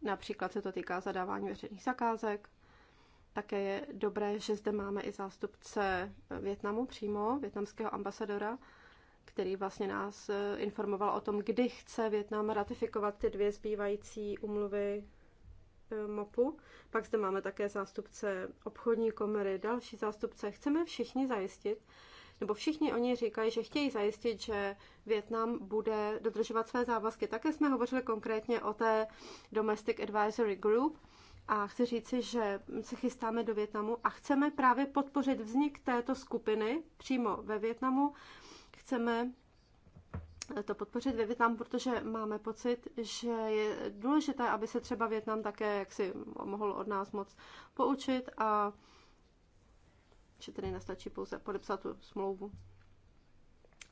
například se to týká zadávání veřejných zakázek. Také je dobré, že zde máme i zástupce Větnamu přímo, větnamského ambasadora, který vlastně nás eh, informoval o tom, kdy chce Větnam ratifikovat ty dvě zbývající umluvy MOPu. Pak zde máme také zástupce obchodní komory, další zástupce. Chceme všichni zajistit, nebo všichni oni říkají, že chtějí zajistit, že Větnam bude dodržovat své závazky. Také jsme hovořili konkrétně o té Domestic Advisory Group a chci říci, že se chystáme do Větnamu a chceme právě podpořit vznik této skupiny přímo ve Větnamu. Chceme to podpořit ve Větnamu, protože máme pocit, že je důležité, aby se třeba Větnam také jaksi mohl od nás moc poučit a že tedy nestačí pouze podepsat tu smlouvu.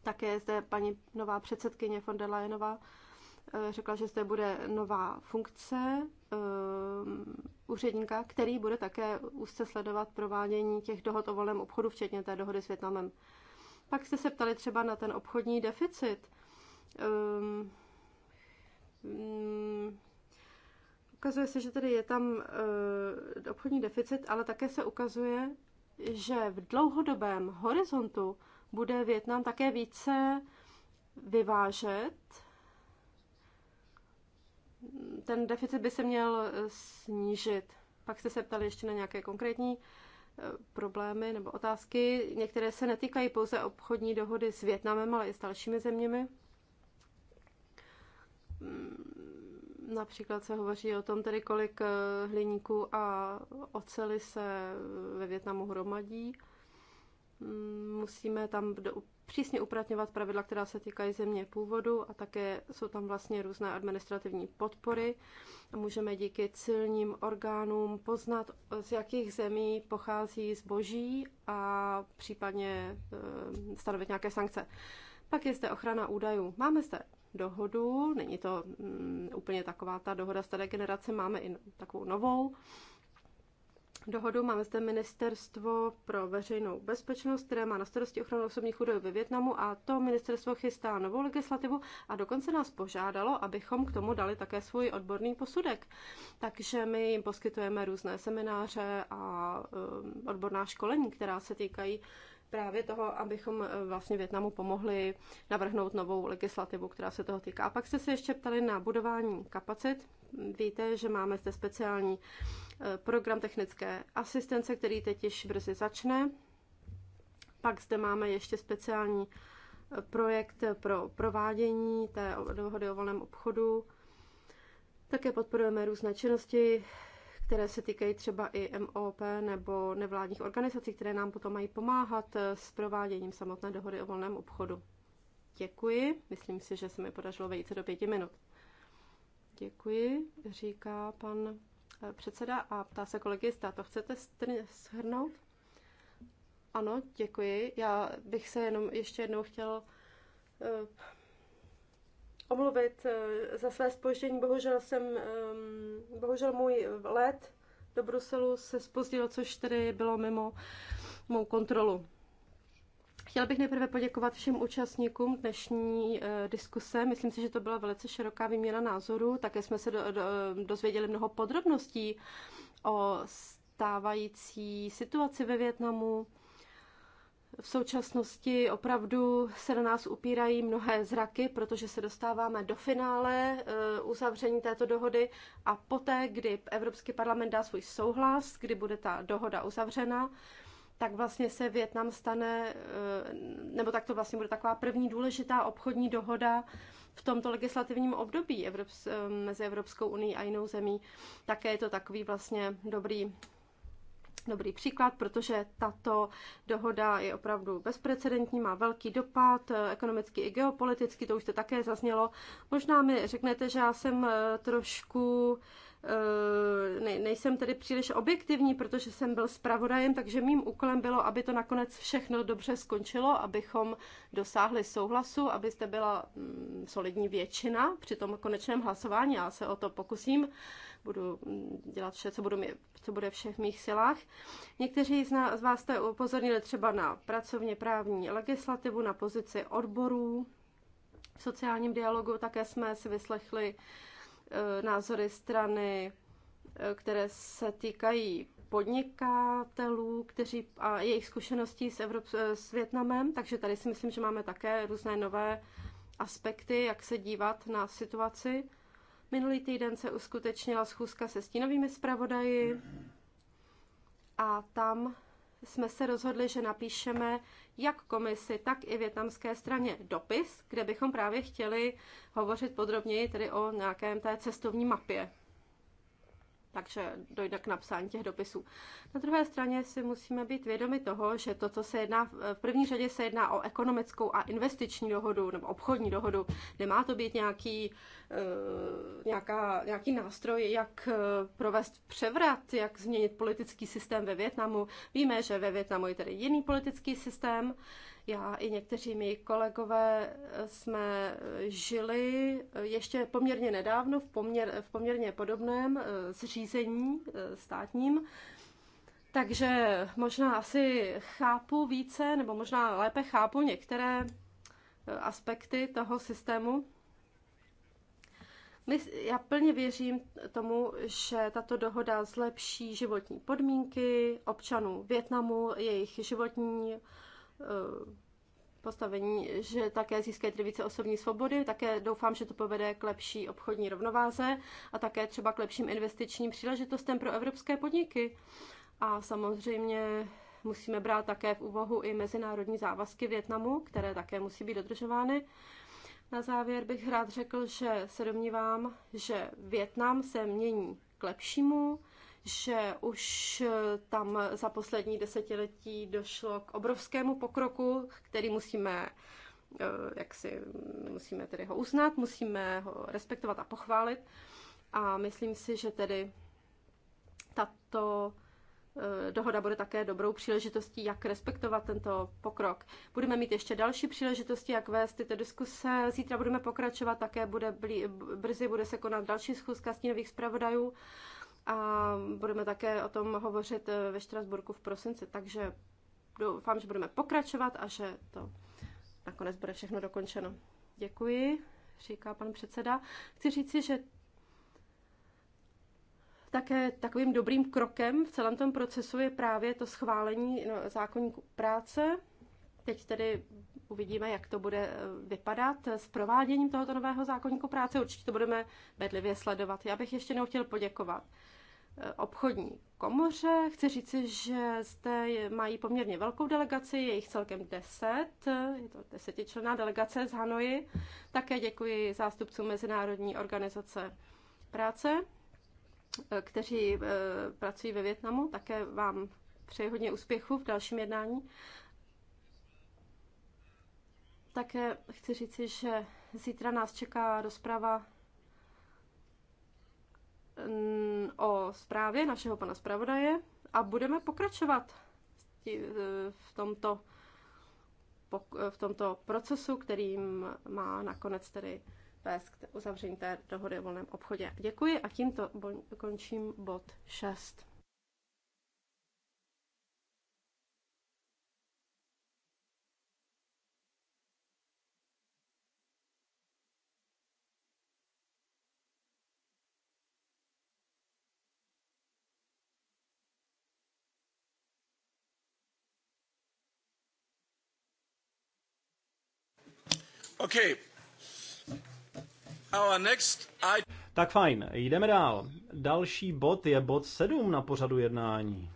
Také je zde paní nová předsedkyně von der Leyenová eh, řekla, že zde bude nová funkce um, úředníka, který bude také úzce sledovat provádění těch dohod o volném obchodu, včetně té dohody s Větnamem. Pak jste se ptali třeba na ten obchodní deficit. Um, ukazuje se, že tady je tam uh, obchodní deficit, ale také se ukazuje, že v dlouhodobém horizontu bude Větnam také více vyvážet. Ten deficit by se měl eh, snížit. Pak jste se ptali ještě na nějaké konkrétní eh, problémy nebo otázky. Některé se netýkají pouze obchodní dohody s Větnamem, ale i s dalšími zeměmi. Například se hovoří o tom, tedy kolik eh, hliníku a oceli se ve Větnamu hromadí. Mm, musíme tam přísně uplatňovat pravidla, která se týkají země původu a také jsou tam vlastně různé administrativní podpory. Můžeme díky celním orgánům poznat, eh, z jakých zemí pochází zboží a případně eh, stanovit nějaké sankce. Pak je zde ochrana údajů. Máme zde dohodu. Není to mm, úplně taková ta dohoda staré generace, máme i takovou novou dohodu. Máme zde ministerstvo pro veřejnou bezpečnost, které má na starosti ochranu osobních údajů ve Větnamu a to ministerstvo chystá novou legislativu a dokonce nás požádalo, abychom k tomu dali také svůj odborný posudek. Takže my jim poskytujeme různé semináře a um, odborná školení, která se týkají právě toho, abychom eh, vlastně Větnamu pomohli navrhnout novou legislativu, která se toho týká. A pak jste se ještě ptali na budování kapacit. Víte, že máme zde speciální eh, program technické asistence, který teď již brzy začne. Pak zde máme ještě speciální eh, projekt pro provádění té dohody o volném obchodu. Také podporujeme různé činnosti které se týkají třeba i MOP nebo nevládních organizací, které nám potom mají pomáhat eh, s prováděním samotné dohody o volném obchodu. Děkuji. Myslím si, že se mi podařilo vejít se do pěti minut. Děkuji, říká pan eh, předseda a ptá se kolegy, zda to chcete shrnout? Ano, děkuji. Já bych se jenom ještě jednou chtěl eh, omluvit eh, za své spoždění. Bohužel jsem, ehm, bohužel můj let do Bruselu se spozdil, což tedy bylo mimo mou kontrolu. Chtěla bych nejprve poděkovat všem účastníkům dnešní eh, diskuse. Myslím si, že to byla velice široká výměna názorů. Také jsme se do, do, ehm, dozvěděli mnoho podrobností o stávající situaci ve Větnamu. V současnosti opravdu se na nás upírají mnohé zraky, protože se dostáváme do finále eh, uzavření této dohody a poté, kdy Evropský parlament dá svůj souhlas, kdy bude ta dohoda uzavřena, tak vlastně se Větnam stane, eh, nebo tak to vlastně bude taková první důležitá obchodní dohoda v tomto legislativním období Evrop, eh, mezi Evropskou unii a jinou zemí. Také je to takový vlastně dobrý dobrý příklad, protože tato dohoda je opravdu bezprecedentní, má velký dopad eh, ekonomicky i geopoliticky, to už to také zaznělo. Možná mi řeknete, že já jsem eh, trošku eh, ne, nejsem tedy příliš objektivní, protože jsem byl zpravodajem, takže mým úkolem bylo, aby to nakonec všechno dobře skončilo, abychom dosáhli souhlasu, abyste byla mm, solidní většina při tom konečném hlasování. Já se o to pokusím. Uh, budu mm, dělat vše, co, budu mě, co bude všech mých silách. Někteří z, nás, z vás jste upozornili třeba na pracovně právní legislativu, na pozici odborů. V sociálním dialogu také jsme si vyslechli e, názory strany, e, které se týkají podnikatelů, kteří a jejich zkušeností s, Evrop, e, s Větnamem, takže tady si myslím, že máme také různé nové aspekty, jak se dívat na situaci. Minulý týden se uskutečnila schůzka se stínovými zpravodaji a tam jsme se rozhodli, že napíšeme jak komisi, tak i větnamské straně dopis, kde bychom právě chtěli hovořit podrobněji tedy o nějakém té cestovní mapě takže dojde k napsání těch dopisů. Na druhé straně si musíme být vědomi toho, že to, co se jedná, v první řadě se jedná o ekonomickou a investiční dohodu nebo obchodní dohodu. Nemá to být nějaký, eh, nějaká, nějaký nástroj, jak eh, provést převrat, jak změnit politický systém ve Větnamu. Víme, že ve Větnamu je tedy jiný politický systém, já i někteří mý kolegové jsme žili ještě poměrně nedávno v, poměr, v poměrně podobném eh, zřízení eh, státním. Takže možná asi chápu více, nebo možná lépe chápu některé eh, aspekty toho systému. My, já plně věřím tomu, že tato dohoda zlepší životní podmínky občanů Větnamu, jejich životní Eh, postavení, že také získají tedy více osobní svobody, také doufám, že to povede k lepší obchodní rovnováze a také třeba k lepším investičním příležitostem pro evropské podniky. A samozřejmě musíme brát také v úvahu i mezinárodní závazky Větnamu, které také musí být dodržovány. Na závěr bych rád řekl, že se domnívám, že Větnam se mění k lepšímu, že už eh, tam za poslední desetiletí došlo k obrovskému pokroku, který musíme eh, jak si musíme tedy ho uznat, musíme ho respektovat a pochválit. A myslím si, že tedy tato eh, dohoda bude také dobrou příležitostí, jak respektovat tento pokrok. Budeme mít ještě další příležitosti, jak vést tyto diskuse. Zítra budeme pokračovat, také bude blí, brzy bude se konat další schůzka stínových zpravodajů a budeme také o tom hovořit eh, ve Štrasburku v prosinci, takže doufám, že budeme pokračovat a že to nakonec bude všechno dokončeno. Děkuji, říká pan předseda. Chci říci, že také takovým dobrým krokem v celém tom procesu je právě to schválení no, zákonníku práce. Teď tedy uvidíme, jak to bude eh, vypadat s prováděním tohoto nového zákonníku práce. Určitě to budeme bedlivě sledovat. Já bych ještě jednou chtěl poděkovat Eh, obchodní komoře. Chci říci, že zde mají poměrně velkou delegaci, je jich celkem deset. je to desetičlenná delegace z Hanoji. Také děkuji zástupcům Mezinárodní organizace práce, eh, kteří eh, pracují ve Větnamu. Také vám přeji hodně úspěchu v dalším jednání. Také chci říci, že zítra nás čeká rozprava Mm, o zprávě našeho pana zpravodaje a budeme pokračovat eh, v tomto, eh, v tomto procesu, kterým má nakonec tedy vést k uzavření té dohody o volném obchodě. Děkuji a tímto končím bod 6. Tak fajn, jdeme dál. Další bod je bod 7 na pořadu jednání.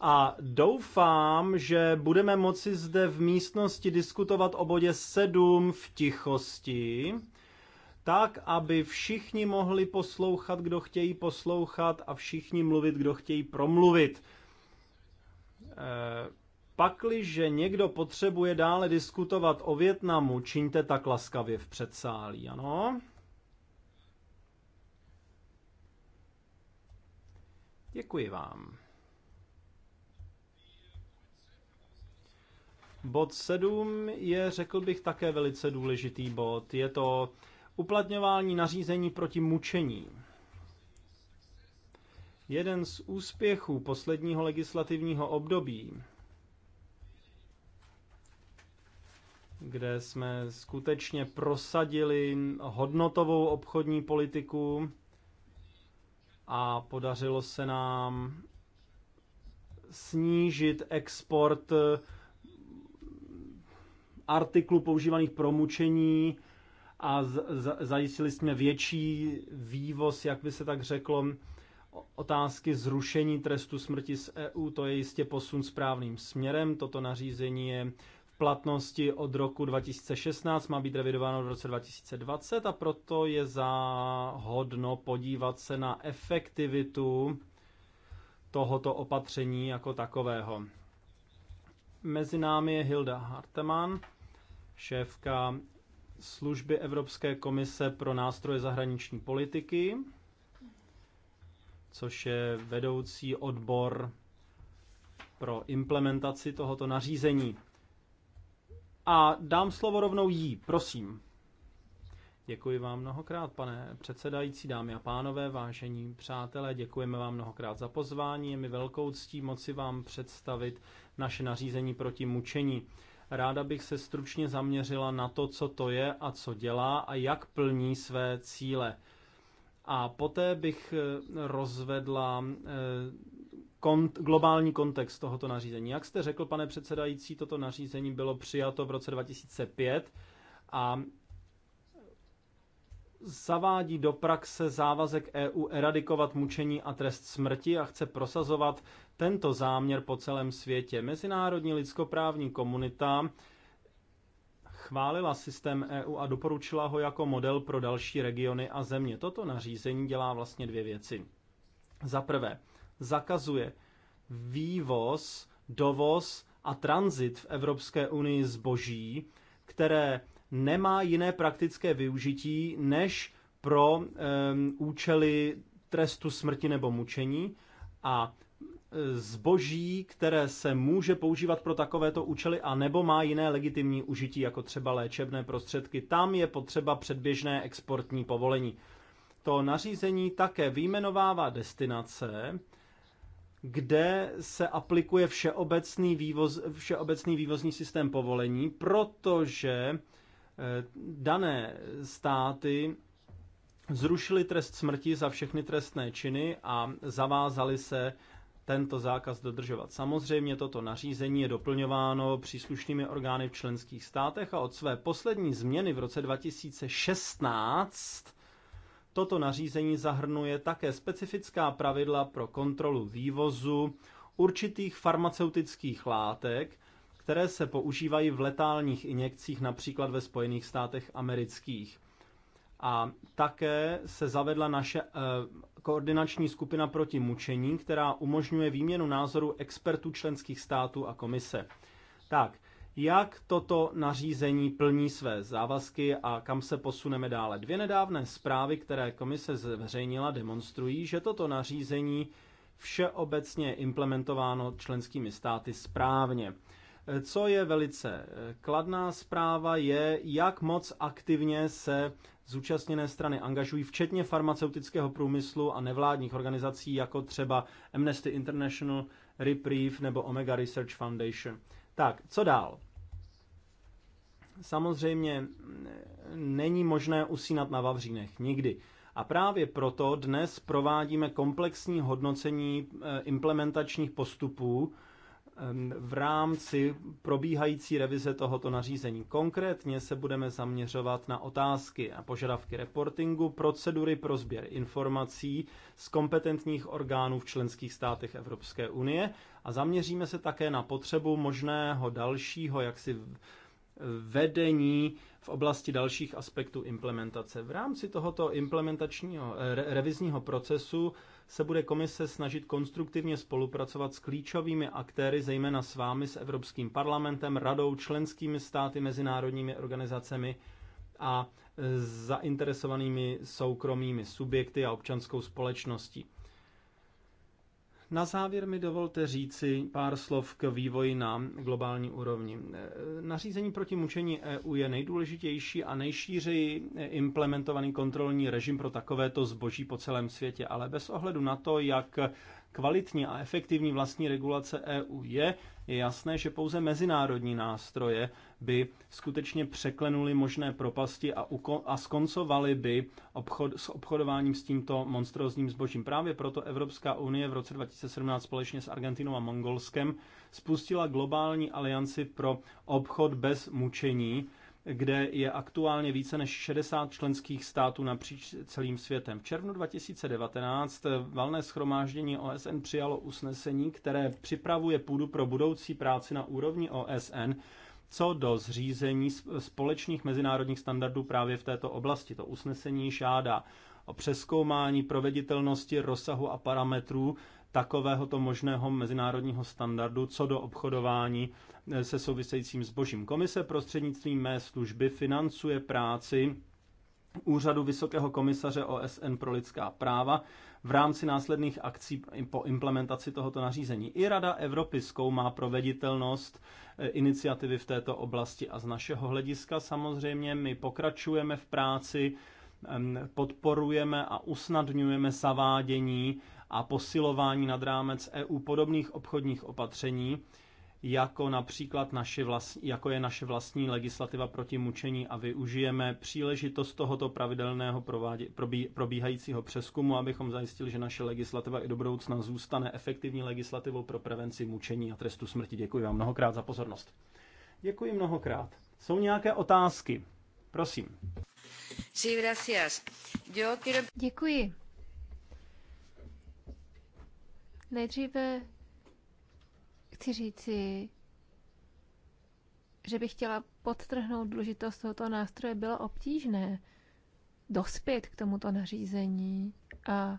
A doufám, že budeme moci zde v místnosti diskutovat o bodě 7 v tichosti, tak, aby všichni mohli poslouchat, kdo chtějí poslouchat a všichni mluvit, kdo chtějí promluvit. Eh... Pakliže někdo potřebuje dále diskutovat o Větnamu, čiňte tak laskavě v předsálí, ano? Děkuji vám. Bod 7 je, řekl bych, také velice důležitý bod. Je to uplatňování nařízení proti mučení. Jeden z úspěchů posledního legislativního období kde jsme skutečně prosadili hodnotovou obchodní politiku a podařilo se nám snížit export artiklů používaných pro mučení a zajistili jsme větší vývoz, jak by se tak řeklo, otázky zrušení trestu smrti z EU. To je jistě posun správným směrem. Toto nařízení je platnosti od roku 2016, má být revidováno v roce 2020 a proto je záhodno podívat se na efektivitu tohoto opatření jako takového. Mezi námi je Hilda Hartemann, šéfka služby Evropské komise pro nástroje zahraniční politiky, což je vedoucí odbor pro implementaci tohoto nařízení. A dám slovo rovnou jí, prosím. Děkuji vám mnohokrát, pane předsedající, dámy a pánové, vážení přátelé, děkujeme vám mnohokrát za pozvání. Je mi velkou ctí moci vám představit naše nařízení proti mučení. Ráda bych se stručně zaměřila na to, co to je a co dělá a jak plní své cíle. A poté bych rozvedla eh, kont- globální kontext tohoto nařízení. Jak jste řekl, pane předsedající, toto nařízení bylo přijato v roce 2005 a zavádí do praxe závazek EU eradikovat mučení a trest smrti a chce prosazovat tento záměr po celém světě. Mezinárodní lidskoprávní komunita chválila systém EU a doporučila ho jako model pro další regiony a země. Toto nařízení dělá vlastně dvě věci. Za prvé, zakazuje vývoz, dovoz a tranzit v Evropské unii zboží, které nemá jiné praktické využití než pro um, účely trestu smrti nebo mučení a e, zboží, které se může používat pro takovéto účely a nebo má jiné legitimní užití, jako třeba léčebné prostředky. Tam je potřeba předběžné exportní povolení. To nařízení také vyjmenovává destinace, kde se aplikuje všeobecný, vývoz, všeobecný vývozní systém povolení, protože eh, dané státy zrušili trest smrti za všechny trestné činy a zavázali se tento zákaz dodržovat. Samozřejmě toto nařízení je doplňováno příslušnými orgány v členských státech a od své poslední změny v roce 2016 Toto nařízení zahrnuje také specifická pravidla pro kontrolu vývozu určitých farmaceutických látek, které se používají v letálních injekcích například ve Spojených státech amerických. A také se zavedla naše e, koordinační skupina proti mučení, která umožňuje výměnu názoru expertů členských států a komise. Tak, jak toto nařízení plní své závazky a kam se posuneme dále. Dvě nedávné zprávy, které komise zveřejnila, demonstrují, že toto nařízení všeobecně je implementováno členskými státy správně. Co je velice eh, kladná zpráva, je, jak moc aktivně se zúčastněné strany angažují, včetně farmaceutického průmyslu a nevládních organizací, jako třeba Amnesty International, Reprieve nebo Omega Research Foundation. Tak, co dál? Samozřejmě není možné usínat na Vavřínech, nikdy. A právě proto dnes provádíme komplexní hodnocení e, implementačních postupů v rámci probíhající revize tohoto nařízení. Konkrétně se budeme zaměřovat na otázky a požadavky reportingu, procedury pro sběr informací z kompetentních orgánů v členských státech Evropské unie a zaměříme se také na potřebu možného dalšího jaksi vedení v oblasti dalších aspektů implementace. V rámci tohoto implementačního eh, re, revizního procesu se bude komise snažit konstruktivně spolupracovat s klíčovými aktéry, zejména s vámi, s Evropským parlamentem, radou, členskými státy, mezinárodními organizacemi a eh, zainteresovanými soukromými subjekty a občanskou společností. Na závěr mi dovolte říci pár slov k vývoji na globální úrovni. Nařízení proti mučení EU je nejdůležitější a nejšířeji implementovaný kontrolní režim pro takovéto zboží po celém světě, ale bez ohledu na to, jak kvalitní a efektivní vlastní regulace EU je, je jasné, že pouze mezinárodní nástroje by skutečně překlenuly možné propasti a, uko- a skoncovaly by obchod- s obchodováním s tímto monstrózním zbožím. Právě proto Evropská unie v roce 2017 společně s Argentinou a Mongolskem spustila globální alianci pro obchod bez mučení, kde je aktuálně více než 60 členských států napříč celým světem. V červnu 2019 valné schromáždění OSN přijalo usnesení, které připravuje půdu pro budoucí práci na úrovni OSN co do zřízení společných mezinárodních standardů právě v této oblasti. To usnesení žádá o přeskoumání proveditelnosti, rozsahu a parametrů takovéhoto možného mezinárodního standardu co do obchodování se souvisejícím zbožím. Komise prostřednictvím mé služby financuje práci Úřadu Vysokého komisaře OSN pro lidská práva v rámci následných akcí po implementaci tohoto nařízení. I Rada Evropy zkoumá proveditelnost eh, iniciativy v této oblasti a z našeho hlediska samozřejmě my pokračujeme v práci, podporujeme a usnadňujeme zavádění a posilování nad rámec EU podobných obchodních opatření, jako například naše vlast, jako je naše vlastní legislativa proti mučení a využijeme příležitost tohoto pravidelného provádě, probí, probíhajícího přeskumu, abychom zajistili, že naše legislativa i do budoucna zůstane efektivní legislativou pro prevenci mučení a trestu smrti. Děkuji vám mnohokrát za pozornost. Děkuji mnohokrát. Jsou nějaké otázky? Prosím. Sí, gracias. Yo quiero... Děkuji. Nejdříve chci říci, že bych chtěla podtrhnout důležitost tohoto nástroje, bylo obtížné dospět k tomuto nařízení a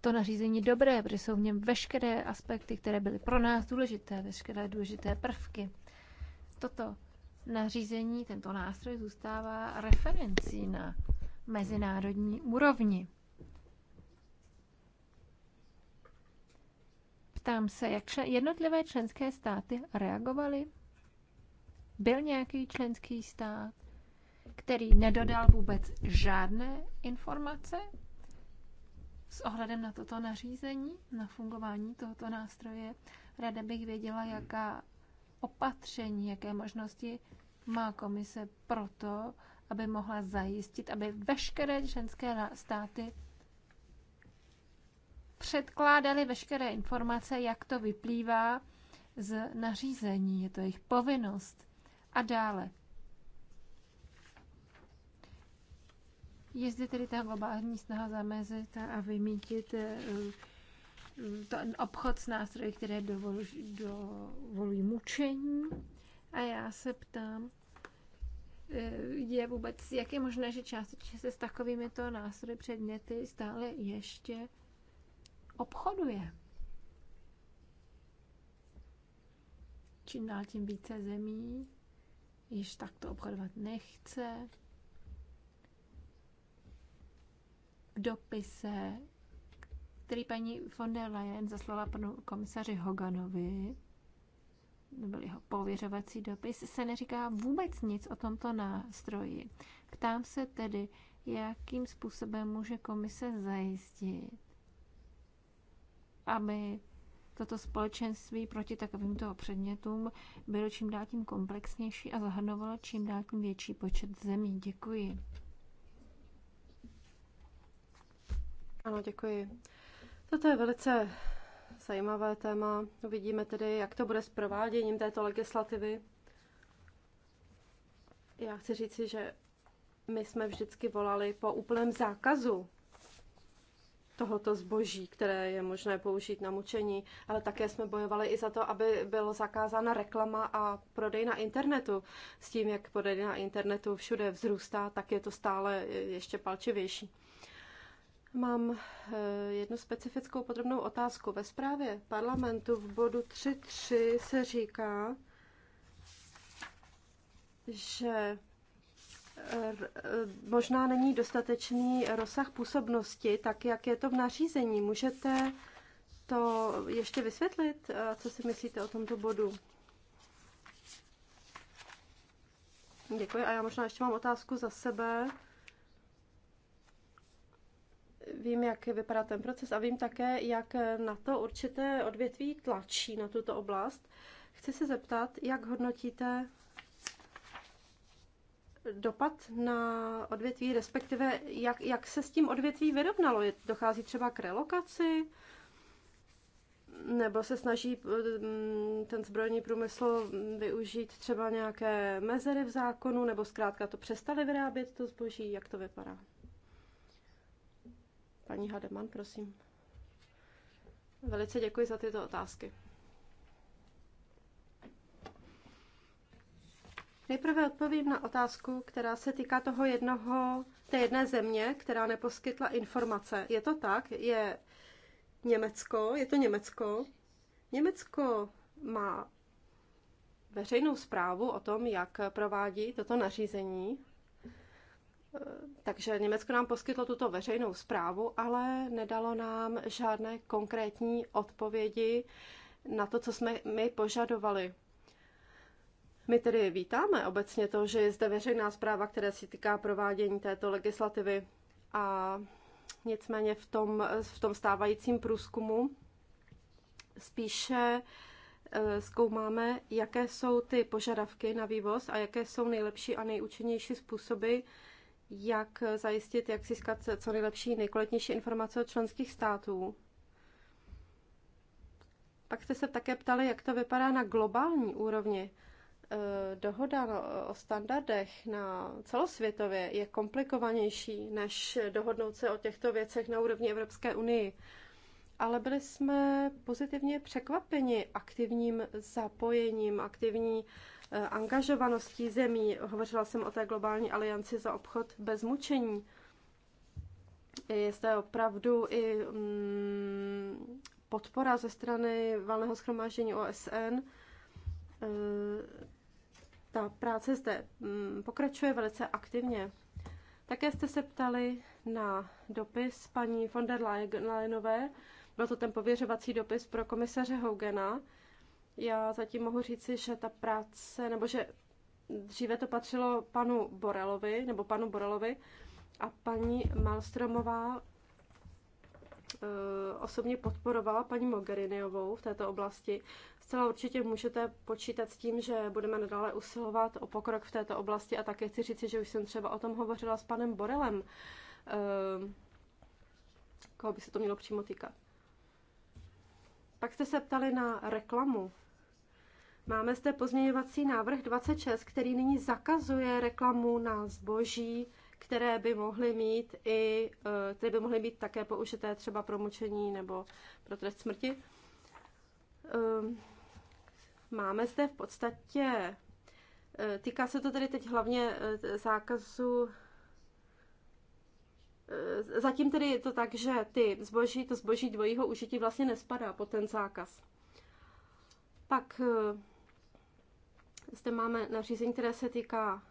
to nařízení dobré, protože jsou v něm veškeré aspekty, které byly pro nás důležité, veškeré důležité prvky. Toto nařízení, tento nástroj zůstává referencí na mezinárodní úrovni. Ptám se, jak člen, jednotlivé členské státy reagovaly? Byl nějaký členský stát, který nedodal vůbec žádné informace s ohledem na toto nařízení, na fungování tohoto nástroje? Rada bych věděla, jaká opatření, jaké možnosti má komise pro to, aby mohla zajistit, aby veškeré členské státy předkládali veškeré informace, jak to vyplývá z nařízení. Je to jejich povinnost. A dále. Je zde tedy ta globální snaha zamezit a vymítit eh, ten obchod s nástroji, které dovolují, dovolují mučení. A já se ptám, eh, je vůbec, jak je možné, že částečně se s takovými to nástroji předměty stále ještě obchoduje. Čím dál tím více zemí již takto obchodovat nechce. V dopise, který paní von der Leyen zaslala panu komisaři Hoganovi, byl jeho pověřovací dopis, se neříká vůbec nic o tomto nástroji. Ptám se tedy, jakým způsobem může komise zajistit, aby toto společenství proti takovýmto předmětům bylo čím dál tím komplexnější a zahrnovalo čím dál tím větší počet zemí. Děkuji. Ano, děkuji. Toto je velice zajímavé téma. Uvidíme tedy, jak to bude s prováděním této legislativy. Já chci říci, že my jsme vždycky volali po úplném zákazu tohoto zboží, které je možné použít na mučení, ale také jsme bojovali i za to, aby byla zakázána reklama a prodej na internetu. S tím, jak prodej na internetu všude vzrůstá, tak je to stále ještě palčivější. Mám eh, jednu specifickou podrobnou otázku. Ve zprávě parlamentu v bodu 3.3 se říká, že Eh, možná není dostatečný rozsah působnosti, tak jak je to v nařízení. Můžete to ještě vysvětlit, eh, co si myslíte o tomto bodu? Děkuji. A já možná ještě mám otázku za sebe. Vím, jak vypadá ten proces a vím také, jak na to určité odvětví tlačí na tuto oblast. Chci se zeptat, jak hodnotíte dopad na odvětví, respektive jak, jak se s tím odvětví vyrovnalo? Dochází třeba k relokaci? Nebo se snaží eh, mm, ten zbrojní průmysl využít třeba nějaké mezery v zákonu, nebo zkrátka to přestali vyrábět, to zboží? Jak to vypadá? Paní Hademan, prosím. Velice děkuji za tyto otázky. Nejprve odpovím na otázku, která se týká toho jednoho, té jedné země, která neposkytla informace. Je to tak, je Německo, je to Německo. Německo má veřejnou zprávu o tom, jak provádí toto nařízení. Takže Německo nám poskytlo tuto veřejnou zprávu, ale nedalo nám žádné konkrétní odpovědi na to, co jsme my požadovali. My tedy vítáme obecně to, že je zde veřejná zpráva, která se týká provádění této legislativy a nicméně v tom, v tom stávajícím průzkumu spíše eh, zkoumáme, jaké jsou ty požadavky na vývoz a jaké jsou nejlepší a nejúčinnější způsoby, jak zajistit, jak získat co nejlepší, nejkvalitnější informace od členských států. Pak jste se také ptali, jak to vypadá na globální úrovni. Eh, dohoda no, o standardech na celosvětově je komplikovanější, než dohodnout se o těchto věcech na úrovni Evropské unii. Ale byli jsme pozitivně překvapeni aktivním zapojením, aktivní eh, angažovaností zemí. Hovořila jsem o té globální alianci za obchod bez mučení. Je to opravdu i mm, podpora ze strany valného schromáždění OSN eh, ta práce zde mm, pokračuje velice aktivně. Také jste se ptali na dopis paní von der Leyenové. Byl to ten pověřovací dopis pro komisaře Hougena. Já zatím mohu říci, že ta práce, nebo že dříve to patřilo panu Borelovi, nebo panu Borelovi, a paní Malstromová Eh, osobně podporovala paní Mogheriniovou v této oblasti. Zcela určitě můžete počítat s tím, že budeme nadále usilovat o pokrok v této oblasti a také chci říci, že už jsem třeba o tom hovořila s panem Borelem. Eh, koho by se to mělo přímo týkat? Pak jste se ptali na reklamu. Máme zde pozměňovací návrh 26, který nyní zakazuje reklamu na zboží, které by mohly mít i, eh, které by mohly být také použité třeba pro mučení nebo pro trest smrti. Ehm, máme zde v podstatě, eh, týká se to tedy teď hlavně eh, zákazu Zatím tedy je to tak, že ty zboží, to zboží dvojího užití vlastně nespadá pod ten zákaz. Pak zde máme nařízení, které se týká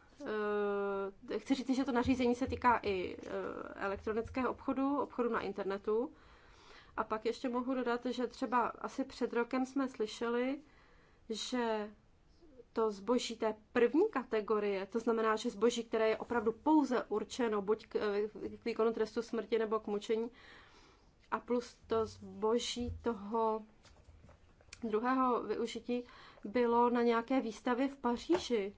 Eh, chci říct, že to nařízení se týká i eh, elektronického obchodu, obchodu na internetu. A pak ještě mohu dodat, že třeba asi před rokem jsme slyšeli, že to zboží té první kategorie, to znamená, že zboží, které je opravdu pouze určeno buď k, eh, k výkonu trestu smrti nebo k mučení, a plus to zboží toho druhého využití bylo na nějaké výstavě v Paříži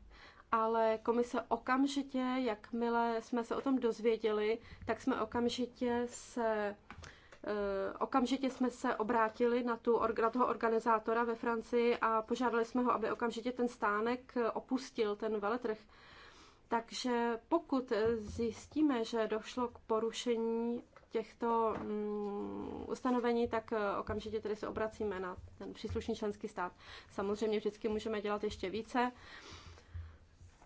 ale komise okamžitě, jakmile jsme se o tom dozvěděli, tak jsme okamžitě se eh, okamžitě jsme se obrátili na, tu, na toho organizátora ve Francii a požádali jsme ho, aby okamžitě ten stánek eh, opustil, ten veletrh. Takže pokud zjistíme, že došlo k porušení těchto mm, ustanovení, tak eh, okamžitě tedy se obracíme na ten příslušný členský stát. Samozřejmě vždycky můžeme dělat ještě více.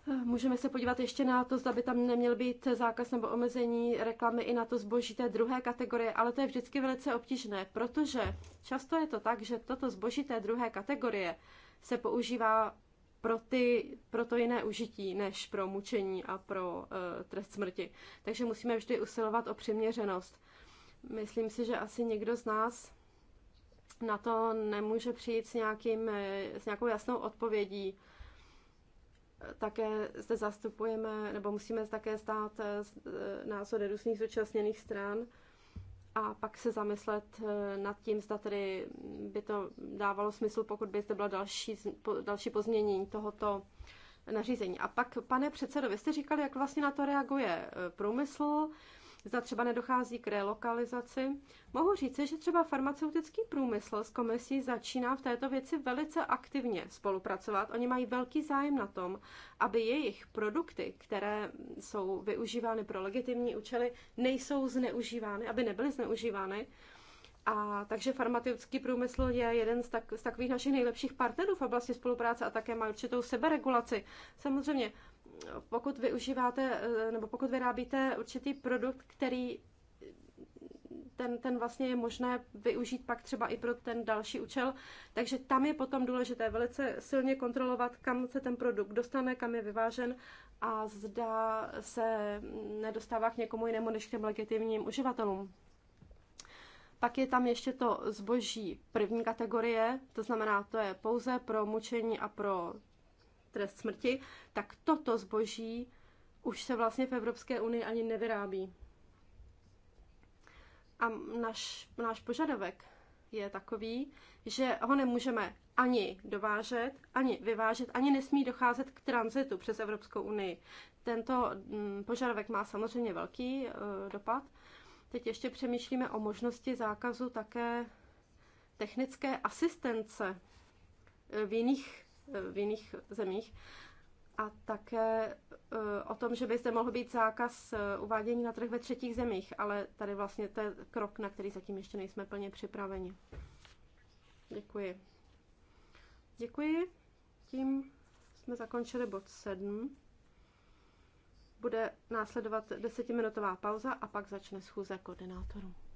Můžeme se podívat ještě na to, zda by tam neměl být zákaz nebo omezení reklamy i na to zboží té druhé kategorie, ale to je vždycky velice obtížné, protože často je to tak, že toto zboží té druhé kategorie se používá pro, ty, pro to jiné užití než pro mučení a pro uh, trest smrti. Takže musíme vždy usilovat o přiměřenost. Myslím si, že asi někdo z nás na to nemůže přijít s, nějakým, eh, s nějakou jasnou odpovědí také zde zastupujeme, nebo musíme také stát eh, eh, názory různých zúčastněných stran a pak se zamyslet eh, nad tím, zda tedy by to dávalo smysl, pokud by zde bylo další, další pozměnění tohoto nařízení. A pak, pane předsedo, vy jste říkali, jak vlastně na to reaguje průmysl zda třeba nedochází k relokalizaci. Mohu říci, že třeba farmaceutický průmysl s komisí začíná v této věci velice aktivně spolupracovat. Oni mají velký zájem na tom, aby jejich produkty, které jsou využívány pro legitimní účely, nejsou zneužívány, aby nebyly zneužívány. A takže farmaceutický průmysl je jeden z, tak, z takových našich nejlepších partnerů v oblasti spolupráce a také má určitou seberegulaci. Samozřejmě pokud využíváte, eh, nebo pokud vyrábíte určitý produkt, který ten, ten vlastně je možné využít pak třeba i pro ten další účel. Takže tam je potom důležité velice silně kontrolovat, kam se ten produkt dostane, kam je vyvážen a zda se nedostává k někomu jinému než k těm legitimním uživatelům. Pak je tam ještě to zboží první kategorie, to znamená, to je pouze pro mučení a pro trest smrti, tak toto zboží už se vlastně v Evropské unii ani nevyrábí. A naš, náš požadavek je takový, že ho nemůžeme ani dovážet, ani vyvážet, ani nesmí docházet k tranzitu přes Evropskou unii. Tento mm, požadavek má samozřejmě velký e, dopad. Teď ještě přemýšlíme o možnosti zákazu také technické asistence v jiných v jiných zemích. A také eh, o tom, že by zde mohl být zákaz eh, uvádění na trh ve třetích zemích, ale tady vlastně to je krok, na který zatím ještě nejsme plně připraveni. Děkuji. Děkuji. Tím jsme zakončili bod 7. Bude následovat desetiminutová pauza a pak začne schůze koordinátorů.